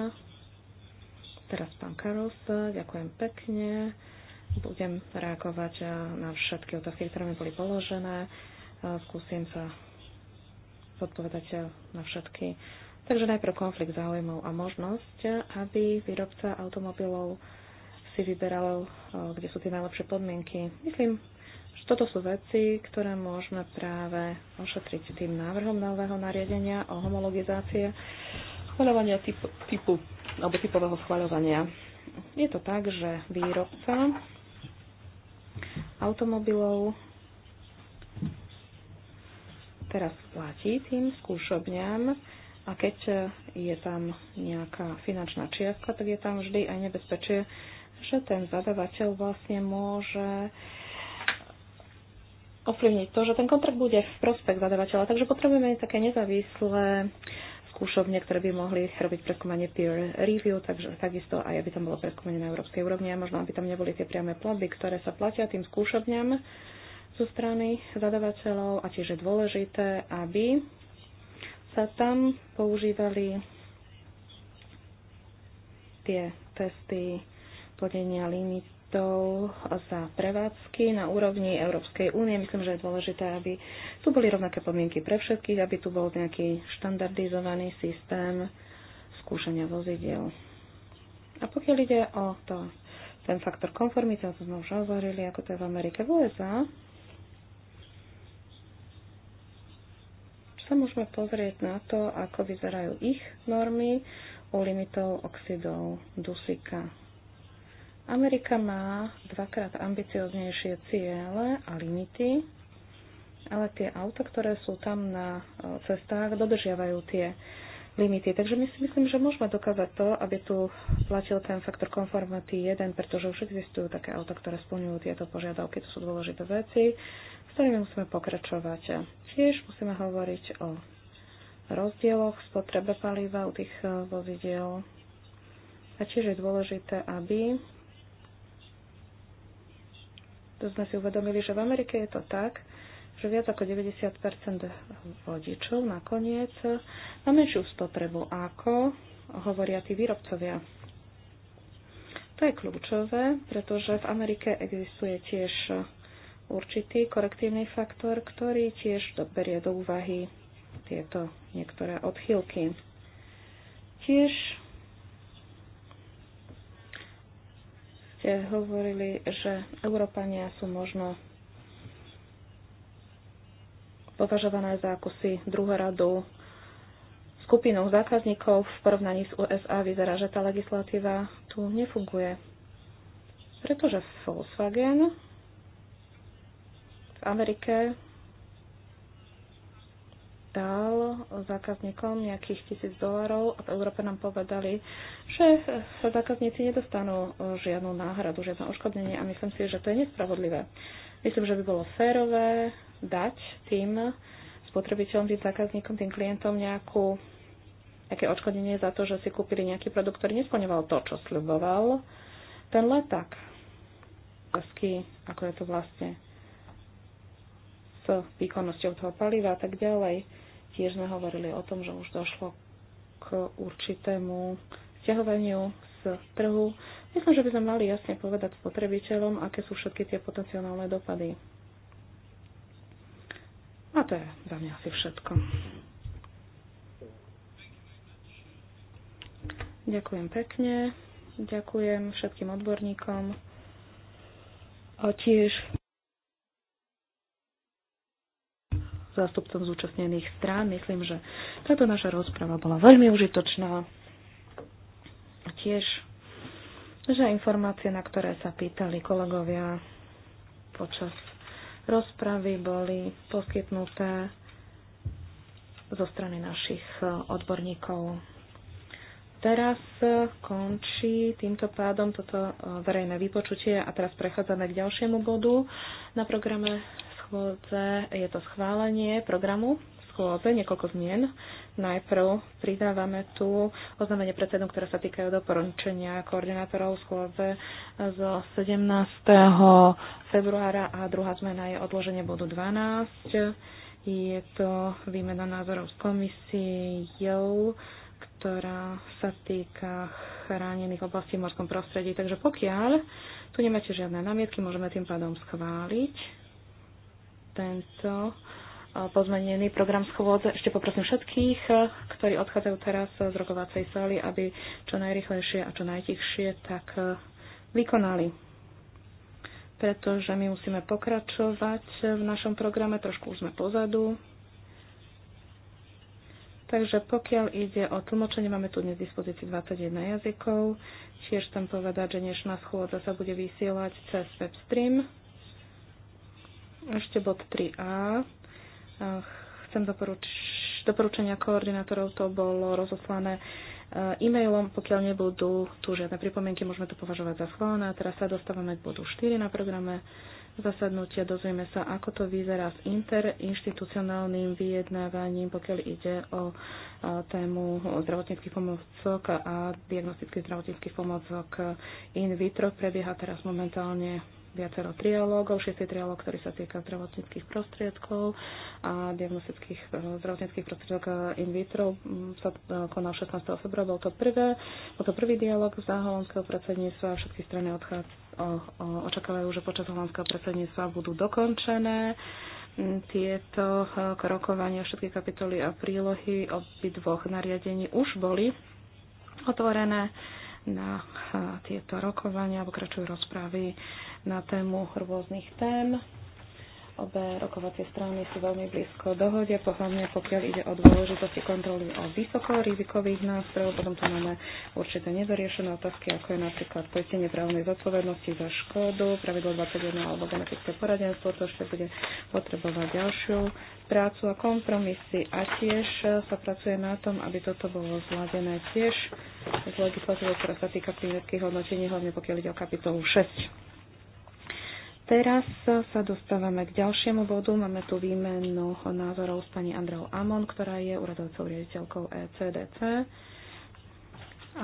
Teraz pán Karos, ďakujem pekne. Budem reagovať e, na všetky otázky, ktoré mi boli položené. E, skúsim sa zodpovedať na všetky. Takže najprv konflikt záujmov a možnosť, aby výrobca automobilov si vyberalo, e, kde sú tie najlepšie podmienky. Myslím, že toto sú veci, ktoré môžeme práve ošetriť tým návrhom nového nariadenia o homologizácie schváľovania typu, typu alebo typového schváľovania. Je to tak, že výrobca automobilov teraz platí tým skúšobňam a keď je tam nejaká finančná čiastka, tak je tam vždy aj nebezpečie, že ten zadavateľ vlastne môže ovplyvniť to, že ten kontrakt bude v prospech zadavateľa. Takže potrebujeme také nezávislé skúšovne, ktoré by mohli robiť preskúmanie peer review, takže takisto aj aby tam bolo preskúmanie na európskej úrovni a možno aby tam neboli tie priame platby, ktoré sa platia tým skúšovňam zo strany zadavateľov a tiež je dôležité, aby sa tam používali tie testy plnenia limitov za prevádzky na úrovni Európskej únie. Myslím, že je dôležité, aby tu boli rovnaké podmienky pre všetkých, aby tu bol nejaký štandardizovaný systém skúšania vozidiel. A pokiaľ ide o to, ten faktor konformity, to sme už hovorili, ako to je v Amerike, v USA, sa môžeme pozrieť na to, ako vyzerajú ich normy u limitov oxidov dusika Amerika má dvakrát ambicioznejšie ciele a limity, ale tie auta, ktoré sú tam na e, cestách, dodržiavajú tie limity. Takže my si myslím, že môžeme dokázať to, aby tu platil ten faktor konformity 1, pretože už existujú také auta, ktoré splňujú tieto požiadavky, to sú dôležité veci, s ktorými musíme pokračovať. Tiež musíme hovoriť o rozdieloch spotrebe paliva u tých e, vozidiel. A tiež je dôležité, aby to sme si uvedomili, že v Amerike je to tak, že viac ako 90 vodičov nakoniec má menšiu spotrebu, ako hovoria tí výrobcovia. To je kľúčové, pretože v Amerike existuje tiež určitý korektívny faktor, ktorý tiež berie do úvahy tieto niektoré odchýlky. Tiež ste hovorili, že Európania sú možno považované za akúsi druhoradú skupinou zákazníkov v porovnaní s USA. Vyzerá, že tá legislatíva tu nefunguje. Pretože Volkswagen v Amerike dal zákazníkom nejakých tisíc dolarov a v Európe nám povedali, že sa zákazníci nedostanú žiadnu náhradu, žiadne oškodnenie a myslím si, že to je nespravodlivé. Myslím, že by bolo férové dať tým spotrebiteľom, tým zákazníkom, tým klientom nejakú nejaké odškodnenie za to, že si kúpili nejaký produkt, ktorý nesplňoval to, čo sľuboval ten leták. Ako je to vlastne s výkonnosťou toho paliva a tak ďalej. Tiež sme hovorili o tom, že už došlo k určitému stiahovaniu z trhu. Myslím, že by sme mali jasne povedať spotrebiteľom, aké sú všetky tie potenciálne dopady. A to je za mňa asi všetko. Ďakujem pekne, ďakujem všetkým odborníkom a tiež zástupcom zúčastnených strán. Myslím, že táto naša rozprava bola veľmi užitočná. a Tiež, že informácie, na ktoré sa pýtali kolegovia počas rozpravy, boli poskytnuté zo strany našich odborníkov. Teraz končí týmto pádom toto verejné vypočutie a teraz prechádzame k ďalšiemu bodu na programe schôdze je to schválenie programu schôdze, niekoľko zmien. Najprv pridávame tu oznámenie predsedu, ktoré sa týkajú doporučenia koordinátorov schôdze zo 17. februára a druhá zmena je odloženie bodu 12. Je to výmena názorov s komisiou, ktorá sa týka chránených oblastí v morskom prostredí. Takže pokiaľ tu nemáte žiadne námietky, môžeme tým pádom schváliť tento e, pozmenený program schôdze. Ešte poprosím všetkých, e, ktorí odchádzajú teraz z rokovacej sály, aby čo najrychlejšie a čo najtichšie tak e, vykonali. Pretože my musíme pokračovať v našom programe, trošku už sme pozadu. Takže pokiaľ ide o tlmočenie, máme tu dnes v dispozícii 21 jazykov. Tiež chcem povedať, že dnešná schôdza sa bude vysielať cez webstream. stream ešte bod 3a. Chcem doporuč- doporučenia koordinátorov, to bolo rozoslané e, e-mailom, pokiaľ nebudú tu žiadne pripomienky, môžeme to považovať za schválené. A teraz sa dostávame k bodu 4 na programe zasadnutia. Dozvieme sa, ako to vyzerá s interinstitucionálnym vyjednávaním, pokiaľ ide o e, tému zdravotníckých pomôcok a diagnostických zdravotníckých pomôcok in vitro. Prebieha teraz momentálne viacero trialógov, šiestý trialóg, ktorý sa týka zdravotníckých prostriedkov a diagnostických e, zdravotníckých prostriedok e, in vitro sa e, konal 16. februára. Bol to, prvé, bol to prvý dialog za holandského predsedníctva a všetky strany odchádz, o, o, očakávajú, že počas holandského predsedníctva budú dokončené tieto rokovania, všetky kapitoly a prílohy dvoch nariadení už boli otvorené na tieto rokovania, pokračujú rozpravy na tému rôznych tém. Obe rokovacie strany sú veľmi blízko dohode, pohľadne pokiaľ ide o dôležitosti kontroly o vysokorizikových nástrojov, potom tu máme určité nedoriešené otázky, ako je napríklad poistenie právnej zodpovednosti za škodu, pravidlo 21 alebo genetické poradenstvo, to ešte bude potrebovať ďalšiu prácu a kompromisy. A tiež sa pracuje na tom, aby toto bolo zladené tiež z legislatívy, ktorá sa týka prívedky hodnotení, hlavne pokiaľ ide o kapitolu 6 Teraz sa dostávame k ďalšiemu bodu. Máme tu výmenu názorov s pani Andreou Amon, ktorá je uradovcou riaditeľkou ECDC.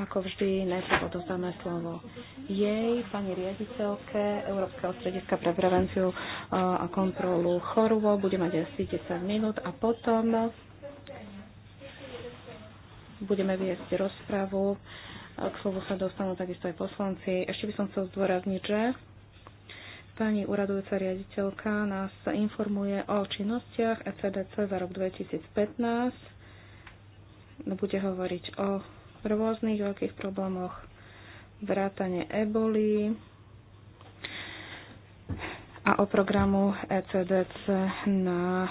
Ako vždy, najprv odozdáme slovo jej, pani riaditeľke Európskeho strediska pre prevenciu e, a kontrolu chorôb. Bude mať asi 10 minút a potom budeme viesť rozpravu. K slovu sa dostanú takisto aj poslanci. Ešte by som chcel zdôrazniť, že Pani uradujúca riaditeľka nás informuje o činnostiach ECDC za rok 2015. Bude hovoriť o rôznych veľkých problémoch vrátane eboli a o programu ECDC na e,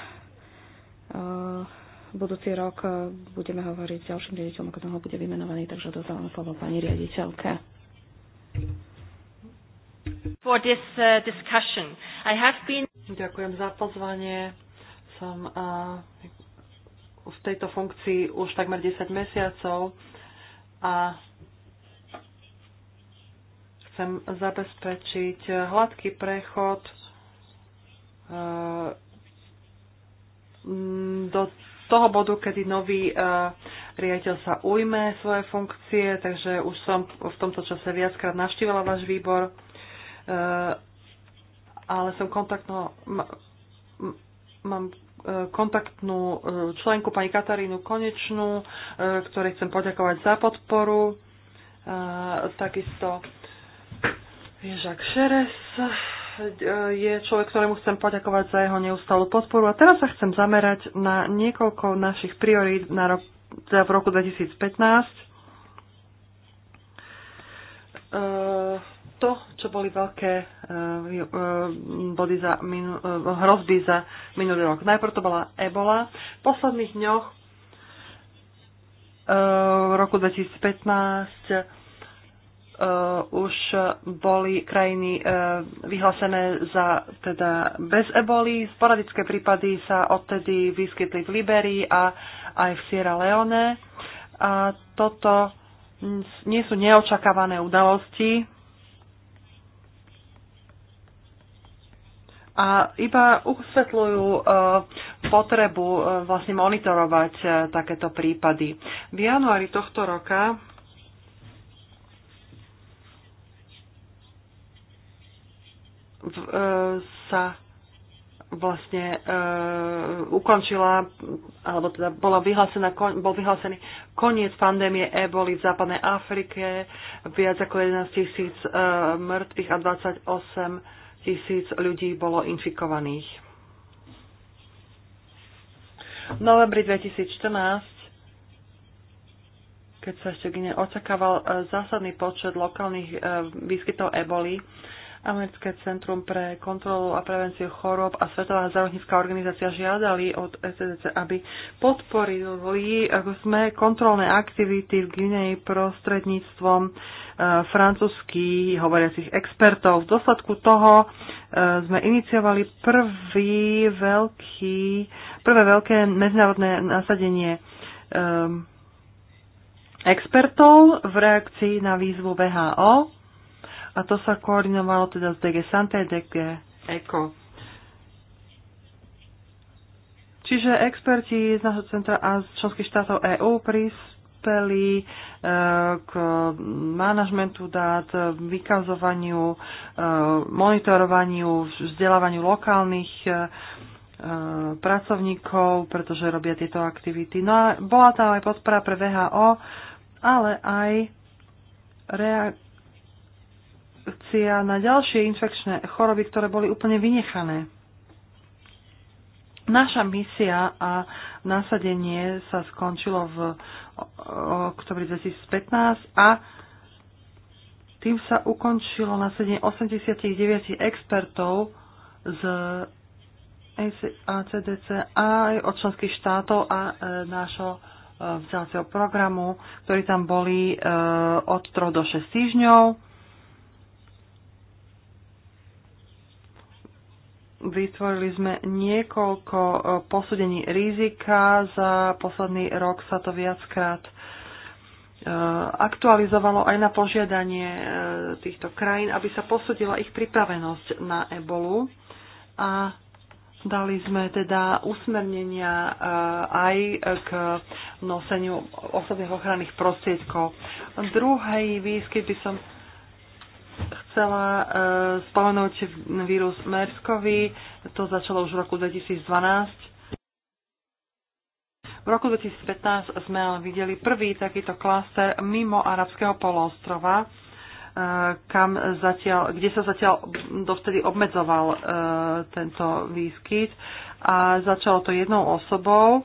budúci rok budeme hovoriť s ďalším riaditeľom, ako tam bude vymenovaný, takže dozávam slovo pani riaditeľke. For this uh, discussion. I have been... Ďakujem za pozvanie. Som uh, v tejto funkcii už takmer 10 mesiacov a chcem zabezpečiť hladký prechod e, do toho bodu, kedy nový e, riaditeľ sa ujme svoje funkcie, takže už som v tomto čase viackrát navštívila váš výbor Eh, ale som kontaktno, mám eh, kontaktnú eh, členku pani Katarínu Konečnú, ktorej chcem poďakovať za podporu. Takisto Ježak Šeres je človek, ktorému chcem poďakovať za jeho neustálu podporu. A teraz sa chcem zamerať na niekoľko našich priorít na rok, v roku 2015 to, čo boli veľké eh, eh, body za minu, eh, hrozby za minulý rok. Najprv to bola ebola. V posledných dňoch v roku 2015 uh, už boli krajiny uh, vyhlásené za teda bez eboli. Sporadické prípady sa odtedy vyskytli v Liberii a aj v Sierra Leone. A toto nie sú neočakávané udalosti, a iba usvetľujú e, potrebu e, vlastne monitorovať e, takéto prípady. V januári tohto roka sa vlastne ukončila, alebo teda bola vyhlásená, bol vyhlásený koniec pandémie eboli v západnej Afrike, viac ako 11 tisíc mŕtvych a 28 tisíc ľudí bolo infikovaných. V novembri 2014, keď sa ešte Gine očakával e, zásadný počet lokálnych e, výskytov eboli, Americké centrum pre kontrolu a prevenciu chorób a Svetová zdravotnícká organizácia žiadali od SDC, aby podporili, e, sme, kontrolné aktivity v Gineji prostredníctvom francúzsky hovoriacich expertov. V dôsledku toho e, sme iniciovali prvý veľký, prvé veľké medzinárodné nasadenie ehm, expertov v reakcii na výzvu VHO a to sa koordinovalo teda s DG Santé, DG ECO. Čiže experti z nášho centra a z členských štátov EÚ prís apely eh, k manažmentu dát, vykazovaniu, eh, monitorovaniu, vzdelávaniu lokálnych eh, pracovníkov, pretože robia tieto aktivity. No a bola tam aj podpora pre VHO, ale aj reakcia na ďalšie infekčné choroby, ktoré boli úplne vynechané. Naša misia a nasadenie sa skončilo v oktobri 2015 a tým sa ukončilo nasadenie 89 expertov z ACDC aj od členských štátov a e, nášho e, vzdelávacieho programu, ktorí tam boli e, od 3 do 6 týždňov. Vytvorili sme niekoľko e, posúdení rizika, za posledný rok sa to viackrát e, aktualizovalo aj na požiadanie e, týchto krajín, aby sa posúdila ich pripravenosť na ebolu a dali sme teda usmernenia aj k noseniu osobných ochranných prostriedkov. Druhý výskyt by som chcela uh, spomenúť vírus Merskovi. To začalo už v roku 2012. V roku 2015 sme ale videli prvý takýto klaster mimo arabského poloostrova, e, kam zatiaľ, kde sa zatiaľ dovtedy obmedzoval uh, tento výskyt a začalo to jednou osobou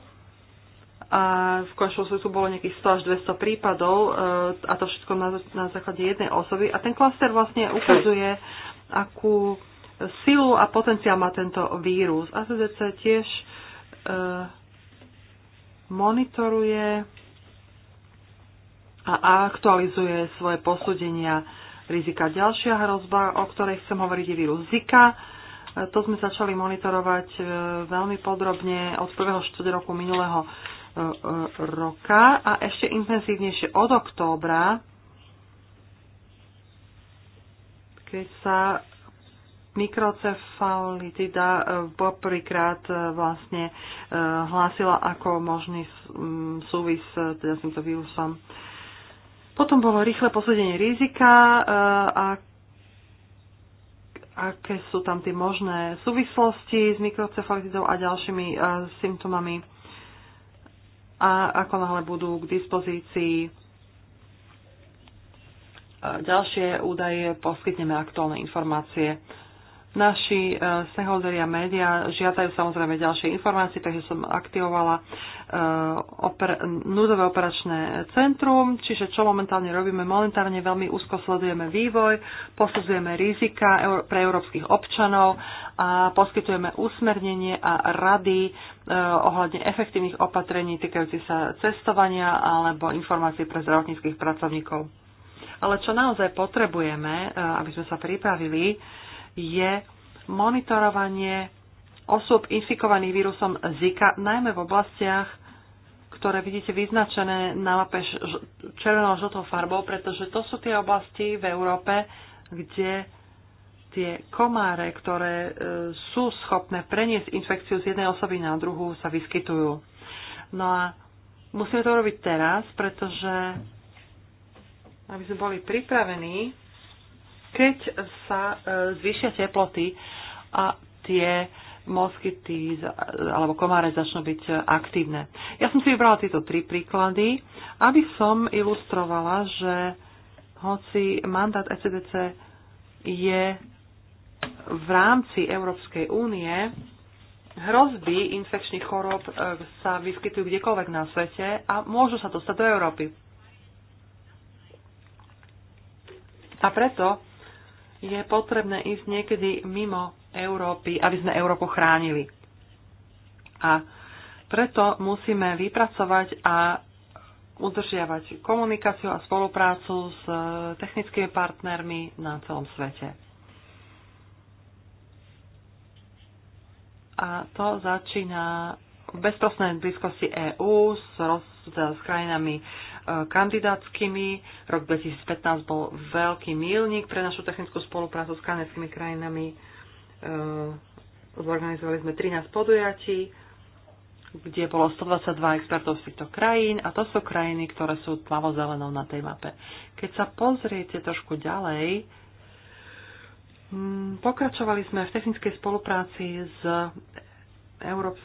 a v končnom svetu bolo nejakých 100 až 200 prípadov e, a to všetko na, na základe jednej osoby. A ten klaster vlastne ukazuje, akú silu a potenciál má tento vírus. ACDC tiež uh, monitoruje a aktualizuje svoje posúdenia rizika. Ďalšia hrozba, o ktorej chcem hovoriť, je vírus Zika. E, to sme začali monitorovať veľmi podrobne od prvého štvrť roku minulého roka a ešte intenzívnejšie od októbra, keď sa mikrocefalitida poprvýkrát e, vlastne e, hlásila ako možný súvis e, teda s týmto vírusom. Potom bolo rýchle posúdenie rizika a aké sú tam tie možné súvislosti s mikrocefalitidou a ďalšími symptómami a ako náhle budú k dispozícii e, ďalšie údaje, poskytneme aktuálne informácie. Naši eh, stakeholderi a médiá žiadajú samozrejme ďalšie informácie, takže som aktivovala eh, oper- núdové operačné centrum, čiže čo momentálne robíme, momentálne veľmi úzko sledujeme vývoj, posudzujeme rizika pre európskych občanov a poskytujeme usmernenie a rady eh, ohľadne efektívnych opatrení týkajúcich sa cestovania alebo informácií pre zdravotníckých pracovníkov. Ale čo naozaj potrebujeme, aby sme sa pripravili, je monitorovanie osôb infikovaných vírusom Zika, najmä v oblastiach, ktoré vidíte vyznačené na mape červenou žltou farbou, pretože to sú tie oblasti v Európe, kde tie komáre, ktoré e, sú schopné preniesť infekciu z jednej osoby na druhú, sa vyskytujú. No a musíme to robiť teraz, pretože aby sme boli pripravení keď sa e, zvýšia teploty a tie moskyty alebo komáre začnú byť aktívne. Ja som si vybrala tieto tri príklady, aby som ilustrovala, že hoci mandát ECDC je v rámci Európskej únie, hrozby infekčných chorób e, sa vyskytujú kdekoľvek na svete a môžu sa dostať do Európy. A preto je potrebné ísť niekedy mimo Európy, aby sme Európu chránili. A preto musíme vypracovať a udržiavať komunikáciu a spoluprácu s e, technickými partnermi na celom svete. A to začína v bezprostnej blízkosti EÚ s, s krajinami kandidátskymi. Rok 2015 bol veľký milník pre našu technickú spoluprácu s kanadskými krajinami. E, zorganizovali sme 13 podujatí, kde bolo 122 expertov z týchto krajín a to sú krajiny, ktoré sú plavo zelenou na tej mape. Keď sa pozriete trošku ďalej, mm, pokračovali sme v technickej spolupráci s Európs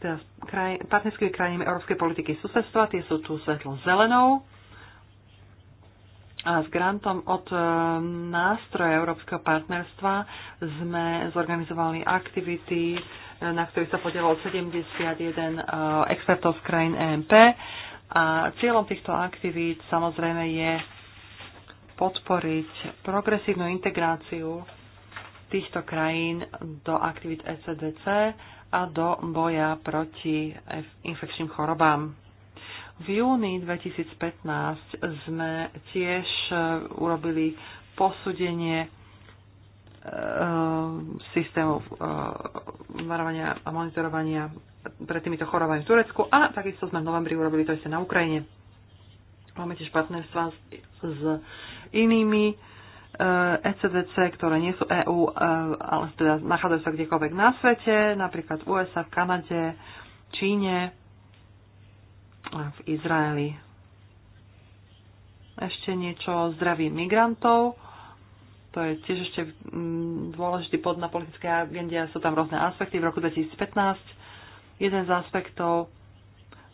teda kraj, partnerskými krajinami európskej politiky susedstva, tie sú tu svetlo zelenou a s grantom od e, nástroja Európskeho partnerstva sme zorganizovali aktivity, e, na ktorých sa podielalo 71 e, expertov z krajín EMP. A cieľom týchto aktivít samozrejme je podporiť progresívnu integráciu týchto krajín do aktivít ECDC a do boja proti infekčným chorobám. V júni 2015 sme tiež e, urobili posúdenie e, systému e, varovania a monitorovania pred týmito chorobami v Turecku a takisto sme v novembri urobili to isté na Ukrajine. Máme tiež partnerstva s, s inými ECDC, e ktoré nie sú EU, e, ale teda nachádzajú sa kdekoľvek na svete, napríklad v USA, v Kanade, Číne a v Izraeli. Ešte niečo o zdraví migrantov. To je tiež ešte mm, dôležitý pod na politické agende a sú tam rôzne aspekty. V roku 2015 jeden z aspektov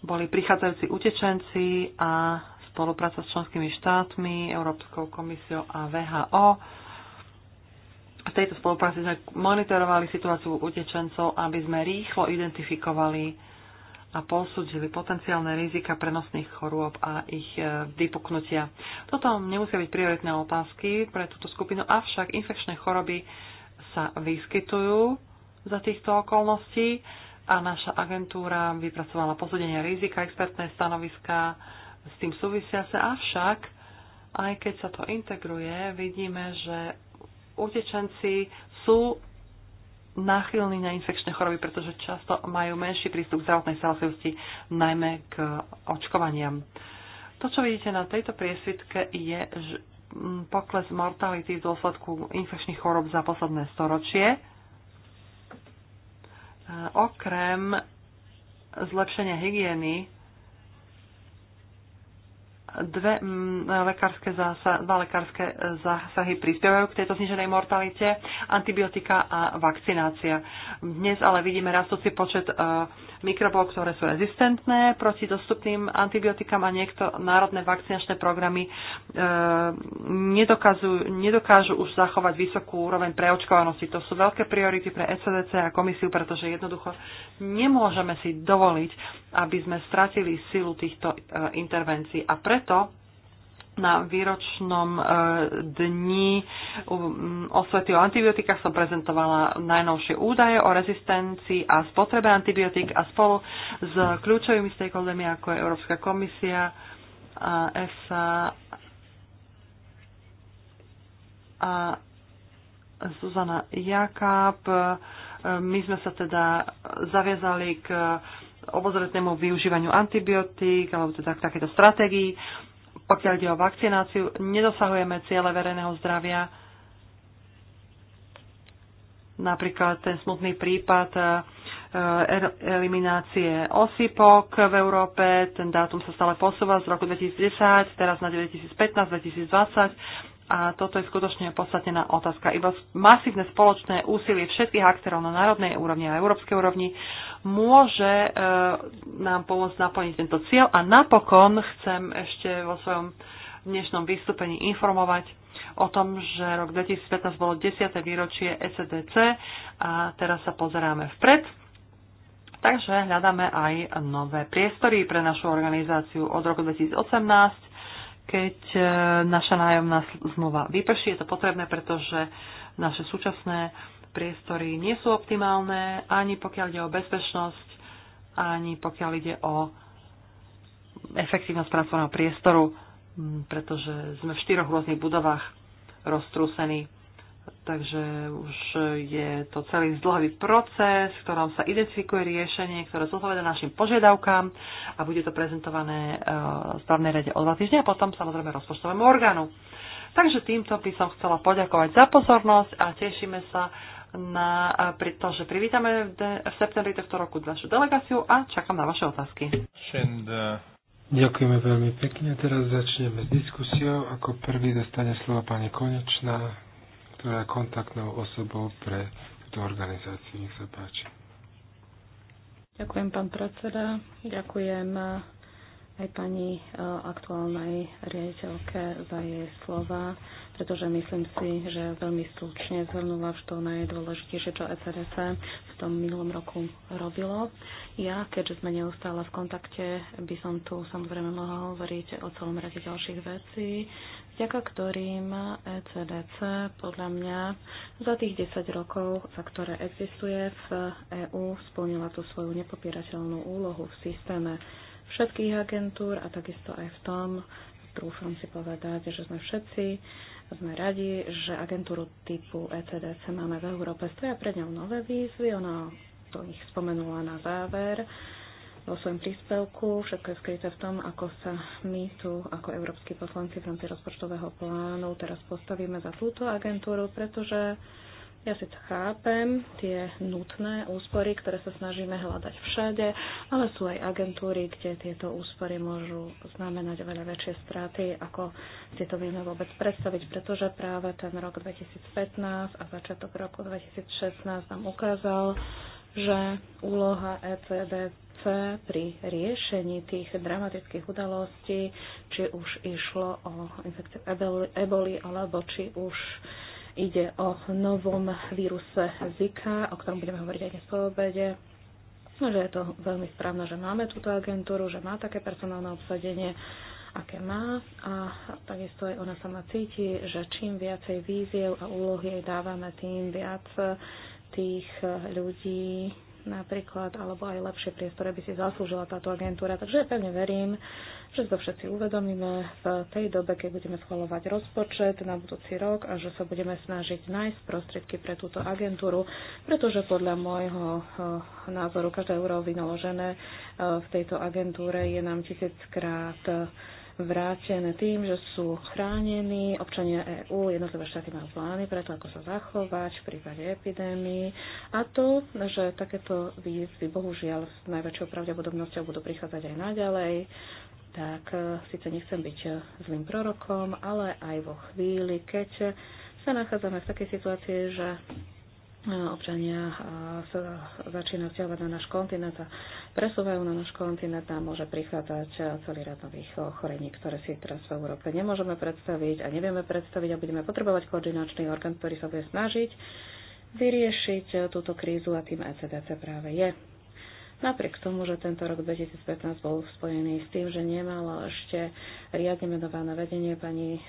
boli prichádzajúci utečenci a spolupráca s členskými štátmi, Európskou komisiou a VHO. V tejto spolupráci sme monitorovali situáciu utečencov, aby sme rýchlo identifikovali a posúdili potenciálne rizika prenosných chorôb a ich e, vypuknutia. Toto nemusia byť prioritné otázky pre túto skupinu, avšak infekčné choroby sa vyskytujú za týchto okolností a naša agentúra vypracovala posúdenie rizika, expertné stanoviská s tým súvisiace, avšak aj keď sa to integruje, vidíme, že utečenci sú náchylní na infekčné choroby, pretože často majú menší prístup k zdravotnej starostlivosti, najmä k očkovaniam. To, čo vidíte na tejto priesvitke, je mm, pokles mortality v dôsledku infekčných chorob za posledné storočie. E, okrem zlepšenia hygieny Dve mm, lekárske zása, dva lekárske e, zásahy prispievajú k tejto zniženej mortalite, antibiotika a vakcinácia. Dnes ale vidíme rastúci počet e, mikrobov, ktoré sú rezistentné proti dostupným antibiotikám a niekto národné vakcinačné programy e, nedokážu už zachovať vysokú úroveň preočkovanosti. To sú veľké priority pre ECDC a komisiu, pretože jednoducho nemôžeme si dovoliť, aby sme stratili silu týchto intervencií. A preto preto na výročnom e, dni osvety o antibiotikách som prezentovala najnovšie údaje o rezistencii a spotrebe antibiotík a spolu s kľúčovými stakeholdermi, ako je Európska komisia, a ESA a Zuzana Jakáb. E, my sme sa teda zaviazali k obozretnému využívaniu antibiotík alebo teda k takéto stratégii. Pokiaľ ide o vakcináciu, nedosahujeme ciele verejného zdravia. Napríklad ten smutný prípad eh, er, eliminácie osypok v Európe. Ten dátum sa stále posúva z roku 2010, teraz na 2015, 2020. A toto je skutočne podstatnená otázka. Iba masívne spoločné úsilie všetkých aktérov na národnej úrovni a európskej úrovni môže e, nám pomôcť naplniť tento cieľ. A napokon chcem ešte vo svojom dnešnom vystúpení informovať o tom, že rok 2015 bolo 10. výročie ECDC a teraz sa pozeráme vpred. Takže hľadáme aj nové priestory pre našu organizáciu od roku 2018, keď e, naša nájomná zmluva vyprší. Je to potrebné, pretože naše súčasné priestory nie sú optimálne, ani pokiaľ ide o bezpečnosť, ani pokiaľ ide o efektívnosť pracovného priestoru, pretože sme v štyroch rôznych budovách roztrúsení. Takže už je to celý zdlhavý proces, v ktorom sa identifikuje riešenie, ktoré zodpoveda našim požiadavkám a bude to prezentované e, v správnej rade o dva týždne a potom samozrejme rozpočtovému orgánu. Takže týmto by som chcela poďakovať za pozornosť a tešíme sa na, pri to, že privítame v, de, v septembri tohto roku vašu delegáciu a čakám na vaše otázky. Uh, Ďakujeme veľmi pekne. Teraz začneme s diskusiou. Ako prvý dostane slovo pani Konečná, ktorá je kontaktnou osobou pre túto organizáciu. Nech sa páči. Ďakujem, pán predseda. Ďakujem uh, aj pani uh, aktuálnej riaditeľke za jej slova pretože myslím si, že veľmi stručne zhrnula to najdôležitejšie, čo SRS e v tom minulom roku robilo. Ja, keďže sme neustále v kontakte, by som tu samozrejme mohla hovoriť o celom rade ďalších vecí, vďaka ktorým ECDC podľa mňa za tých 10 rokov, za ktoré existuje v EÚ, splnila tú svoju nepopierateľnú úlohu v systéme všetkých agentúr a takisto aj v tom, trúfam si povedať, že sme všetci sme radi, že agentúru typu ECDC máme v Európe. Stoja pred ňou nové výzvy, ona to ich spomenula na záver vo svojom príspevku. Všetko je skryté v tom, ako sa my tu ako európsky poslanci v rámci rozpočtového plánu teraz postavíme za túto agentúru, pretože ja síce chápem tie nutné úspory, ktoré sa snažíme hľadať všade, ale sú aj agentúry, kde tieto úspory môžu znamenať oveľa väčšie straty, ako si to vieme vôbec predstaviť, pretože práve ten rok 2015 a začiatok roku 2016 nám ukázal, že úloha ECDC pri riešení tých dramatických udalostí, či už išlo o infekciu eboli, alebo či už Ide o novom víruse Zika, o ktorom budeme hovoriť aj dnes po obede. No, že je to veľmi správne, že máme túto agentúru, že má také personálne obsadenie, aké má a takisto aj ona sama cíti, že čím viacej víziev a úlohy jej dávame, tým viac tých ľudí napríklad, alebo aj lepšie priestore by si zaslúžila táto agentúra. Takže ja pevne verím, že to všetci uvedomíme v tej dobe, keď budeme schvalovať rozpočet na budúci rok a že sa budeme snažiť nájsť prostriedky pre túto agentúru, pretože podľa môjho eh, názoru každé euro vynaložené eh, v tejto agentúre je nám tisíckrát krát eh, vrátené tým, že sú chránení občania EÚ, jednotlivé štáty majú plány preto, ako sa zachovať v prípade epidémii a to, že takéto výzvy bohužiaľ s najväčšou pravdepodobnosťou budú prichádzať aj naďalej, tak e, síce nechcem byť e, zlým prorokom, ale aj vo chvíli, keď sa nachádzame v takej situácii, že občania sa začínajú stiahovať na náš kontinent a presúvajú na náš kontinent a môže prichádzať celý rad nových ochorení, ktoré si teraz v Európe nemôžeme predstaviť a nevieme predstaviť a budeme potrebovať koordinačný orgán, ktorý sa bude snažiť vyriešiť túto krízu a tým ECDC práve je. Napriek tomu, že tento rok 2015 bol spojený s tým, že nemalo ešte riadne menované vedenie pani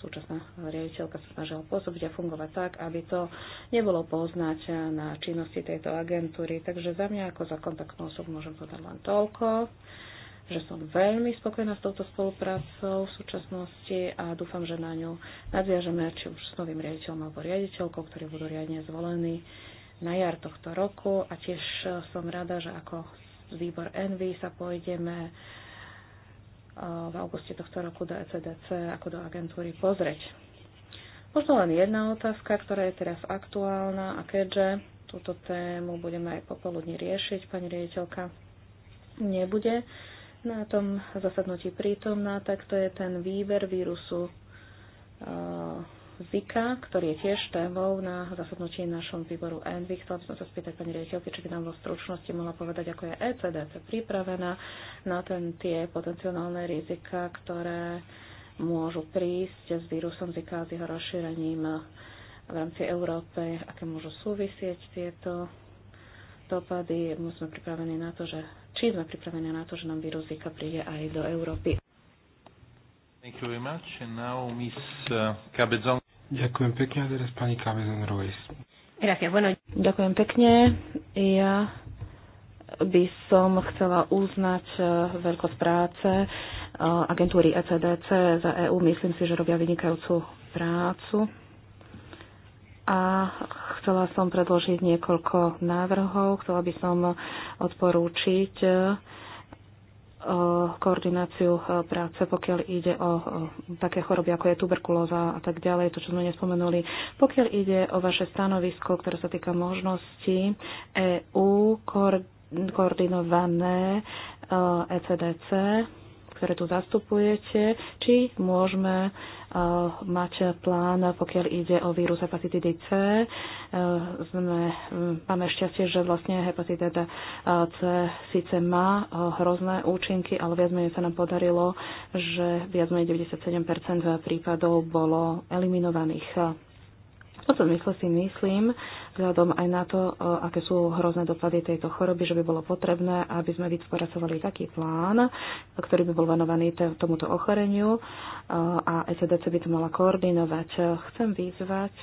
súčasná riaditeľka sa snažila pôsobiť a fungovať tak, aby to nebolo poznať na činnosti tejto agentúry. Takže za mňa ako za kontaktnú osobu môžem povedať len toľko že som veľmi spokojná s touto spoluprácou v súčasnosti a dúfam, že na ňu nadviažeme či už s novým riaditeľom alebo riaditeľkou, ktorí budú riadne zvolení na jar tohto roku a tiež som rada, že ako výbor Envy sa pôjdeme v auguste tohto roku do ECDC ako do agentúry pozrieť. Možno len jedna otázka, ktorá je teraz aktuálna a keďže túto tému budeme aj popoludní riešiť, pani riediteľka nebude na tom zasadnutí prítomná, tak to je ten výber vírusu Zika, ktorý je tiež témou na zasadnutí našom výboru ENVI. Chcela by som sa spýtať pani riaditeľky, či by nám vo stručnosti mohla povedať, ako je ECDC pripravená na ten, tie potenciálne rizika, ktoré môžu prísť s vírusom Zika a s jeho rozšírením v rámci Európy, aké môžu súvisieť tieto dopady. My sme pripravení na to, že či sme pripravení na to, že nám vírus Zika príde aj do Európy. Thank you very much. And now Ms. Uh, Cabezon Ďakujem pekne a teraz pani Kavezon Ruiz. Ďakujem pekne. Ja by som chcela uznať eh, veľkosť práce eh, agentúry ECDC za EU. Myslím si, že robia vynikajúcu prácu. A chcela som predložiť niekoľko návrhov. Chcela by som odporúčiť eh, koordináciu e, práce, pokiaľ ide o také choroby, ako je tuberkulóza a tak ďalej, to, čo sme nespomenuli. Pokiaľ ide o vaše stanovisko, ktoré sa týka možnosti EU koordinované ECDC, e ktoré tu zastupujete, či môžeme eh, mať plán, pokiaľ ide o vírus hepatitidy C. Eh, sme, hm, máme šťastie, že vlastne hepatitida eh, C síce má hrozné účinky, ale viac menej sa nám podarilo, že viac menej 97% prípadov bolo eliminovaných tomto zmysle si myslím, vzhľadom aj na to, e, aké sú hrozné dopady tejto choroby, že by bolo potrebné, aby sme vytvoracovali taký plán, ktorý by bol venovaný tomuto ochoreniu e, a ECDC by to mala koordinovať. Chcem vyzvať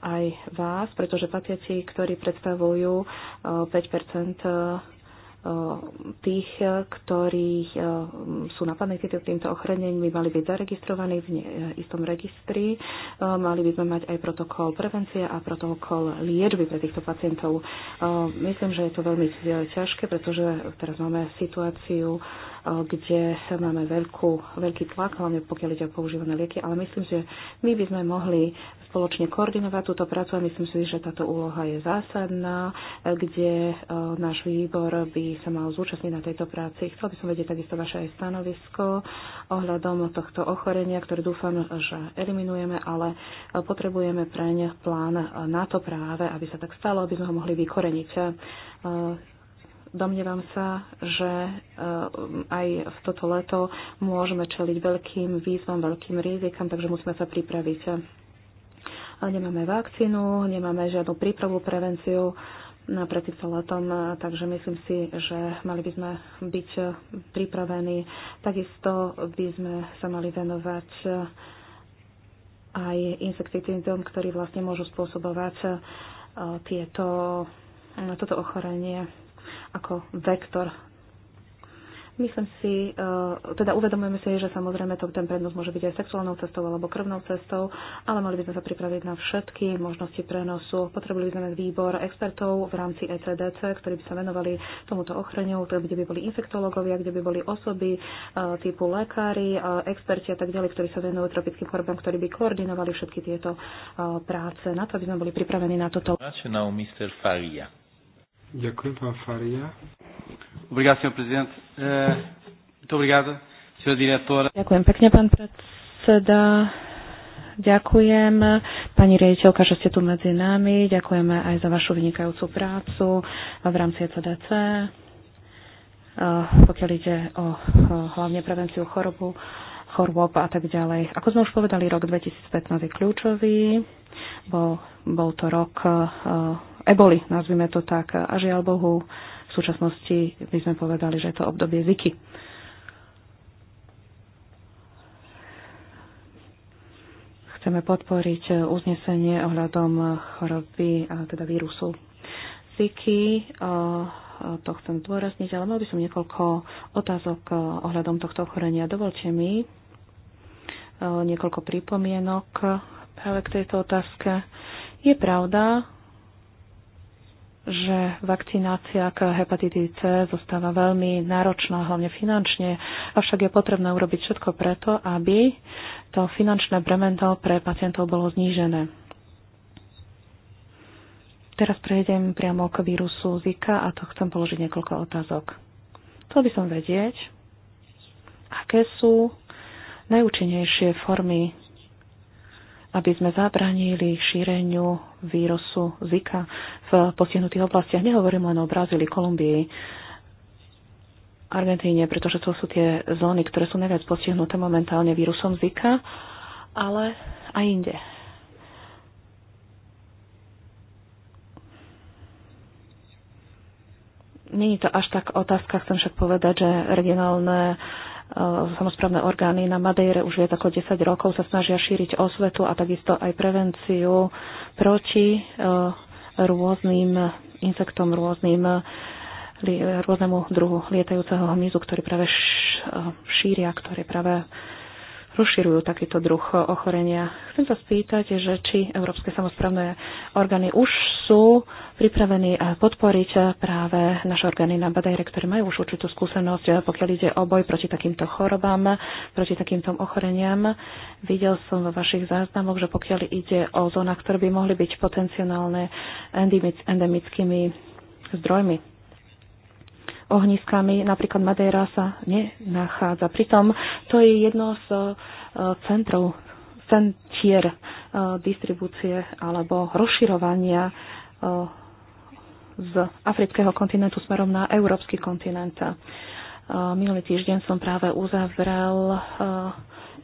aj vás, pretože pacienti, ktorí predstavujú 5 e, Eh, tých, ktorí eh, sú napadnutí týmto ochranením, by mali byť zaregistrovaní v eh, istom registri. Mali by sme mať aj protokol prevencie a protokol liečby pre týchto pacientov. Myslím, že je to veľmi ťažké, pretože teraz máme situáciu kde máme veľkú, veľký tlak, hlavne pokiaľ ide o používané lieky, ale myslím, že my by sme mohli spoločne koordinovať túto prácu a myslím si, že táto úloha je zásadná, kde e, náš výbor by sa mal zúčastniť na tejto práci. Chcel by som vedieť takisto vaše aj stanovisko ohľadom tohto ochorenia, ktoré dúfam, že eliminujeme, ale e, potrebujeme preň plán na to práve, aby sa tak stalo, aby sme ho mohli vykoreniť. E, Domnievam sa, že eh, aj v toto leto môžeme čeliť veľkým výzvom, veľkým rizikám, takže musíme sa pripraviť. Ale nemáme vakcínu, nemáme žiadnu prípravu, prevenciu eh, pred týmto letom, eh, takže myslím si, že mali by sme byť pripravení. Takisto by sme sa mali venovať aj insekticidom, ktorí vlastne môžu spôsobovať tieto, toto ochorenie ako vektor. Myslím si, eh, teda uvedomujeme si, že samozrejme to, ten prednos môže byť aj sexuálnou cestou alebo krvnou cestou, ale mali by sme sa pripraviť na všetky možnosti prenosu. Potrebovali by sme výbor expertov v rámci ECDC, ktorí by sa venovali tomuto ochreniu, teda kde by boli infektológovia, kde by boli osoby eh, typu lekári, eh, experti a tak ďalej, ktorí sa venujú tropickým chorobám, ktorí by koordinovali všetky tieto práce na to, aby sme boli pripravení na toto. Nacional Mr. Faria. Ďakujem, pán Faria. Obrigado, senhor presidente. Eh, muito obrigado, senhor diretor. Ďakujem pekne, pán predseda. Ďakujem, pani riaditeľka, že ste tu medzi nami. Ďakujeme aj za vašu vynikajúcu prácu v rámci ECDC, eh, pokiaľ ide o hlavne prevenciu chorobu, chorôb a tak ďalej. Ako sme už povedali, rok 2015 je kľúčový. Bol, bol to rok eh, eboli, nazvime to tak. A žiaľ Bohu, v súčasnosti by sme povedali, že je to obdobie Ziky. Chceme podporiť uznesenie ohľadom choroby, a teda vírusu Ziky. To chcem zdôrazniť, ale mal by som niekoľko otázok ohľadom tohto ochorenia. Dovolte mi niekoľko pripomienok práve k tejto otázke. Je pravda, že vakcinácia k hepatitíde C zostáva veľmi náročná, hlavne finančne, avšak je potrebné urobiť všetko preto, aby to finančné bremento pre pacientov bolo znížené. Teraz prejdem priamo k vírusu Zika a to chcem položiť niekoľko otázok. Chcel by som vedieť, aké sú najúčinnejšie formy aby sme zabránili šíreniu vírusu Zika v postihnutých oblastiach. Nehovorím len o Brazílii, Kolumbii, Argentíne, pretože to sú tie zóny, ktoré sú najviac postihnuté momentálne vírusom Zika, ale aj inde. Není to až tak otázka, chcem však povedať, že regionálne uh, E, samozprávne orgány na Madejre už viac ako 10 rokov sa snažia šíriť osvetu a takisto aj prevenciu proti e, rôznym insektom, rôznym rôznemu druhu lietajúceho hmyzu, ktorý práve e, šíria, ktorý práve rozširujú takýto druh ochorenia. Chcem sa spýtať, že či európske samozprávne orgány už sú pripravení e, podporiť e, práve naše orgány na Badajre, ktoré majú už určitú skúsenosť, e, pokiaľ ide o boj proti takýmto chorobám, proti takýmto ochoreniam. Videl som vo vašich záznamoch, že pokiaľ ide o zónach, ktoré by mohli byť potenciálne endemickými zdrojmi ohniskami, napríklad Madeira sa nenachádza. Pritom to je jedno z e, centrov, centier e, distribúcie alebo rozširovania e, z afrického kontinentu smerom na európsky kontinent. Minulý týždeň som práve uzavrel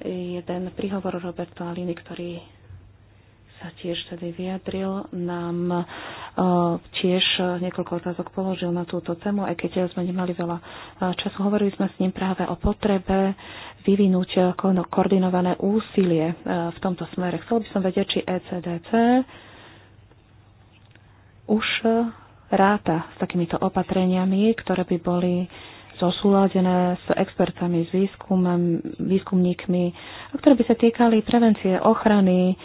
jeden príhovor Roberto Aliny, ktorý sa tiež tedy vyjadril, nám e, tiež niekoľko otázok položil na túto tému, aj keď sme nemali veľa e, času. Hovorili sme s ním práve o potrebe vyvinúť koordinované úsilie e, v tomto smere. Chcel by som vedieť, či ECDC už ráta s takýmito opatreniami, ktoré by boli zosúladené s expertami, s výskum, výskumníkmi, ktoré by sa týkali prevencie, ochrany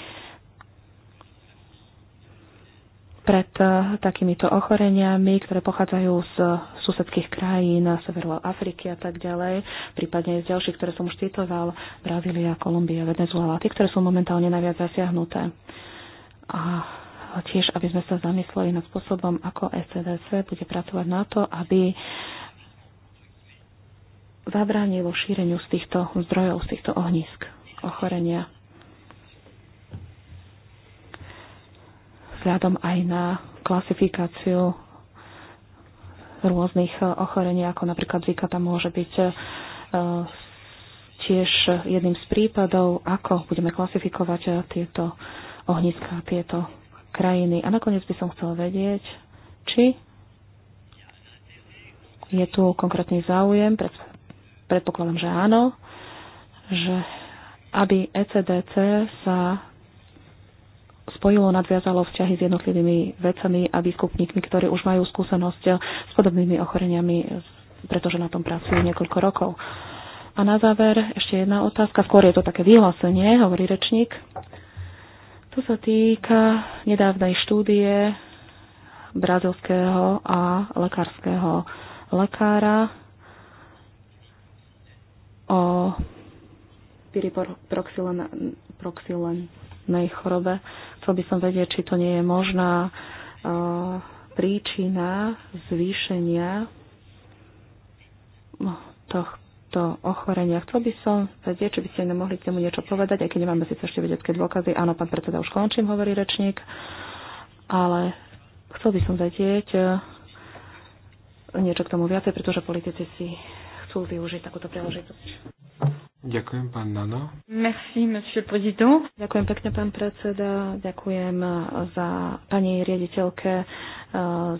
pred eh, takýmito ochoreniami, ktoré pochádzajú z susedských krajín, severu Afriky a tak ďalej, prípadne z ďalších, ktoré som už citoval, Brazília, Kolumbia, Venezuela, tie, ktoré sú momentálne najviac zasiahnuté. A tiež, aby sme sa zamysleli nad spôsobom, ako SCDC bude pracovať na to, aby zabránilo šíreniu z týchto zdrojov, z týchto ohnisk ochorenia. vzhľadom aj na klasifikáciu rôznych eh, ochorení, ako napríklad Zika, tam môže byť eh, tiež jedným z prípadov, ako budeme klasifikovať eh, tieto ohniska, tieto krajiny. A nakoniec by som chcel vedieť, či je tu konkrétny záujem, predpokladám, že áno, že aby ECDC sa spojilo, nadviazalo vzťahy s jednotlivými vecami a výskupníkmi, ktorí už majú skúsenosť s podobnými ochoreniami, pretože na tom pracujú niekoľko rokov. A na záver ešte jedna otázka, skôr je to také vyhlásenie, hovorí rečník. To sa týka nedávnej štúdie brazilského a lekárskeho lekára o piriproxilenej chorobe Chcel by som vedieť, či to nie je možná uh, príčina zvýšenia no, tohto ochorenia. Chcel by som vedieť, či by ste nemohli k tomu niečo povedať, aj keď nemáme síce ešte vedecké dôkazy. Áno, pán predseda, už končím, hovorí rečník, ale chcel by som vedieť uh, niečo k tomu viacej, pretože politici si chcú využiť takúto príležitosť. Ďakujem, pán Nano. Merci, monsieur président. Ďakujem pekne, pán predseda. Ďakujem e, za pani riaditeľke e,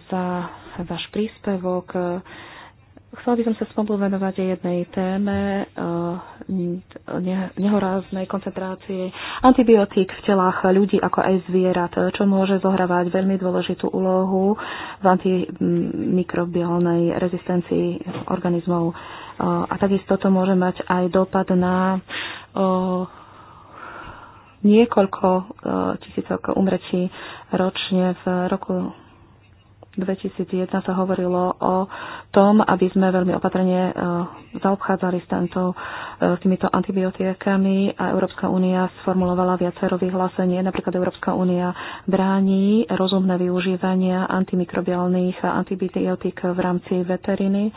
za váš príspevok. E, chcela by som sa spolu venovať jednej téme nehoráznej koncentrácie antibiotík v telách ľudí ako aj zvierat, čo môže zohrávať veľmi dôležitú úlohu v antimikrobiálnej rezistencii organizmov a takisto to môže mať aj dopad na niekoľko tisícok umretí ročne v roku 2001 sa hovorilo o tom, aby sme veľmi opatrne zaobchádzali s, tento, s týmito antibiotikami a Európska únia sformulovala viacero vyhlásenie. Napríklad Európska únia bráni rozumné využívania antimikrobiálnych antibiotík v rámci veteriny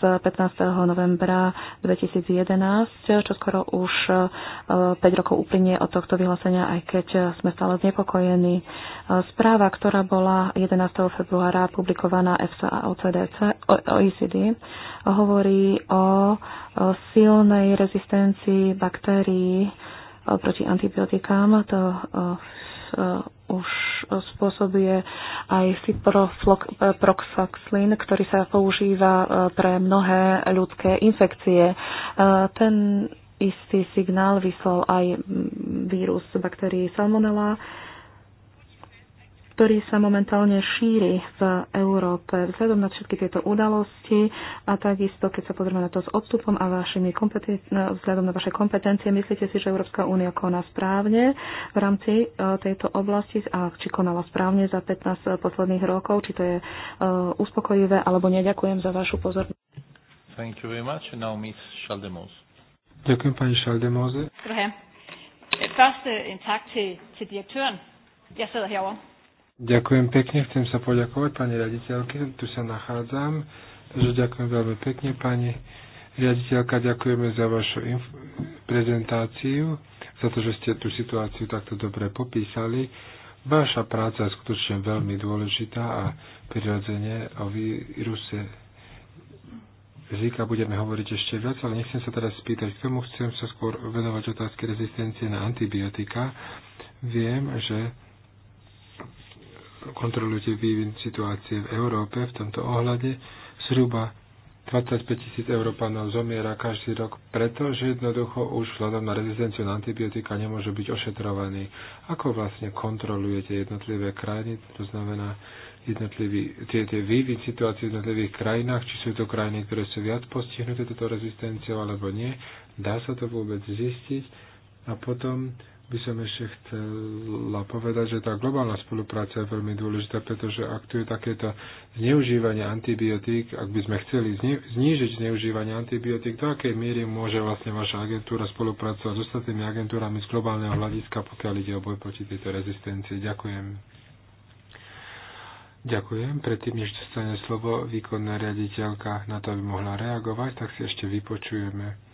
z 15. novembra 2011, čo skoro už 5 eh, rokov uplynie od tohto vyhlásenia, aj keď sme stále znepokojení. Správa, ktorá bola 11. februára publikovaná EFSA a OCDC, OECD, hovorí o eh, silnej rezistencii baktérií eh, proti antibiotikám. To Eh, už spôsobuje aj ciproproxaxlin, ktorý sa používa eh, pre mnohé ľudské infekcie. Eh, ten istý signál vyslal aj mm, vírus baktérií Salmonella ktorý sa momentálne šíri v Európe. Vzhľadom na všetky tieto udalosti a takisto, keď sa pozrieme na to s odstupom a vašimi vzhľadom na vaše kompetencie, myslíte si, že Európska únia koná správne v rámci e, tejto oblasti a či konala správne za 15 posledných rokov, či to je e, uspokojivé alebo neďakujem za vašu pozornosť. Thank you very much. And now Miss Schaldemose. Ďakujem pani Schaldemose. Først øh, tak til, til direktøren. Jeg sidder herovre. Ďakujem pekne, chcem sa poďakovať pani raditeľke, tu sa nachádzam, takže ďakujem veľmi pekne pani riaditeľka, ďakujeme za vašu prezentáciu, za to, že ste tú situáciu takto dobre popísali. Vaša práca je skutočne veľmi dôležitá a prirodzene o víruse Zika budeme hovoriť ešte viac, ale nechcem sa teraz spýtať k tomu, chcem sa skôr venovať otázky rezistencie na antibiotika. Viem, že kontrolujete vývin situácie v Európe v tomto ohľade. Zhruba 25 tisíc Európanov zomiera každý rok, pretože jednoducho už vzhľadom na rezistenciu na antibiotika nemôže byť ošetrovaný. Ako vlastne kontrolujete jednotlivé krajiny, to znamená jednotlivý, tie, tie vývin situácie v jednotlivých krajinách, či sú to krajiny, ktoré sú viac postihnuté toto rezistenciou alebo nie, dá sa to vôbec zistiť a potom by som ešte chcela povedať, že tá globálna spolupráca je veľmi dôležitá, pretože ak tu je takéto zneužívanie antibiotík, ak by sme chceli znížiť zneužívanie antibiotík, do akej miery môže vlastne vaša agentúra spolupracovať s ostatnými agentúrami z globálneho hľadiska, pokiaľ ide o boj proti tejto rezistencii. Ďakujem. Ďakujem. Predtým, než dostane slovo výkonná riaditeľka na to, aby mohla reagovať, tak si ešte vypočujeme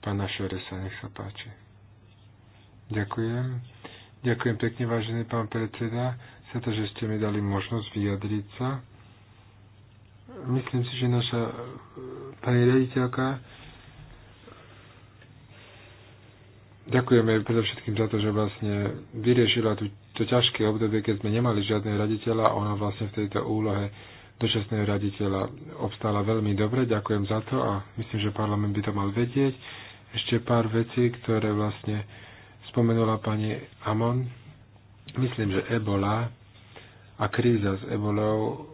pána Šoresa. Nech sa páči. Ďakujem. Ďakujem pekne, vážený pán predseda, za to, že ste mi dali možnosť vyjadriť sa. Myslím si, že naša e, pani rediteľka Ďakujeme predovšetkým za to, že vlastne vyriešila tú, to ťažké obdobie, keď sme nemali žiadneho raditeľa a ona vlastne v tejto úlohe dočasného raditeľa obstála veľmi dobre. Ďakujem za to a myslím, že parlament by to mal vedieť ešte pár vecí, ktoré vlastne spomenula pani Amon. Myslím, že ebola a kríza s ebolou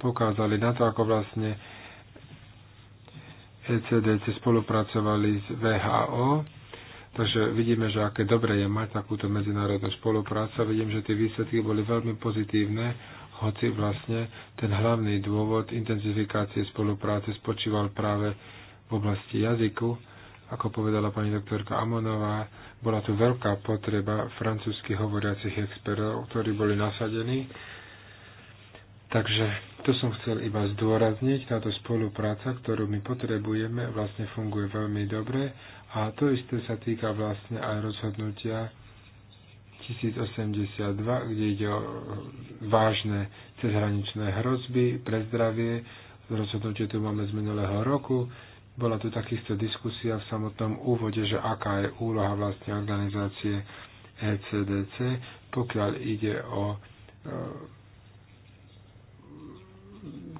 pokázali na to, ako vlastne ECDC spolupracovali s VHO. Takže vidíme, že aké dobre je mať takúto medzinárodnú spoluprácu. Vidím, že tie výsledky boli veľmi pozitívne, hoci vlastne ten hlavný dôvod intenzifikácie spolupráce spočíval práve v oblasti jazyku. Ako povedala pani doktorka Amonová, bola tu veľká potreba francúzskych hovoriacich expertov, ktorí boli nasadení. Takže to som chcel iba zdôrazniť. Táto spolupráca, ktorú my potrebujeme, vlastne funguje veľmi dobre a to isté sa týka vlastne aj rozhodnutia 1082, kde ide o vážne cezhraničné hrozby pre zdravie. Rozhodnutie tu máme z minulého roku. Bola tu takisto diskusia v samotnom úvode, že aká je úloha vlastne organizácie ECDC, pokiaľ ide o e,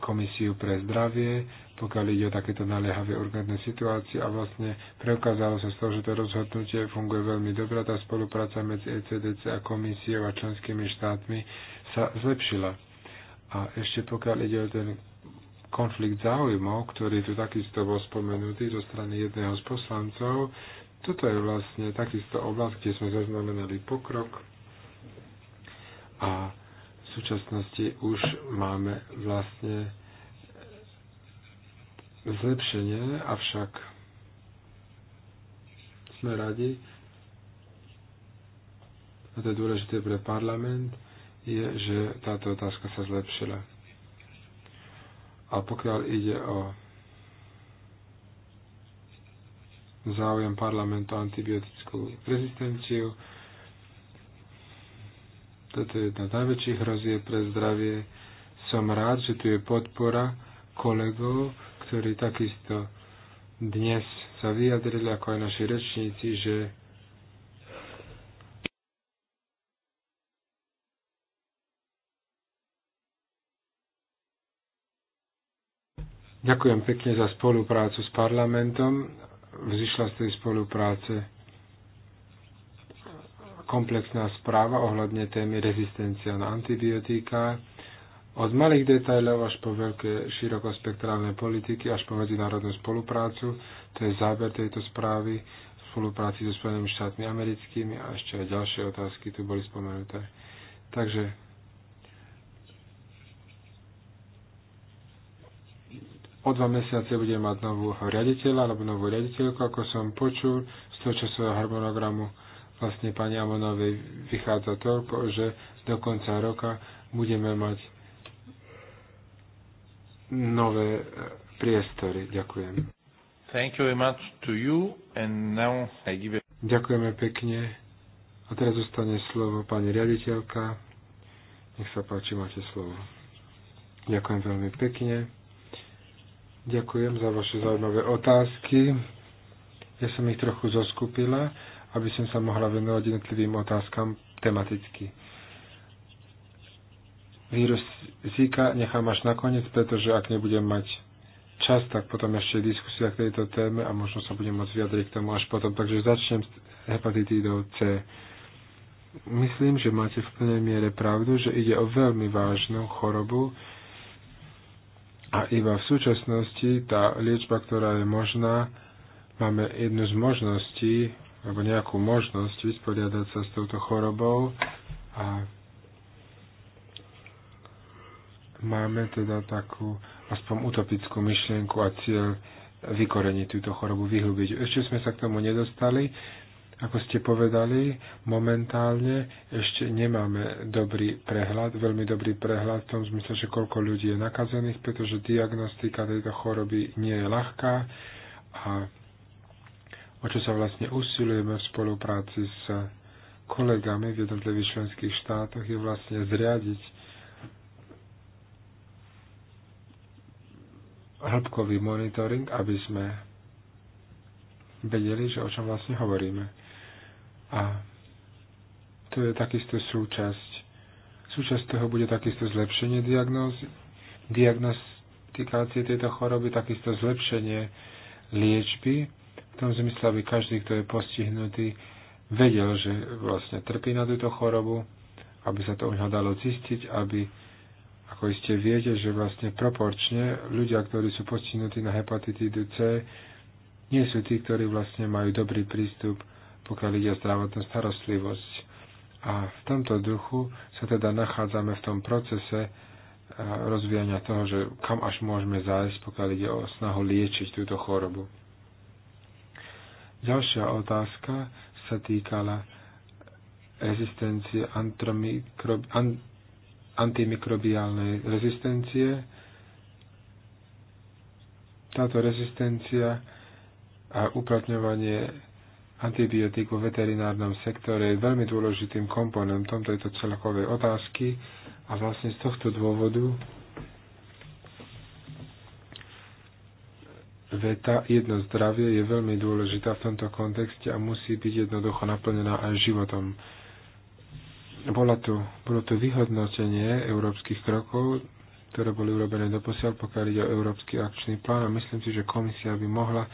komisiu pre zdravie, pokiaľ ide o takéto naliehavé urgentné situácie a vlastne preukázalo sa z toho, že to rozhodnutie funguje veľmi dobre, tá spolupráca medzi ECDC a komisiou a členskými štátmi sa zlepšila. A ešte pokiaľ ide o ten konflikt záujmov, ktorý tu takisto bol spomenutý zo strany jedného z poslancov. Toto je vlastne takisto oblasť, kde sme zaznamenali pokrok a v súčasnosti už máme vlastne zlepšenie, avšak sme radi, a to je dôležité pre parlament, je, že táto otázka sa zlepšila. A pokiaľ ide o záujem parlamentu antibiotickú rezistenciu, toto je jedna z najväčších hrozie pre zdravie. Som rád, že tu je podpora kolegov, ktorí takisto dnes sa vyjadrili, ako aj naši rečníci, že Ďakujem pekne za spoluprácu s parlamentom. Vzýšla z tej spolupráce komplexná správa ohľadne témy rezistencia na antibiotika. Od malých detajlov až po veľké širokospektrálne politiky, až po medzinárodnú spoluprácu, to je záber tejto správy, v spolupráci so Spojenými štátmi americkými a ešte aj ďalšie otázky tu boli spomenuté. Takže O dva mesiace bude mať nového riaditeľa alebo novú riaditeľku, ako som počul z toho časového harmonogramu vlastne pani Amonovej vychádza toľko, že do konca roka budeme mať nové e, priestory. Ďakujem. Thank you very much to you and now I give it... Ďakujeme pekne. A teraz zostane slovo pani riaditeľka. Nech sa páči, máte slovo. Ďakujem veľmi pekne. Ďakujem za vaše zaujímavé otázky. Ja som ich trochu zoskupila, aby som sa mohla venovať jednotlivým otázkam tematicky. Vírus Zika nechám až nakoniec, pretože ak nebudem mať čas, tak potom ešte diskusia k tejto téme a možno sa budem môcť vyjadriť k tomu až potom. Takže začnem s hepatitídou C. Myslím, že máte v plnej miere pravdu, že ide o veľmi vážnu chorobu, a iba v súčasnosti tá liečba, ktorá je možná, máme jednu z možností, alebo nejakú možnosť vysporiadať sa s touto chorobou a máme teda takú aspoň utopickú myšlienku a cieľ vykoreniť túto chorobu, vyhľubiť. Ešte sme sa k tomu nedostali, ako ste povedali, momentálne ešte nemáme dobrý prehľad, veľmi dobrý prehľad v tom zmysle, že koľko ľudí je nakazených, pretože diagnostika tejto choroby nie je ľahká a o čo sa vlastne usilujeme v spolupráci s kolegami v jednotlivých členských štátoch je vlastne zriadiť hĺbkový monitoring, aby sme vedeli, že o čom vlastne hovoríme. A to je takisto súčasť. Súčasť toho bude takisto zlepšenie diagnózy, diagnostikácie tejto choroby, takisto zlepšenie liečby, v tom zmysle, aby každý, kto je postihnutý, vedel, že vlastne trpí na túto chorobu, aby sa to u neho dalo zistiť, aby, ako iste viete, že vlastne proporčne ľudia, ktorí sú postihnutí na hepatitídu C, nie sú tí, ktorí vlastne majú dobrý prístup pokiaľ ide o zdravotnú starostlivosť. A v tomto duchu sa teda nachádzame v tom procese e, rozvíjania toho, že kam až môžeme zájsť, pokiaľ ide o snahu liečiť túto chorobu. Ďalšia otázka sa týkala rezistencie an, antimikrobiálnej rezistencie. Táto rezistencia a uplatňovanie antibiotík vo veterinárnom sektore je veľmi dôležitým komponentom tejto celkovej otázky a vlastne z tohto dôvodu veta jedno zdravie je veľmi dôležitá v tomto kontexte a musí byť jednoducho naplnená aj životom. Bolo tu, bolo tu vyhodnotenie európskych krokov, ktoré boli urobené doposiaľ, pokiaľ ide o európsky akčný plán a myslím si, že komisia by mohla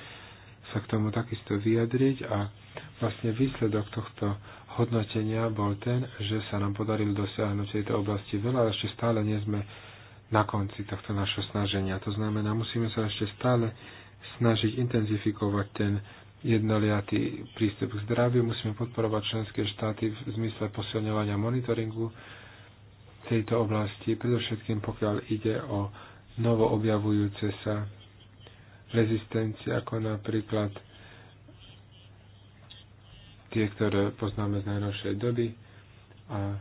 sa k tomu takisto vyjadriť a vlastne výsledok tohto hodnotenia bol ten, že sa nám podarilo dosiahnuť v tejto oblasti veľa, ešte stále nie sme na konci tohto našho snaženia. To znamená, musíme sa ešte stále snažiť intenzifikovať ten jednoliatý prístup k zdraviu, musíme podporovať členské štáty v zmysle posilňovania monitoringu tejto oblasti, predovšetkým pokiaľ ide o novo objavujúce sa rezistencie, ako napríklad tie, ktoré poznáme z najnovšej doby. A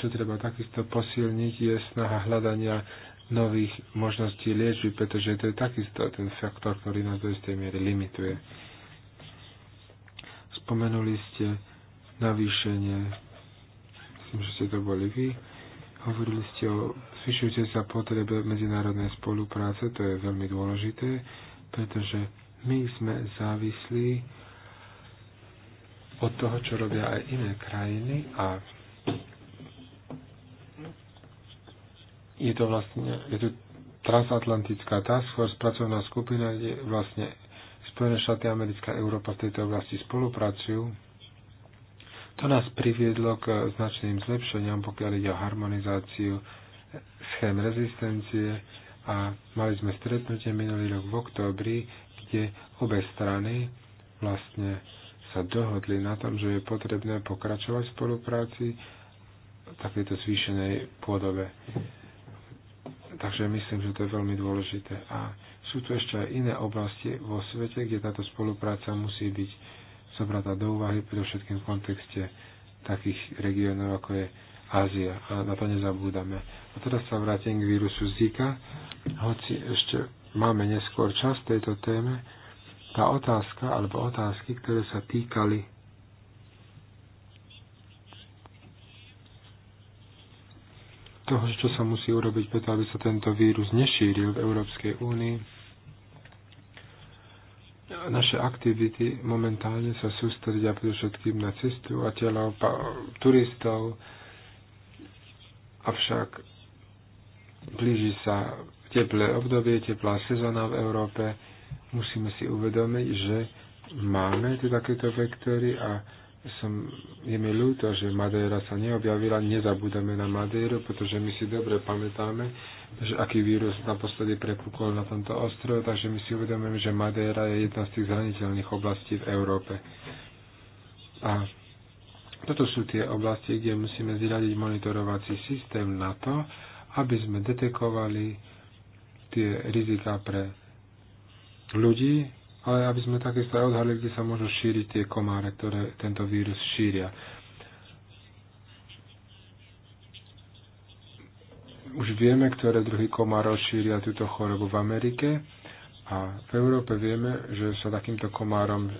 čo treba takisto posilniť, je snaha hľadania nových možností liečby, pretože to je takisto ten faktor, ktorý nás do istej miery limituje. Spomenuli ste navýšenie, myslím, že ste to boli vy, hovorili ste o zvyšujúce sa potrebe medzinárodnej spolupráce, to je veľmi dôležité, pretože my sme závislí od toho, čo robia aj iné krajiny a je to vlastne, je to transatlantická task force, pracovná skupina, kde vlastne Spojené štáty Americká Európa v tejto oblasti spolupracujú. To nás priviedlo k značným zlepšeniam, pokiaľ ide o harmonizáciu schém rezistencie a mali sme stretnutie minulý rok v októbri, kde obe strany vlastne sa dohodli na tom, že je potrebné pokračovať v spolupráci v takejto zvýšenej podobe. Takže myslím, že to je veľmi dôležité. A sú tu ešte aj iné oblasti vo svete, kde táto spolupráca musí byť zobratá do úvahy, predovšetkým v kontexte takých regiónov, ako je Ázia a na to nezabúdame. A teraz sa vrátim k vírusu Zika, hoci ešte máme neskôr čas tejto téme, tá otázka alebo otázky, ktoré sa týkali toho, čo sa musí urobiť preto, aby sa tento vírus nešíril v Európskej únii. Naše aktivity momentálne sa sústredia predovšetkým na cestu a telo turistov, Avšak blíži sa teplé obdobie, teplá sezóna v Európe. Musíme si uvedomiť, že máme tu takéto vektory a som, je mi ľúto, že Madeira sa neobjavila, nezabudeme na Madeiru, pretože my si dobre pamätáme, že aký vírus naposledy prepukol na tomto ostrove, takže my si uvedomujeme, že Madeira je jedna z tých zraniteľných oblastí v Európe. A toto sú tie oblasti, kde musíme zriadiť monitorovací systém na to, aby sme detekovali tie rizika pre ľudí, ale aby sme takisto aj odhalili, kde sa môžu šíriť tie komáre, ktoré tento vírus šíria. Už vieme, ktoré druhy komárov šíria túto chorobu v Amerike a v Európe vieme, že sa takýmto komárom e,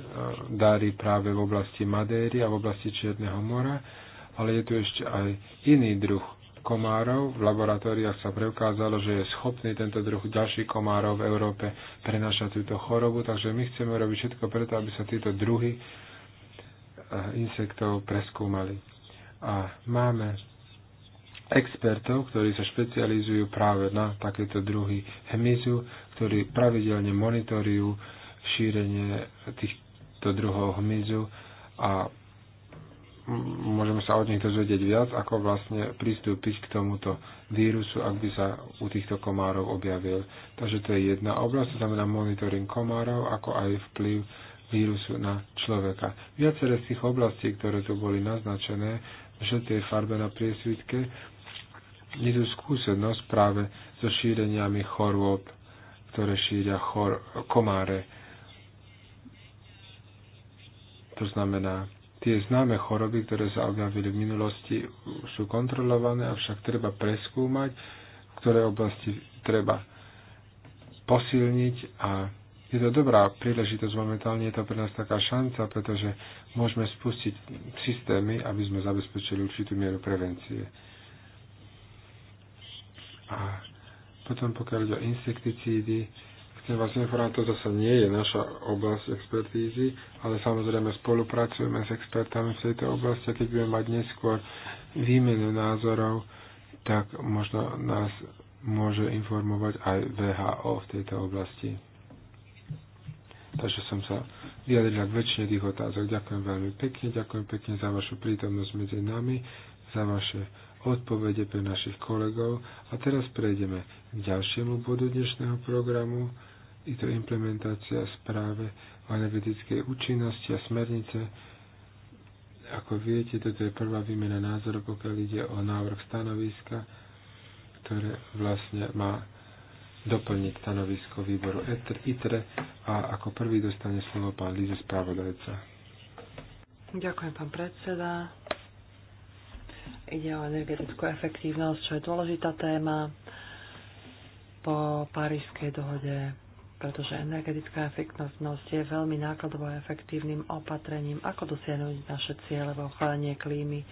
darí práve v oblasti Madéry a v oblasti Čierneho mora, ale je tu ešte aj iný druh komárov. V laboratóriách sa preukázalo, že je schopný tento druh ďalších komárov v Európe prenašať túto chorobu, takže my chceme robiť všetko preto, aby sa tieto druhy e, insektov preskúmali. A máme expertov, ktorí sa špecializujú práve na takéto druhy hmyzu, ktorí pravidelne monitorujú šírenie týchto druhov hmyzu a môžeme sa od nich dozvedieť viac, ako vlastne pristúpiť k tomuto vírusu, ak by sa u týchto komárov objavil. Takže to je jedna oblasť, to znamená monitoring komárov, ako aj vplyv vírusu na človeka. Viaceré z tých oblastí, ktoré tu boli naznačené že tie farbe na priesvitke, je tu skúsenosť práve so šíreniami chorôb ktoré šíria chor, komáre. To znamená, tie známe choroby, ktoré sa objavili v minulosti, sú kontrolované, avšak treba preskúmať, v ktoré oblasti treba posilniť a je to dobrá príležitosť, momentálne je to pre nás taká šanca, pretože môžeme spustiť systémy, aby sme zabezpečili určitú mieru prevencie. A potom pokiaľ ide o insekticídy, chcem vás informovať, to zase nie je naša oblasť expertízy, ale samozrejme spolupracujeme s expertami v tejto oblasti a keď budeme mať neskôr výmenu názorov, tak možno nás môže informovať aj VHO v tejto oblasti. Takže som sa vyjadrila k väčšine tých otázok. Ďakujem veľmi pekne, ďakujem pekne za vašu prítomnosť medzi nami, za vaše odpovede pre našich kolegov. A teraz prejdeme k ďalšiemu bodu dnešného programu. Je to implementácia správe o energetickej účinnosti a smernice. Ako viete, toto je prvá výmena názorov, pokiaľ ide o návrh stanoviska, ktoré vlastne má doplniť stanovisko výboru ITRE a ako prvý dostane slovo pán Líze, spravodajca. Ďakujem, pán predseda. Ide o energetickú efektívnosť, čo je dôležitá téma po parížskej dohode, pretože energetická efektívnosť je veľmi nákladovo efektívnym opatrením, ako dosiahnuť naše ciele vo ochrane klímy.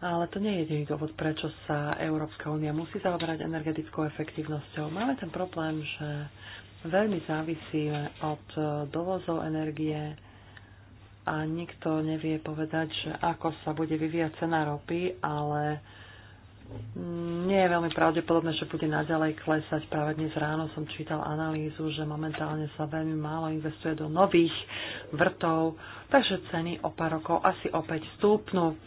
Ale to nie je jediný dôvod, prečo sa Európska únia musí zaoberať energetickou efektívnosťou. Máme ten problém, že veľmi závisíme od dovozov energie, a nikto nevie povedať, že ako sa bude vyvíjať cena ropy, ale nie je veľmi pravdepodobné, že bude naďalej klesať. Práve dnes ráno som čítal analýzu, že momentálne sa veľmi málo investuje do nových vrtov, takže ceny o pár rokov asi opäť stúpnú.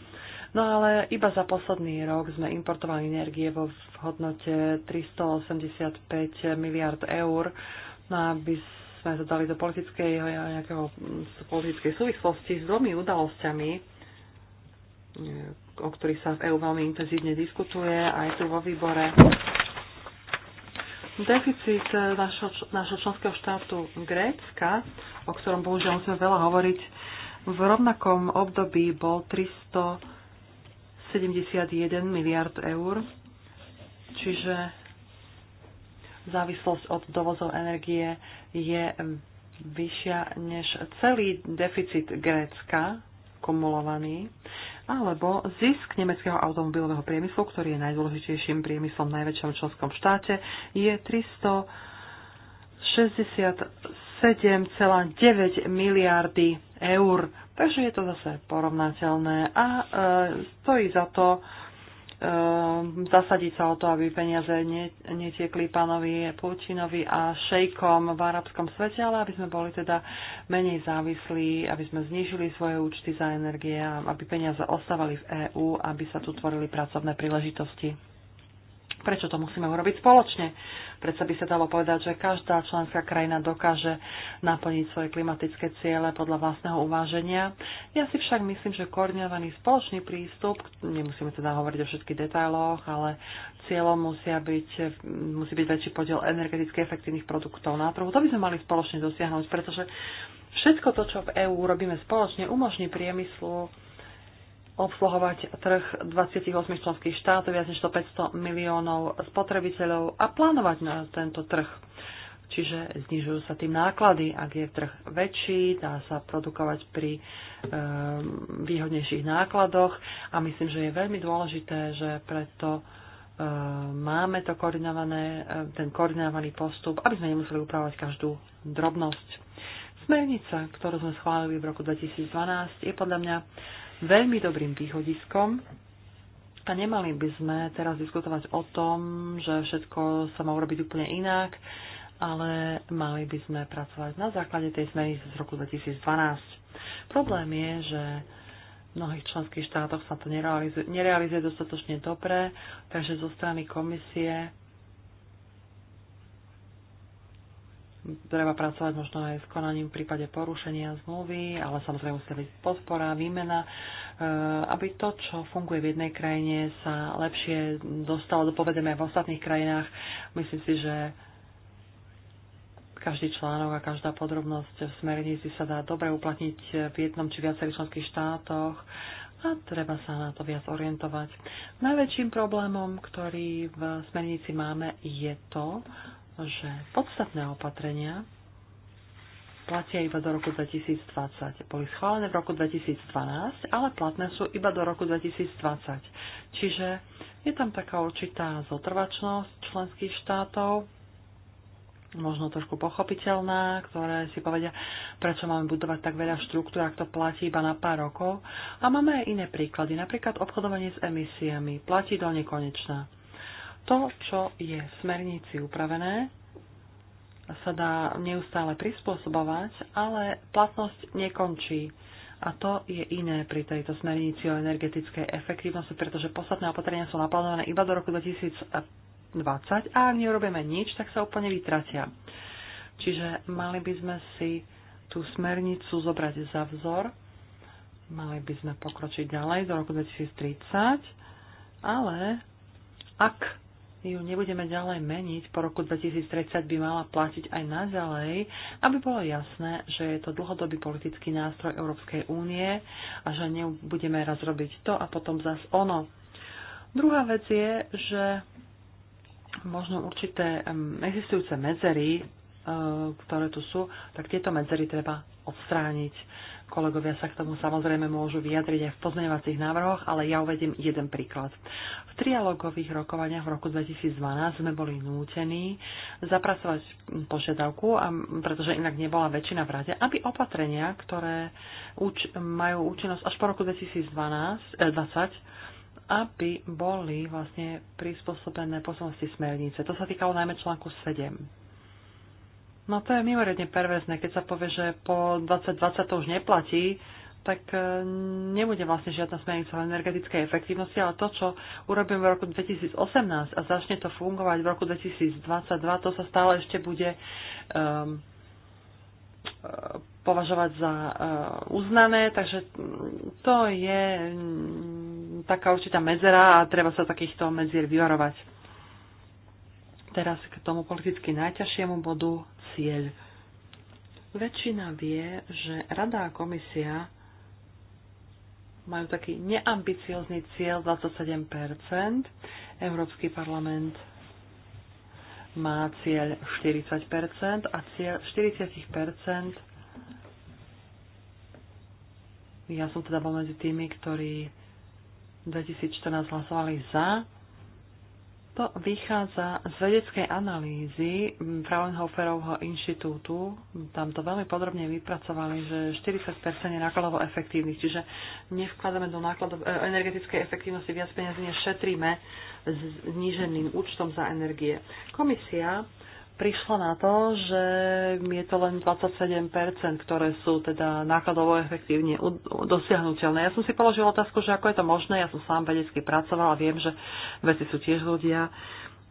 No ale iba za posledný rok sme importovali energie vo v hodnote 385 miliard eur, no aby sme to dali do politickej, eh, nejakého, mm, politickej súvislosti s dvomi udalosťami, eh, o ktorých sa v EU veľmi intenzívne diskutuje, aj tu vo výbore. Deficit eh, našho, našho členského štátu Grécka, o ktorom bohužiaľ musíme veľa hovoriť, v rovnakom období bol 371 miliard eur, čiže závislosť od dovozov energie je vyššia než celý deficit Grécka kumulovaný, alebo zisk nemeckého automobilového priemyslu, ktorý je najdôležitejším priemyslom v najväčšom členskom štáte, je 367,9 miliardy eur. Takže je to zase porovnateľné a e, stojí za to Ehm, zasadiť sa o to, aby peniaze netiekli pánovi Putinovi a šejkom v arabskom svete, ale aby sme boli teda menej závislí, aby sme znížili svoje účty za energie, aby peniaze ostávali v EÚ, aby sa tu tvorili pracovné príležitosti. Prečo to musíme urobiť spoločne? Prečo by sa dalo povedať, že každá členská krajina dokáže naplniť svoje klimatické ciele podľa vlastného uváženia. Ja si však myslím, že koordinovaný spoločný prístup, nemusíme teda hovoriť o všetkých detailoch, ale cieľom musia byť, musí byť väčší podiel energeticky efektívnych produktov na trhu. To by sme mali spoločne dosiahnuť, pretože všetko to, čo v EÚ robíme spoločne, umožní priemyslu obsluhovať trh 28 členských štátov, viac než 500 miliónov spotrebiteľov a plánovať na tento trh. Čiže znižujú sa tým náklady. Ak je trh väčší, dá sa produkovať pri e, výhodnejších nákladoch a myslím, že je veľmi dôležité, že preto e, máme to koordinované, e, ten koordinovaný postup, aby sme nemuseli upravovať každú drobnosť. Smernica, ktorú sme schválili v roku 2012, je podľa mňa veľmi dobrým východiskom a nemali by sme teraz diskutovať o tom, že všetko sa má urobiť úplne inak, ale mali by sme pracovať na základe tej smernice z roku 2012. Problém je, že v mnohých členských štátoch sa to nerealizuje, nerealizuje dostatočne dobre, takže zo strany komisie treba pracovať možno aj s konaním v prípade porušenia zmluvy, ale samozrejme musí byť podpora, výmena, e, aby to, čo funguje v jednej krajine, sa lepšie dostalo do aj v ostatných krajinách. Myslím si, že každý článok a každá podrobnosť v smernici sa dá dobre uplatniť v jednom či viacerých členských štátoch a treba sa na to viac orientovať. Najväčším problémom, ktorý v smernici máme, je to, že podstatné opatrenia platia iba do roku 2020. Boli schválené v roku 2012, ale platné sú iba do roku 2020. Čiže je tam taká určitá zotrvačnosť členských štátov, možno trošku pochopiteľná, ktoré si povedia, prečo máme budovať tak veľa štruktúr, ak to platí iba na pár rokov. A máme aj iné príklady, napríklad obchodovanie s emisiami, platí do nekonečna. To, čo je v smernici upravené, sa dá neustále prispôsobovať, ale platnosť nekončí. A to je iné pri tejto smernici o energetickej efektívnosti, pretože posledné opatrenia sú naplánované iba do roku 2020 a ak neurobíme nič, tak sa úplne vytratia. Čiže mali by sme si tú smernicu zobrať za vzor, mali by sme pokročiť ďalej do roku 2030, ale ak ju nebudeme ďalej meniť, po roku 2030 by mala platiť aj naďalej, aby bolo jasné, že je to dlhodobý politický nástroj Európskej únie a že nebudeme raz robiť to a potom zas ono. Druhá vec je, že možno určité existujúce medzery, e, ktoré tu sú, tak tieto medzery treba odstrániť Kolegovia sa k tomu samozrejme môžu vyjadriť aj v pozmeňovacích návrhoch, ale ja uvediem jeden príklad. V trialogových rokovaniach v roku 2012 sme boli nútení zapracovať požiadavku, pretože inak nebola väčšina v rade, aby opatrenia, ktoré uč- majú účinnosť až po roku 2012, eh, aby boli vlastne prispôsobené posolnosti smernice. To sa týkalo najmä článku 7 No to je mimoriadne perverzne, keď sa povie, že po 2020 to už neplatí, tak e, nebude vlastne žiadna smernica o energetickej efektívnosti, ale to, čo urobím v roku 2018 a začne to fungovať v roku 2022, to sa stále ešte bude um, považovať za uh, uznané, takže mm, to je um, taká určitá medzera a treba sa takýchto medzier vyvarovať. Teraz k tomu politicky najťažšiemu bodu cieľ. Väčšina vie, že Rada a komisia majú taký neambiciózny cieľ 27%. Európsky parlament má cieľ 40% a cieľ 40% ja som teda bol medzi tými, ktorí 2014 hlasovali za to vychádza z vedeckej analýzy Fraunhoferovho inštitútu. Tam to veľmi podrobne vypracovali, že 40% je nákladovo efektívnych, čiže nevkladáme do nákladov, e, energetickej efektívnosti viac peniazy, než šetríme zníženým účtom za energie. Komisia prišla na to, že je to len 27%, ktoré sú teda nákladovo efektívne dosiahnutelné. Ja som si položila otázku, že ako je to možné. Ja som sám vedecky pracovala, viem, že veci sú tiež ľudia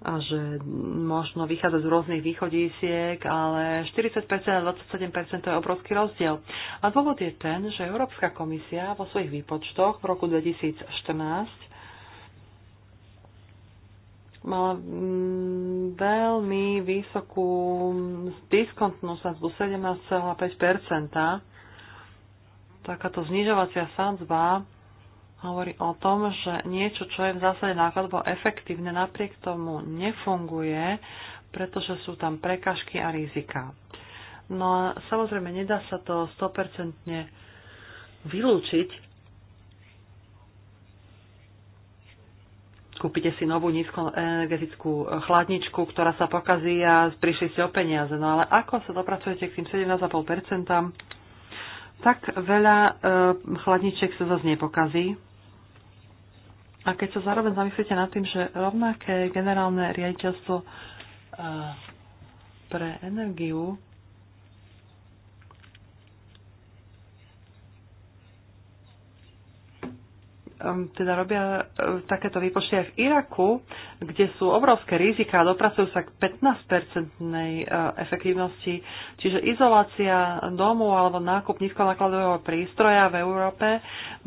a že možno vychádza z rôznych východísiek, ale 40% a 27% to je obrovský rozdiel. A dôvod je ten, že Európska komisia vo svojich výpočtoch v roku 2014 mala mm, veľmi vysokú diskontnú sadzbu 17,5%. Takáto znižovacia sadzba hovorí o tom, že niečo, čo je v zásade nákladovo efektívne, napriek tomu nefunguje, pretože sú tam prekažky a rizika. No a samozrejme nedá sa to 100% vylúčiť, kúpite si novú nízkoenergetickú eh, chladničku, ktorá sa pokazí a prišli ste o peniaze. No ale ako sa dopracujete k tým 17,5%? Tak veľa e, chladničiek sa zase nepokazí. A keď sa zároveň zamyslíte nad tým, že rovnaké generálne riaditeľstvo e, pre energiu teda robia e, takéto výpočty aj v Iraku, kde sú obrovské rizika a dopracujú sa k 15-percentnej efektívnosti. Čiže izolácia domu alebo nákup nízkonákladového prístroja v Európe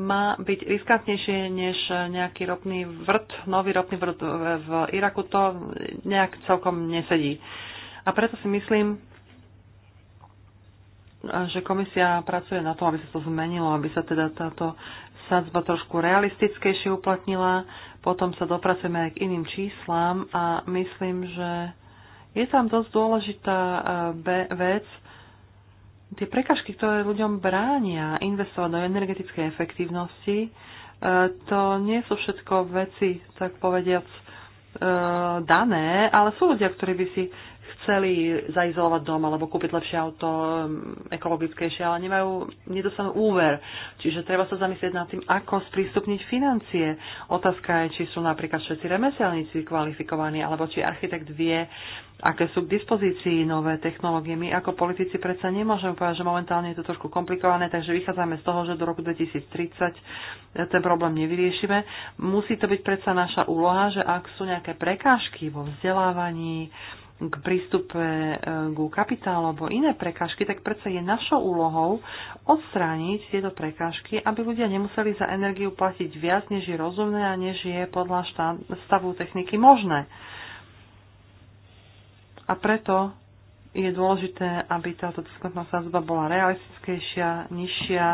má byť riskantnejšie než nejaký ropný vrt, nový ropný vrt v Iraku. To nejak celkom nesedí. A preto si myslím, že komisia pracuje na tom, aby sa to zmenilo, aby sa teda táto sadzba trošku realistickejšie uplatnila, potom sa dopracujeme aj k iným číslam a myslím, že je tam dosť dôležitá e, vec, tie prekažky, ktoré ľuďom bránia investovať do energetickej efektívnosti, e, to nie sú všetko veci, tak povediac, e, dané, ale sú ľudia, ktorí by si chceli zaizolovať dom alebo kúpiť lepšie auto, um, ekologickejšie, ale nemajú, nedostanú úver. Čiže treba sa zamyslieť nad tým, ako sprístupniť financie. Otázka je, či sú napríklad všetci remeselníci kvalifikovaní, alebo či architekt vie, aké sú k dispozícii nové technológie. My ako politici predsa nemôžeme povedať, že momentálne je to trošku komplikované, takže vychádzame z toho, že do roku 2030 ten problém nevyriešime. Musí to byť predsa naša úloha, že ak sú nejaké prekážky vo vzdelávaní, k prístupe e, k kapitálu alebo iné prekážky, tak predsa je našou úlohou odstrániť tieto prekážky, aby ľudia nemuseli za energiu platiť viac, než je rozumné a než je podľa stavu techniky možné. A preto je dôležité, aby táto diskontná sázba bola realistickejšia, nižšia.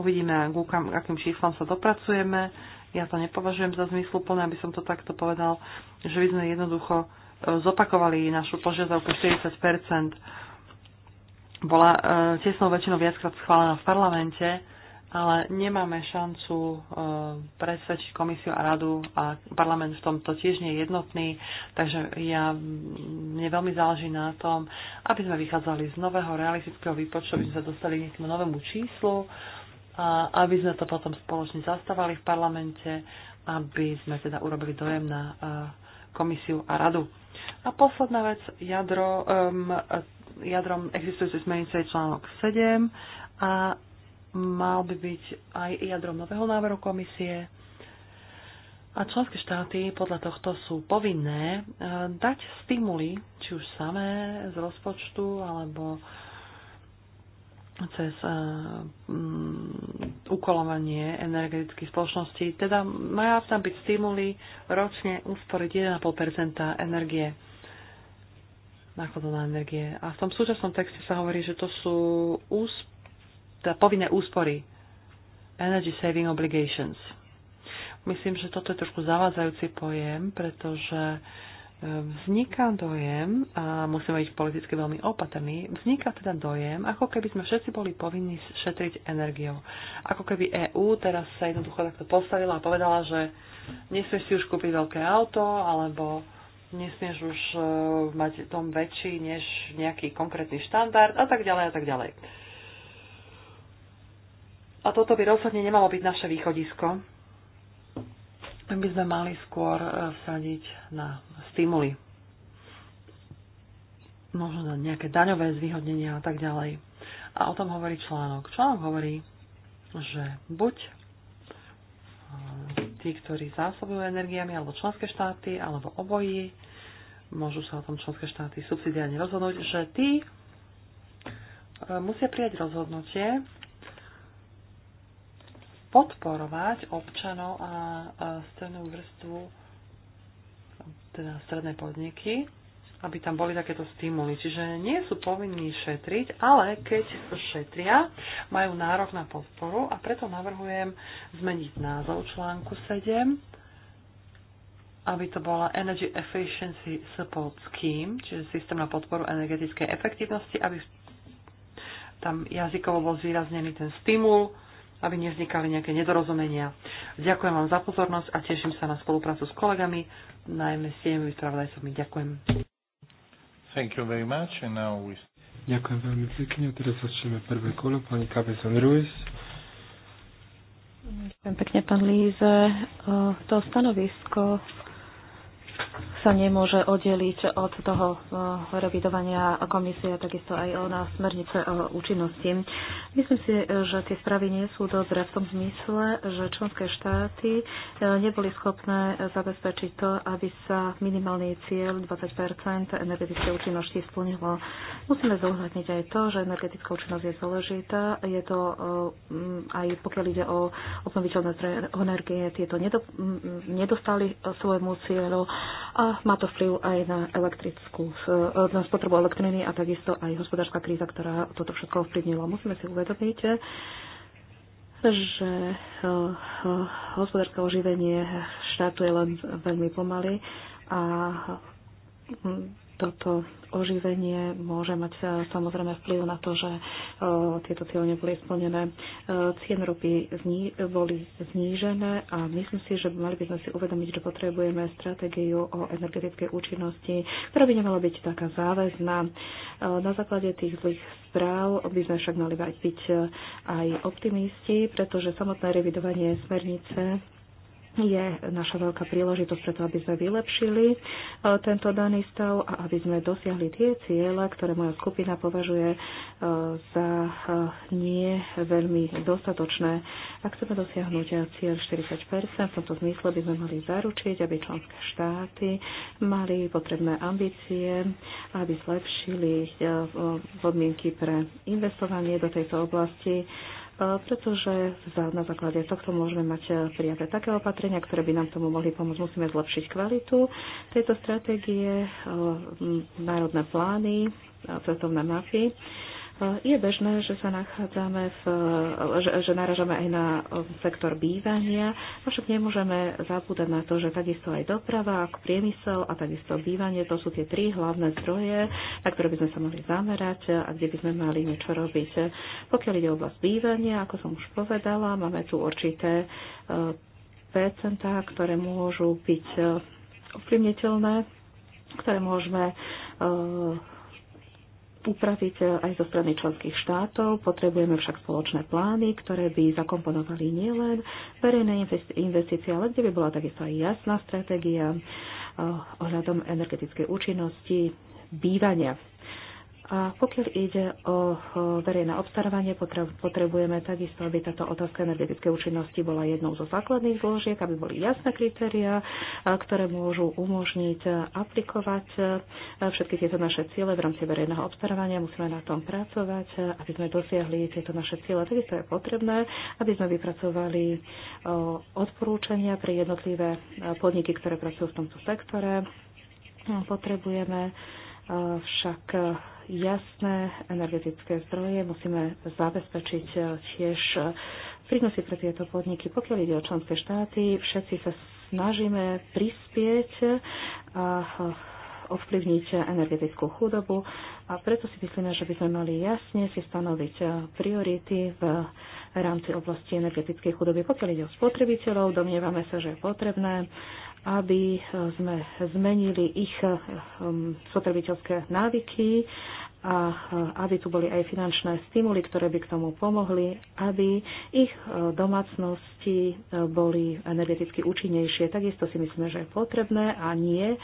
Uvidíme, akým číslom sa dopracujeme. Ja to nepovažujem za zmysluplné, aby som to takto povedal, že by sme jednoducho zopakovali našu požiadavku 40 Bola e, tesnou väčšinou viackrát schválená v parlamente, ale nemáme šancu e, presvedčiť komisiu a radu a parlament v tomto tiež nie je jednotný, takže ja, mne veľmi záleží na tom, aby sme vychádzali z nového realistického výpočtu, aby sme sa dostali k nejakému novému číslu, a aby sme to potom spoločne zastávali v parlamente, aby sme teda urobili dojem na e, komisiu a radu. A posledná vec, jadro, um, jadrom existujúcej zmenice je článok 7 a mal by byť aj jadrom nového návrhu komisie. A členské štáty podľa tohto sú povinné eh, dať stimuly, či už samé z rozpočtu alebo cez uh, um, ukolovanie energetických spoločností. Teda majú tam byť stimuly ročne usporiť 1,5 energie nákladov na energie. A v tom súčasnom texte sa hovorí, že to sú úsp- teda povinné úspory. Energy Saving Obligations. Myslím, že toto je trošku zavádzajúci pojem, pretože uh, vzniká dojem, a musíme byť politicky veľmi opatrní, vzniká teda dojem, ako keby sme všetci boli povinní šetriť energiou. Ako keby EÚ teraz sa jednoducho takto postavila a povedala, že nesmieš si už kúpiť veľké auto, alebo nesmieš už e, mať dom väčší než nejaký konkrétny štandard a tak ďalej a tak ďalej. A toto by rozhodne nemalo byť naše východisko tak by sme mali skôr vsadiť e, na stimuly. Možno na nejaké daňové zvýhodnenia a tak ďalej. A o tom hovorí článok. Článok hovorí, že buď e, tí, ktorí zásobujú energiami, alebo členské štáty, alebo obojí, môžu sa o tom členské štáty subsidiárne rozhodnúť, že tí e, musia prijať rozhodnutie, podporovať občanov a strednú vrstvu, teda stredné podniky, aby tam boli takéto stimuly. Čiže nie sú povinní šetriť, ale keď šetria, majú nárok na podporu a preto navrhujem zmeniť názov článku 7, aby to bola Energy Efficiency Support Scheme, čiže systém na podporu energetickej efektívnosti, aby tam jazykovo bol zvýraznený ten stimul aby nevznikali nejaké nedorozumenia. Ďakujem vám za pozornosť a teším sa na spoluprácu s kolegami, najmä s tými spravodajcami. Ďakujem. Thank you very much and now we... Ďakujem veľmi pekne. Teraz začneme prvé kolo. Pani Cabezon Ruiz. Ďakujem pekne, pán Líze. E, to stanovisko sa nemôže oddeliť od toho eh, revidovania komisie takisto aj na smernice o účinnosti. Myslím si, že tie správy nie sú dobré v tom zmysle, že členské štáty eh, neboli schopné zabezpečiť to, aby sa minimálny cieľ 20 energetické účinnosti splnilo. Musíme zohľadniť aj to, že energetická účinnosť je dôležitá. Je to eh, aj pokiaľ ide o obnoviteľné zdroje energie, tieto mm, mm, nedostali svojmu cieľu a má to vplyv aj na elektrickú, eh, na spotrebu elektriny a takisto aj hospodárska kríza, ktorá toto všetko ovplyvnila. Musíme si uvedomiť, že eh, hospodárske oživenie štátu je len veľmi pomaly a hm, toto oživenie môže mať e, samozrejme vplyv na to, že e, tieto cieľe neboli splnené. E, cien ropy zni- boli znížené a myslím si, že mali by sme si uvedomiť, že potrebujeme stratégiu o energetickej účinnosti, ktorá by nemala byť taká záväzná. Na základe tých zlých správ by sme však mali byť aj optimisti, pretože samotné revidovanie smernice je naša veľká príležitosť preto, aby sme vylepšili e, tento daný stav a aby sme dosiahli tie ciele, ktoré moja skupina považuje e, za e, nie veľmi dostatočné. Ak chceme dosiahnuť cieľ 40 v tomto zmysle by sme mali zaručiť, aby členské štáty mali potrebné ambície, aby zlepšili podmienky pre investovanie do tejto oblasti pretože na základe tohto môžeme mať e, prijaté také opatrenia, ktoré by nám tomu mohli pomôcť. Musíme zlepšiť kvalitu tejto stratégie, e, národné plány, cestovné mapy E, je bežné, že sa nachádzame v, že, že naražame aj na sektor bývania, avšak nemôžeme zabúdať na to, že takisto aj doprava, ako priemysel a takisto bývanie, to sú tie tri hlavné zdroje, na ktoré by sme sa mohli zamerať a kde by sme mali niečo robiť. Pokiaľ ide o oblasť bývania, ako som už povedala, máme tu určité e, percentá, ktoré môžu byť e, ovplyvniteľné, ktoré môžeme upraviť eh, aj zo strany členských štátov. Potrebujeme však spoločné plány, ktoré by zakomponovali nielen verejné investície, ale kde by bola takisto aj jasná stratégia eh, ohľadom energetickej účinnosti bývania a pokiaľ ide o verejné obstarávanie, potrebujeme takisto, aby táto otázka energetickej účinnosti bola jednou zo základných zložiek, aby boli jasné kritéria, ktoré môžu umožniť aplikovať všetky tieto naše ciele v rámci verejného obstarávania. Musíme na tom pracovať, aby sme dosiahli tieto naše ciele. Takisto je potrebné, aby sme vypracovali odporúčania pre jednotlivé podniky, ktoré pracujú v tomto sektore. Potrebujeme však jasné energetické zdroje musíme zabezpečiť e, tiež e, prínosy pre tieto podniky. Pokiaľ ide o členské štáty, všetci sa snažíme prispieť a ovplyvniť energetickú chudobu a preto si myslíme, že by sme mali jasne si stanoviť e, priority v rámci oblasti energetickej chudoby. Pokiaľ ide o spotrebiteľov, domnievame sa, že je potrebné aby eh, sme zmenili ich eh, hm, spotrebiteľské návyky a eh, aby tu boli aj finančné stimuly, ktoré by k tomu pomohli, aby ich domácnosti boli energeticky účinnejšie. Takisto si myslíme, že je potrebné a nie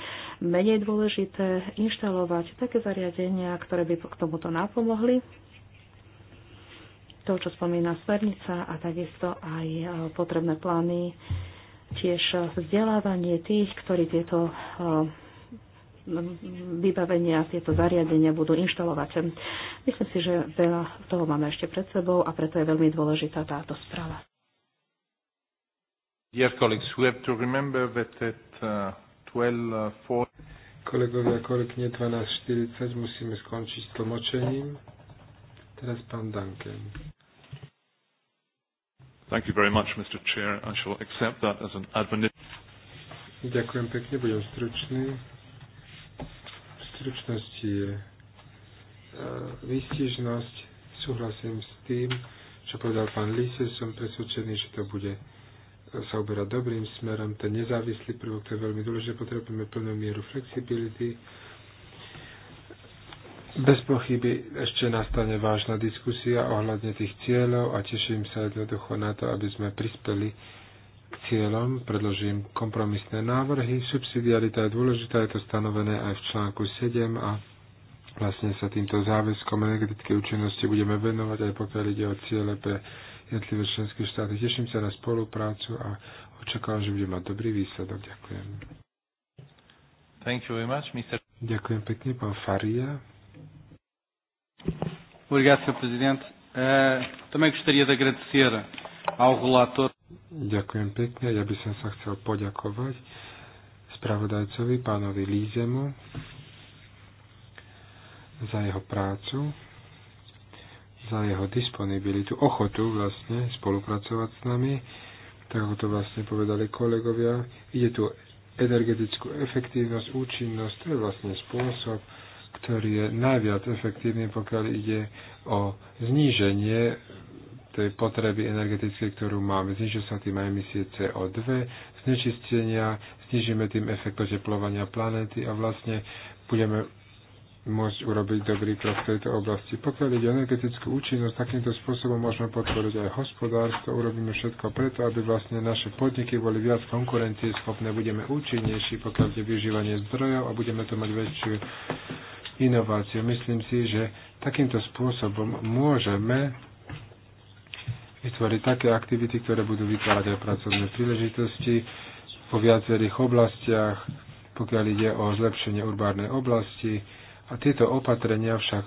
menej dôležité inštalovať také zariadenia, ktoré by k tomuto napomohli to, čo spomína smernica a takisto aj potrebné plány tiež eh, vzdelávanie tých, ktorí tieto eh, vybavenia, tieto zariadenia budú inštalovať. Myslím si, že veľa toho máme ešte pred sebou a preto je veľmi dôležitá táto správa. Dear colleagues, we have to remember that at uh, eh, 12.40... Kolegovia, kolegyne 12.40 musíme skončiť s tlmočením. Teraz pán Duncan. Thank you very much, Mr. Chair. I shall accept that as an admonition. Ďakujem pekne, budem stručný. V stručnosti je e, výstižnosť, súhlasím s tým, čo povedal pán Lise, som presvedčený, že to bude e, sa uberať dobrým smerom. Ten nezávislý prvok, to je veľmi dôležité, potrebujeme plnú mieru flexibility, bez pochyby ešte nastane vážna diskusia ohľadne tých cieľov a teším sa jednoducho na to, aby sme prispeli k cieľom, predložím kompromisné návrhy. Subsidiarita je dôležitá, je to stanovené aj v článku 7 a vlastne sa týmto záväzkom energetickej účinnosti budeme venovať aj pokiaľ ide o ciele pre jednotlivé členské štáty. Teším sa na spoluprácu a očakávam, že bude mať dobrý výsledok. Ďakujem. Thank you very much, Mr. Ďakujem pekne, pán Faria. Obrigado, Sr. Presidente. Uh, também gostaria de agradecer ao relator. Ďakujem pekne. Ja by som sa chcel poďakovať spravodajcovi, pánovi Lízemu, za jeho prácu, za jeho disponibilitu, ochotu vlastne spolupracovať s nami. Tak ako to vlastne povedali kolegovia, ide tu energetickú efektívnosť, účinnosť, to je vlastne spôsob, ktorý je najviac efektívny, pokiaľ ide o zníženie tej potreby energetické, ktorú máme. Znižujú sa tým emisie CO2, znečistenia, znižíme tým efekt oteplovania planéty a vlastne budeme môcť urobiť dobrý krok v tejto oblasti. Pokiaľ ide o energetickú účinnosť, takýmto spôsobom môžeme podporiť aj hospodárstvo, urobíme všetko preto, aby vlastne naše podniky boli viac konkurencieschopné, budeme účinnejší, pokiaľ ide využívanie zdrojov a budeme to mať väčšiu inováciu. Myslím si, že takýmto spôsobom môžeme vytvoriť také aktivity, ktoré budú vytvárať aj pracovné príležitosti po viacerých oblastiach, pokiaľ ide o zlepšenie urbárnej oblasti. A tieto opatrenia však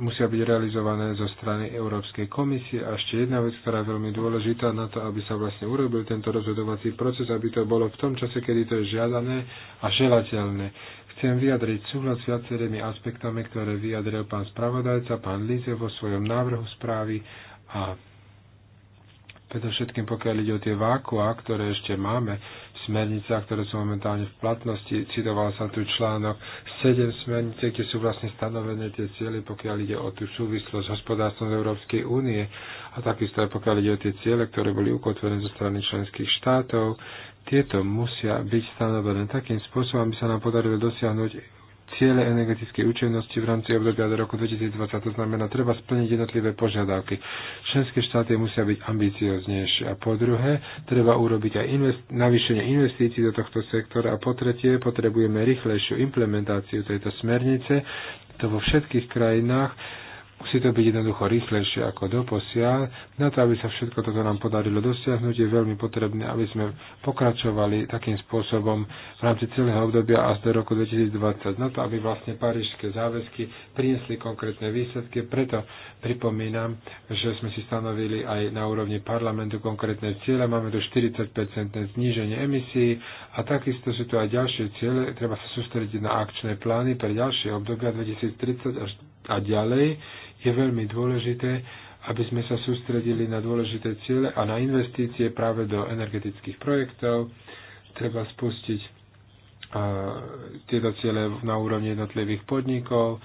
musia byť realizované zo strany Európskej komisie. A ešte jedna vec, ktorá je veľmi dôležitá na to, aby sa vlastne urobil tento rozhodovací proces, aby to bolo v tom čase, kedy to je žiadané a želateľné. Chcem vyjadriť súhlas s viacerými aspektami, ktoré vyjadril pán spravodajca, pán Lize vo svojom návrhu správy a predovšetkým pokiaľ ide o tie vákuá, ktoré ešte máme smernica, ktoré sú momentálne v platnosti, citoval sa tu článok 7 smernice, kde sú vlastne stanovené tie ciele, pokiaľ ide o tú súvislosť s hospodárstvom Európskej únie a takisto aj pokiaľ ide o tie ciele, ktoré boli ukotvené zo strany členských štátov tieto musia byť stanovené takým spôsobom, aby sa nám podarilo dosiahnuť ciele energetickej účinnosti v rámci obdobia do roku 2020. To znamená, treba splniť jednotlivé požiadavky. Členské štáty musia byť ambicioznejšie. A po druhé, treba urobiť aj invest- navýšenie investícií do tohto sektora. A po tretie, potrebujeme rýchlejšiu implementáciu tejto smernice. To vo všetkých krajinách Musí to byť jednoducho rýchlejšie ako doposiaľ. Na to, aby sa všetko toto nám podarilo dosiahnuť, je veľmi potrebné, aby sme pokračovali takým spôsobom v rámci celého obdobia až do roku 2020. Na to, aby vlastne parížské záväzky priniesli konkrétne výsledky. Preto pripomínam, že sme si stanovili aj na úrovni parlamentu konkrétne ciele. Máme tu 40-percentné zníženie emisí a takisto sú tu aj ďalšie ciele. Treba sa sústrediť na akčné plány pre ďalšie obdobia 2030 až a ďalej je veľmi dôležité, aby sme sa sústredili na dôležité ciele a na investície práve do energetických projektov. Treba spustiť tieto ciele na úrovni jednotlivých podnikov,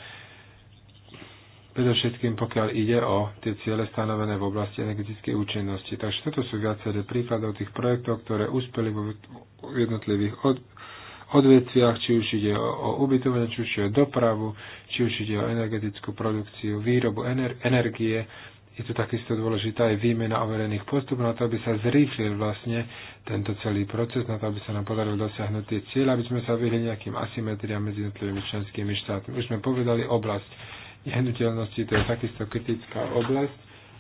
predovšetkým pokiaľ ide o tie ciele stanovené v oblasti energetickej účinnosti. Takže toto sú viaceré príkladov tých projektov, ktoré uspeli vo jednotlivých odvetviach, či už ide o, o ubytovanie, či už ide o dopravu, či už ide o energetickú produkciu, výrobu ener- energie. Je tu takisto dôležitá aj výmena overených postupov na to, aby sa zrýchlil vlastne tento celý proces, na to, aby sa nám podarilo dosiahnuť tie cieľe, aby sme sa vyhli nejakým asymetriám medzi jednotlivými členskými štátmi. Už sme povedali oblasť nehnuteľnosti, to je takisto kritická oblasť.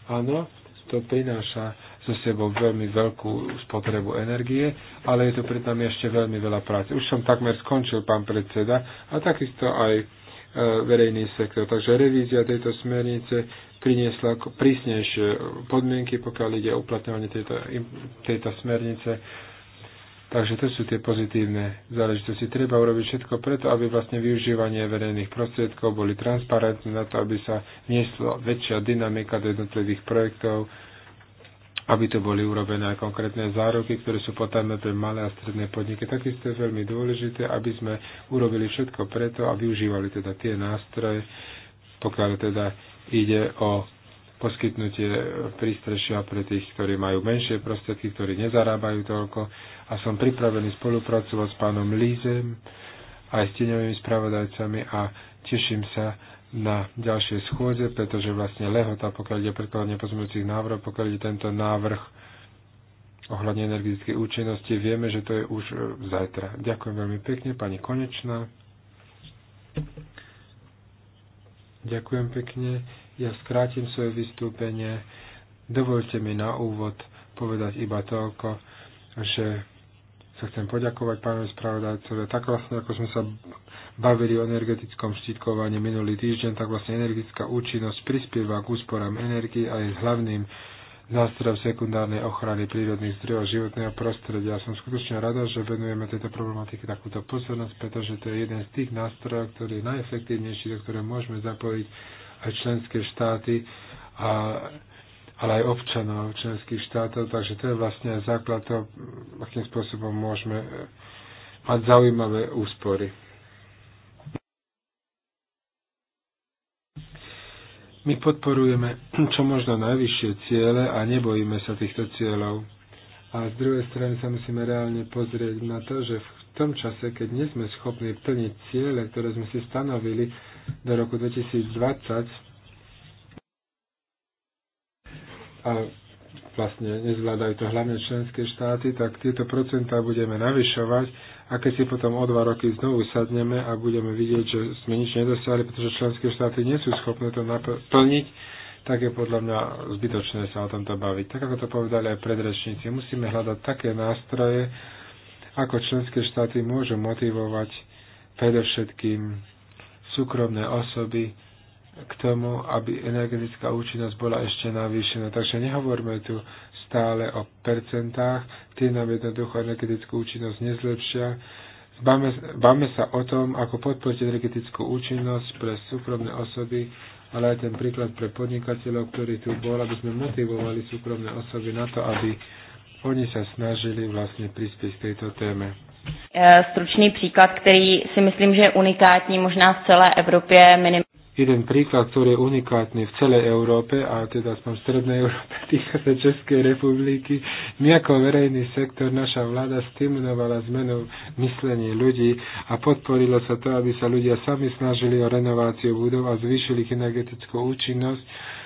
Áno, to prináša so sebou veľmi veľkú spotrebu energie, ale je to pred nami ešte veľmi veľa práce. Už som takmer skončil, pán predseda, a takisto aj e, verejný sektor. Takže revízia tejto smernice priniesla prísnejšie podmienky, pokiaľ ide o uplatňovanie tejto, tejto smernice. Takže to sú tie pozitívne záležitosti. Treba urobiť všetko preto, aby vlastne využívanie verejných prostriedkov boli transparentné na to, aby sa niesla väčšia dynamika do jednotlivých projektov aby to boli urobené aj konkrétne zároky, ktoré sú potrebné pre malé a stredné podniky. Takisto je veľmi dôležité, aby sme urobili všetko preto a využívali teda tie nástroje, pokiaľ teda ide o poskytnutie prístrešia pre tých, ktorí majú menšie prostriedky, ktorí nezarábajú toľko. A som pripravený spolupracovať s pánom Lízem aj s tieňovými spravodajcami a teším sa na ďalšej schôze, pretože vlastne lehota, pokiaľ ide predkladne pozmeňujúcich návrhov, pokiaľ ide tento návrh ohľadne energetickej účinnosti, vieme, že to je už e, zajtra. Ďakujem veľmi pekne, pani Konečná. Ďakujem pekne. Ja skrátim svoje vystúpenie. Dovolte mi na úvod povedať iba toľko, že sa chcem poďakovať pánovi spravodajcovi. Tak vlastne, ako sme sa bavili o energetickom štítkovaní minulý týždeň, tak vlastne energetická účinnosť prispieva k úsporám energii a je hlavným nástrojom sekundárnej ochrany prírodných zdrojov životného prostredia. Som skutočne rada, že venujeme tejto problematike takúto pozornosť, pretože to je jeden z tých nástrojov, ktorý je najefektívnejší, do ktorého môžeme zapojiť aj členské štáty, a, ale aj občanov členských štátov. Takže to je vlastne základ toho, akým spôsobom môžeme mať zaujímavé úspory. My podporujeme čo možno najvyššie ciele a nebojíme sa týchto cieľov. A z druhej strany sa musíme reálne pozrieť na to, že v tom čase, keď nie sme schopní plniť ciele, ktoré sme si stanovili do roku 2020, a vlastne nezvládajú to hlavne členské štáty, tak tieto procentá budeme navyšovať a keď si potom o dva roky znovu sadneme a budeme vidieť, že sme nič nedosiahli, pretože členské štáty nie sú schopné to naplniť, tak je podľa mňa zbytočné sa o tomto baviť. Tak ako to povedali aj predrečníci, musíme hľadať také nástroje, ako členské štáty môžu motivovať predovšetkým súkromné osoby k tomu, aby energetická účinnosť bola ešte navýšená. Takže nehovorme tu stále o percentách, tie nám jednoducho energetickú účinnosť nezlepšia. Báme, báme sa o tom, ako podporiť energetickú účinnosť pre súkromné osoby, ale aj ten príklad pre podnikateľov, ktorý tu bol, aby sme motivovali súkromné osoby na to, aby oni sa snažili vlastne prispieť k tejto téme. E, stručný příklad, který si myslím, že je unikátní možná v celé Evropě jeden príklad, ktorý je unikátny v celej Európe, a teda aspoň v Strednej Európe, týka sa Českej republiky. My ako verejný sektor, naša vláda stimulovala zmenu myslení ľudí a podporilo sa to, aby sa ľudia sami snažili o renováciu budov a zvýšili energetickú účinnosť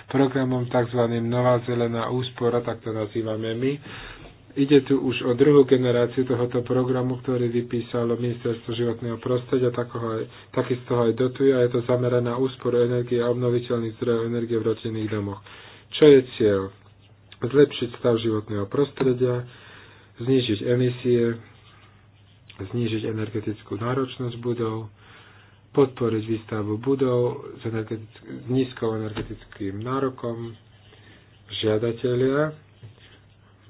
programom tzv. Nová zelená úspora, tak to nazývame my. Ide tu už o druhú generáciu tohoto programu, ktorý vypísalo Ministerstvo životného prostredia, takisto ho aj dotuje a je to zamerané na úsporu energie a obnoviteľných zdrojov energie v rodinných domoch. Čo je cieľ? Zlepšiť stav životného prostredia, znížiť emisie, znížiť energetickú náročnosť budov, podporiť výstavbu budov s, s nízkou energetickým nárokom žiadatelia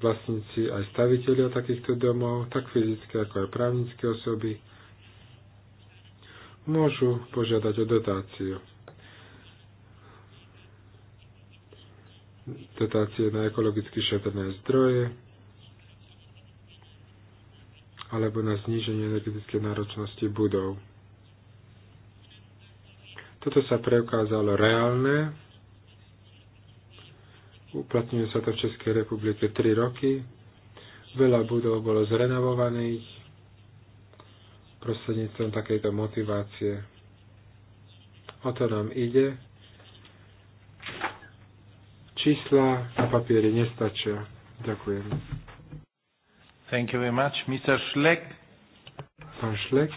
vlastníci aj staviteľia takýchto domov, tak fyzické ako aj právnické osoby, môžu požiadať o dotáciu. Dotácie na ekologicky šetrné zdroje alebo na zníženie energetickej náročnosti budov. Toto sa preukázalo reálne uplatňuje sa to v Českej republike 3 roky. Veľa budov bolo zrenovovaných prostredníctvom takejto motivácie. O to nám ide. Čísla na papieri nestačia. Ďakujem. Thank you very much. Mr. Schleck. Pán Schleck.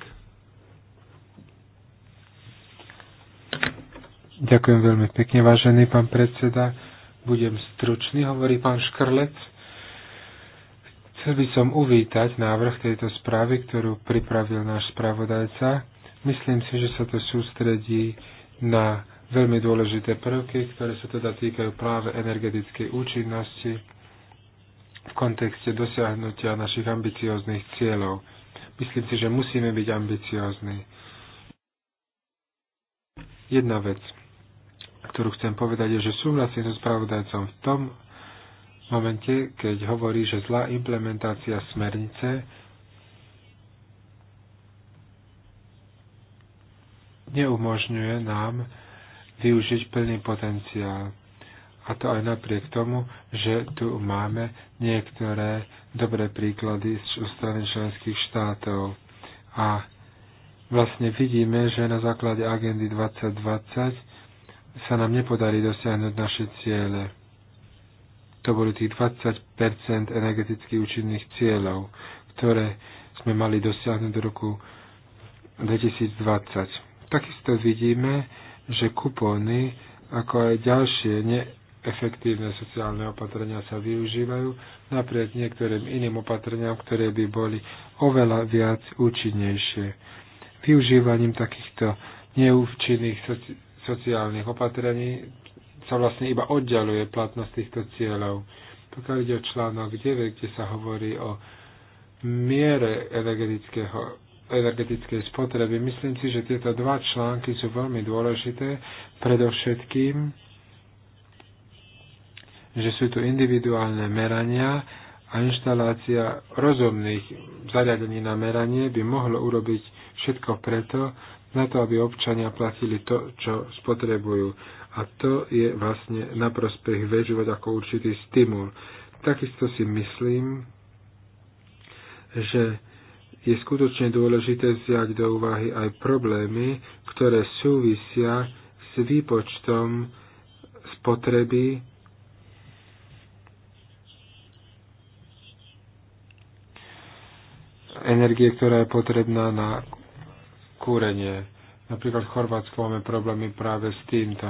Ďakujem veľmi pekne, vážený pán predseda. Budem stručný, hovorí pán Škrlec. Chcel by som uvítať návrh tejto správy, ktorú pripravil náš spravodajca. Myslím si, že sa to sústredí na veľmi dôležité prvky, ktoré sa teda týkajú práve energetickej účinnosti v kontexte dosiahnutia našich ambicióznych cieľov. Myslím si, že musíme byť ambiciózni. Jedna vec ktorú chcem povedať, je, že súhlasím so spravodajcom v tom momente, keď hovorí, že zlá implementácia smernice neumožňuje nám využiť plný potenciál. A to aj napriek tomu, že tu máme niektoré dobré príklady z strany členských štátov. A vlastne vidíme, že na základe agendy 2020 sa nám nepodarí dosiahnuť naše ciele. To boli tých 20 energeticky účinných cieľov, ktoré sme mali dosiahnuť do roku 2020. Takisto vidíme, že kupóny, ako aj ďalšie neefektívne sociálne opatrenia sa využívajú napriek niektorým iným opatreniam, ktoré by boli oveľa viac účinnejšie. Využívaním takýchto neúčinných soci- sociálnych opatrení sa vlastne iba oddialuje platnosť týchto cieľov. Pokiaľ ide o článok 9, kde sa hovorí o miere energetického energetickej spotreby. Myslím si, že tieto dva články sú veľmi dôležité, predovšetkým, že sú tu individuálne merania a inštalácia rozumných zariadení na meranie by mohlo urobiť všetko preto, na to, aby občania platili to, čo spotrebujú. A to je vlastne na prospech veživať ako určitý stimul. Takisto si myslím, že je skutočne dôležité vziať do úvahy aj problémy, ktoré súvisia s výpočtom spotreby energie, ktorá je potrebná na kúrenie. Napríklad v Chorvátsku máme problémy práve s týmto.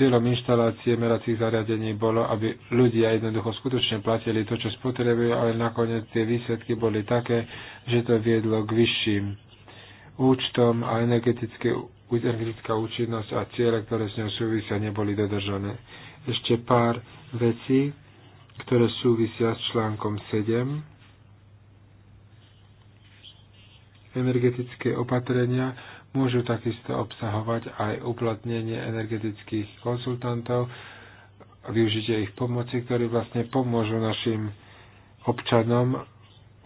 Cieľom inštalácie meracích zariadení bolo, aby ľudia jednoducho skutočne platili to, čo spotrebujú, ale nakoniec tie výsledky boli také, že to viedlo k vyšším účtom a energetické, energetická účinnosť a ciele, ktoré s ňou súvisia, neboli dodržané. Ešte pár vecí, ktoré súvisia s článkom 7 energetické opatrenia môžu takisto obsahovať aj uplatnenie energetických konsultantov, využitie ich pomoci, ktorí vlastne pomôžu našim občanom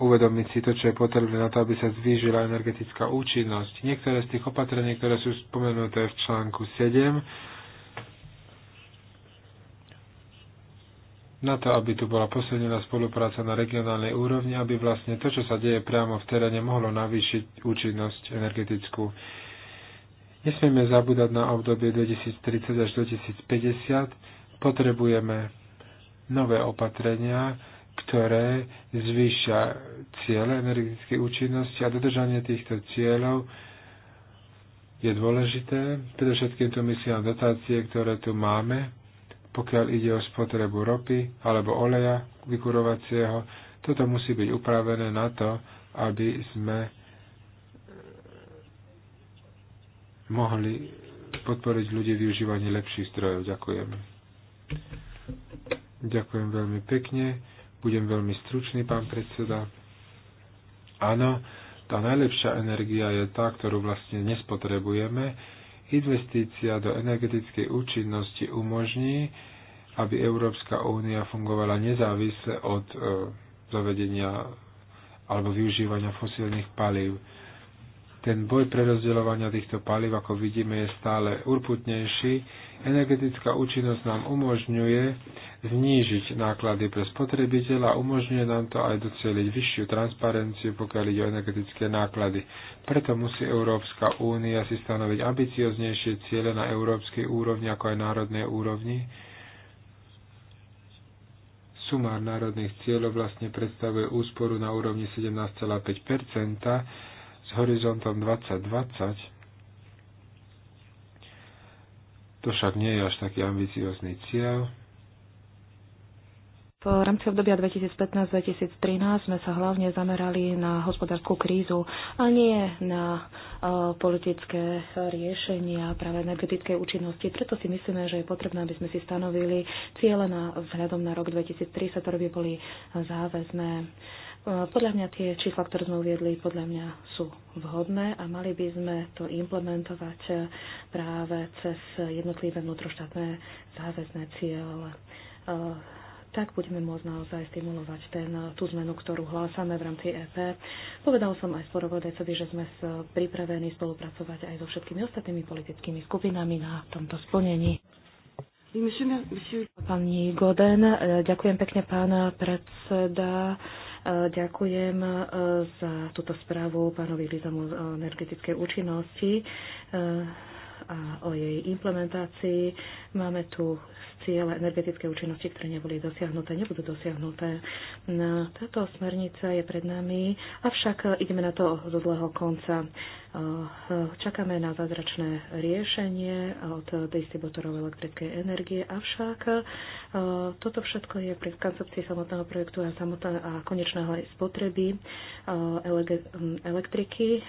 uvedomiť si to, čo je potrebné na to, aby sa zvýšila energetická účinnosť. Niektoré z tých opatrení, ktoré sú spomenuté v článku 7, na to, aby tu bola posilnená spolupráca na regionálnej úrovni, aby vlastne to, čo sa deje priamo v teréne, mohlo navýšiť účinnosť energetickú. Nesmieme zabúdať na obdobie 2030 až 2050. Potrebujeme nové opatrenia, ktoré zvýšia ciele energetickej účinnosti a dodržanie týchto cieľov je dôležité. Predovšetkým tu myslím dotácie, ktoré tu máme pokiaľ ide o spotrebu ropy alebo oleja vykurovacieho. Toto musí byť upravené na to, aby sme e, mohli podporiť ľudí v využívaní lepších zdrojov. Ďakujem. Ďakujem veľmi pekne. Budem veľmi stručný, pán predseda. Áno, tá najlepšia energia je tá, ktorú vlastne nespotrebujeme Investícia do energetickej účinnosti umožní, aby Európska únia fungovala nezávisle od zavedenia e, alebo využívania fosílnych palív ten boj prerozdeľovania týchto palív, ako vidíme, je stále urputnejší. Energetická účinnosť nám umožňuje znížiť náklady pre spotrebiteľa a umožňuje nám to aj doceliť vyššiu transparenciu, pokiaľ ide o energetické náklady. Preto musí Európska únia si stanoviť ambicioznejšie ciele na európskej úrovni ako aj národnej úrovni, sumár národných cieľov vlastne predstavuje úsporu na úrovni 17,5 horizontom 2020 to však nie je až taký ambiciózny cieľ. V rámci obdobia 2015-2013 sme sa hlavne zamerali na hospodárskú krízu a nie na e, politické riešenia práve energetickej účinnosti. Preto si myslíme, že je potrebné, aby sme si stanovili cieľe na, vzhľadom na rok 2030, ktoré by boli záväzné. Eh, podľa mňa tie čísla, ktoré sme uviedli, podľa mňa sú vhodné a mali by sme to implementovať eh, práve cez jednotlivé vnútroštátne záväzné ciele eh, tak budeme môcť naozaj stimulovať ten, tú zmenu, ktorú hlásame v rámci EP. Povedal som aj sporovodajcovi, že sme pripravení spolupracovať aj so všetkými ostatnými politickými skupinami na tomto splnení. Pani Goden, ďakujem pekne pána predseda. Eh, ďakujem eh, za túto správu pánovi Lizamu o energetickej účinnosti. Eh, a o jej implementácii. Máme tu ciele energetické účinnosti, ktoré neboli dosiahnuté, nebudú dosiahnuté. No, táto smernica je pred nami, avšak ideme na to do dlhého konca. Čakáme na zázračné riešenie od distributorov elektrickej energie, avšak toto všetko je pri koncepcii samotného projektu a, samotného a konečného spotreby elektriky.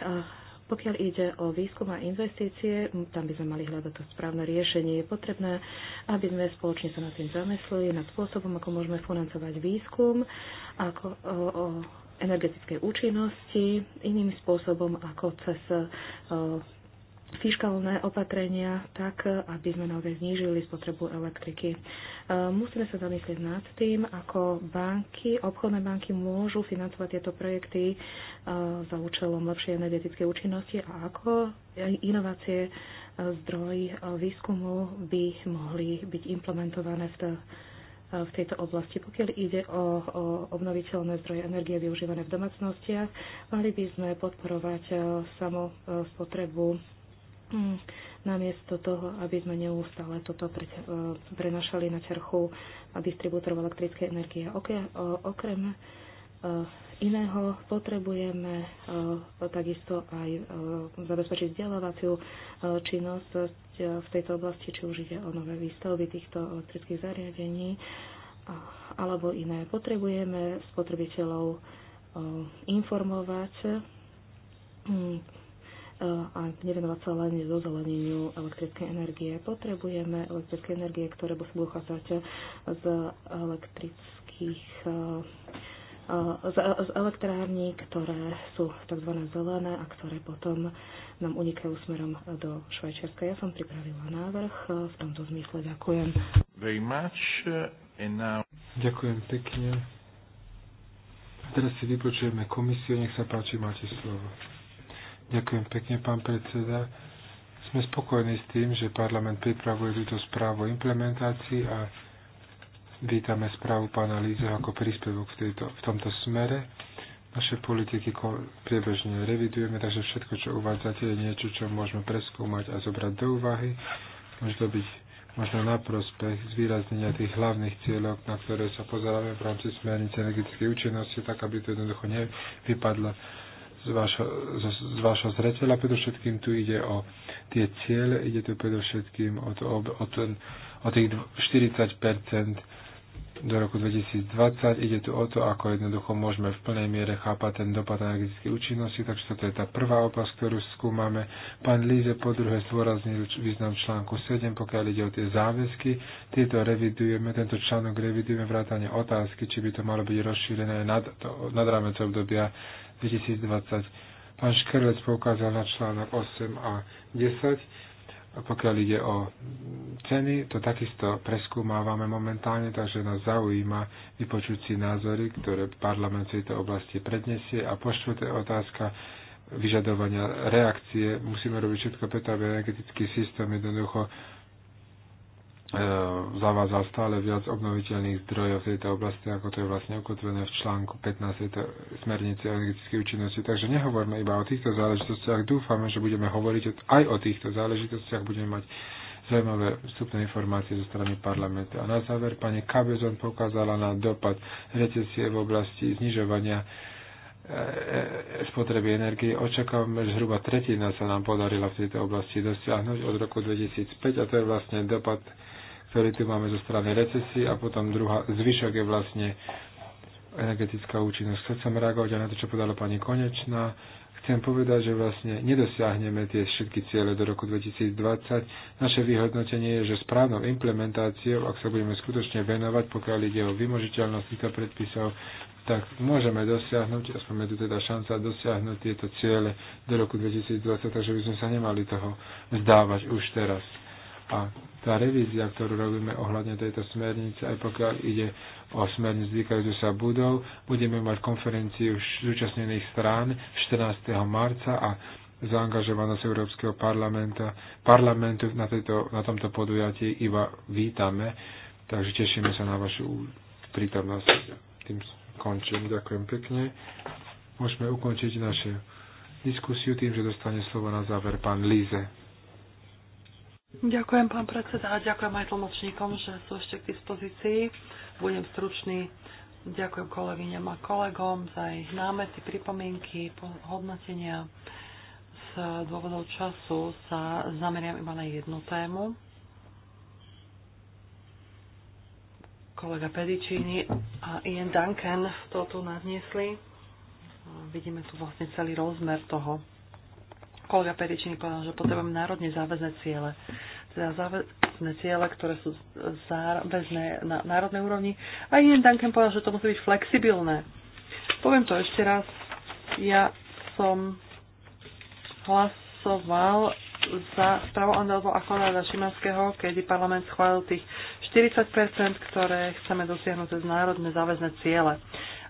Pokiaľ ide o výskum a investície, tam by sme mali hľadať to správne riešenie. Je potrebné, aby sme spoločne sa nad tým zamysleli, nad spôsobom, ako môžeme financovať výskum, ako o, o energetickej účinnosti, iným spôsobom ako cez o, fiskálne opatrenia tak, aby sme naozaj znížili spotrebu elektriky. E, musíme sa zamyslieť nad tým, ako banky, obchodné banky môžu financovať tieto projekty e, za účelom lepšej energetickej účinnosti a ako inovácie e, zdroj výskumu by mohli byť implementované v v tejto oblasti. Pokiaľ ide o, o obnoviteľné zdroje energie využívané v domácnostiach, mali by sme podporovať samo spotrebu namiesto toho, aby sme neustále toto pre, e, prenašali na čerchu distribútorov elektrickej energie. Okrem e, iného potrebujeme e, takisto aj zabezpečiť vzdelávaciu činnosť v tejto oblasti, či už ide o nové výstavby týchto elektrických zariadení alebo iné. Potrebujeme spotrebiteľov informovať a nevenovať sa len zozeleneniu elektrickej energie. Potrebujeme elektrické energie, ktoré sme chádzať z elektrických e, z, z elektrární, ktoré sú tzv. zelené a ktoré potom nám unikajú smerom do Švajčiarska. Ja som pripravila návrh e, v tomto zmysle. Ďakujem. Very much, and now... Ďakujem pekne. A teraz si vypočujeme komisiu. Nech sa páči, máte slovo. Ďakujem pekne, pán predseda. Sme spokojní s tým, že parlament pripravuje túto správu o implementácii a vítame správu pána Lízeho ako príspevok v, tejto, v tomto smere. Naše politiky priebežne revidujeme, takže všetko, čo uvádzate, je niečo, čo môžeme preskúmať a zobrať do úvahy. Môže to byť možno na prospech zvýraznenia tých hlavných cieľov, na ktoré sa pozeráme v rámci smernice energetickej účinnosti, tak aby to jednoducho nevypadlo z vášho, zreteľa. Predovšetkým tu ide o tie ciele, ide tu predovšetkým o, to, o, ten, o tých 40 do roku 2020. Ide tu o to, ako jednoducho môžeme v plnej miere chápať ten dopad energetickej účinnosti, takže toto je tá prvá oblasť, ktorú skúmame. Pán Líze po druhé zdôraznil význam článku 7, pokiaľ ide o tie záväzky. Tieto revidujeme, tento článok revidujeme vrátane otázky, či by to malo byť rozšírené nad, to, nad rámec obdobia 2020. Pán Škerlec poukázal na článok 8 a 10. A pokiaľ ide o ceny, to takisto preskúmávame momentálne, takže nás zaujíma vypočuť si názory, ktoré parlament v tejto oblasti predniesie. A po otázka, vyžadovania reakcie. Musíme robiť všetko preto, aby energetický systém jednoducho E, zavádzal stále viac obnoviteľných zdrojov v tejto oblasti, ako to je vlastne ukotvené v článku 15 tejto smernice o energetickej účinnosti. Takže nehovorme iba o týchto záležitostiach, dúfame, že budeme hovoriť aj o týchto záležitostiach, budeme mať zaujímavé vstupné informácie zo strany parlamentu. A na záver pani Kabezon pokázala na dopad recesie v oblasti znižovania e, e, spotreby energie. Očakávame, že zhruba tretina sa nám podarila v tejto oblasti dosiahnuť od roku 2005 a to je vlastne dopad ktorý tu máme zo strany recesie a potom druhá, zvyšok je vlastne energetická účinnosť. Chcem reagovať aj na to, čo podala pani Konečná. Chcem povedať, že vlastne nedosiahneme tie všetky ciele do roku 2020. Naše vyhodnotenie je, že správnou implementáciou, ak sa budeme skutočne venovať, pokiaľ ide o vymožiteľnosť týchto predpisov, tak môžeme dosiahnuť, aspoň je tu teda šanca dosiahnuť tieto ciele do roku 2020, takže by sme sa nemali toho vzdávať už teraz. A tá revízia, ktorú robíme ohľadne tejto smernice, aj pokiaľ ide o smernicu týkajúcu sa budov, budeme mať konferenciu zúčastnených strán 14. marca a zaangažovanosť Európskeho parlamenta, parlamentu na, tejto, na tomto podujatí iba vítame, takže tešíme sa na vašu prítomnosť. Tým končím. Ďakujem pekne. Môžeme ukončiť našu diskusiu tým, že dostane slovo na záver pán Líze. Ďakujem, pán predseda, a ďakujem aj tlmočníkom, že sú ešte k dispozícii. Budem stručný. Ďakujem kolegyňam a kolegom za ich námety, pripomienky, hodnotenia. Z dôvodov času sa zameriam iba na jednu tému. Kolega Pedicini a Ian Duncan to tu nadniesli. Vidíme tu vlastne celý rozmer toho, kolega Peričiny povedal, že potrebujeme národne záväzne ciele. Teda záväzne ciele, ktoré sú záväzné na národnej úrovni. A Ian Duncan povedal, že to musí byť flexibilné. Poviem to ešte raz. Ja som hlasoval za správu Andalbo a Konrada Šimanského, kedy parlament schválil tých 40%, ktoré chceme dosiahnuť cez národné záväzne ciele.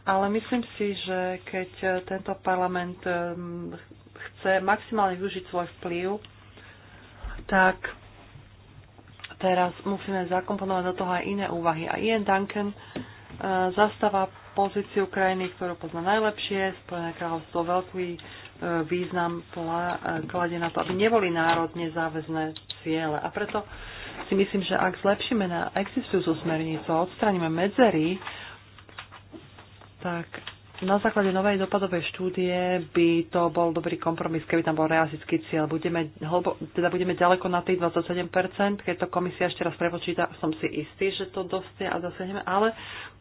Ale myslím si, že keď tento parlament chce maximálne využiť svoj vplyv, tak teraz musíme zakomponovať do toho aj iné úvahy. A Ian Duncan e, zastáva pozíciu krajiny, ktorú pozná najlepšie, Spojené kráľovstvo veľký e, význam e, kladie na to, aby neboli národne záväzné ciele. A preto si myslím, že ak zlepšíme na existujúcu smernicu a odstraníme medzery, tak na základe novej dopadovej štúdie by to bol dobrý kompromis, keby tam bol realistický cieľ. Budeme, hlbo, teda budeme ďaleko na tých 27%, keď to komisia ešte raz prepočíta, som si istý, že to dosť a dosiahneme, ale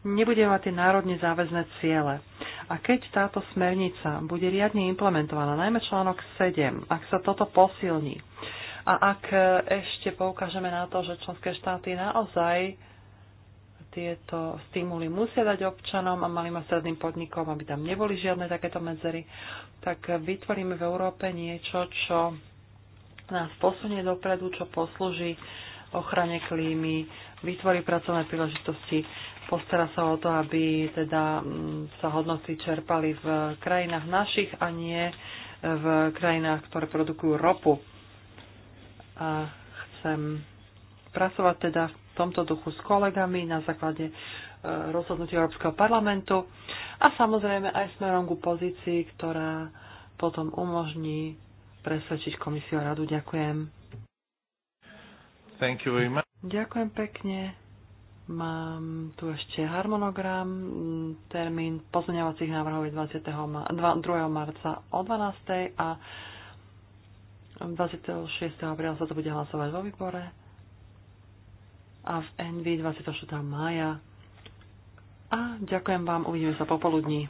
nebudeme mať tie národne záväzné ciele. A keď táto smernica bude riadne implementovaná, najmä článok 7, ak sa toto posilní a ak ešte poukážeme na to, že členské štáty naozaj tieto stimuly musia dať občanom a malým a stredným podnikom, aby tam neboli žiadne takéto medzery, tak vytvoríme v Európe niečo, čo nás posunie dopredu, čo poslúži ochrane klímy, vytvorí pracovné príležitosti, postará sa o to, aby teda mm, sa hodnoty čerpali v krajinách našich a nie v krajinách, ktoré produkujú ropu. A chcem pracovať teda v tomto duchu s kolegami na základe e, rozhodnutia Európskeho parlamentu a samozrejme aj smerom ku pozícii, ktorá potom umožní presvedčiť komisiu a radu. Ďakujem. Thank you very much. Ďakujem pekne. Mám tu ešte harmonogram. Termín pozmeňovacích návrhov je 20. 2. marca o 12. a 26. apríla sa to bude hlasovať vo výbore a v Envy 26. mája. A ďakujem vám, uvidíme sa popoludní.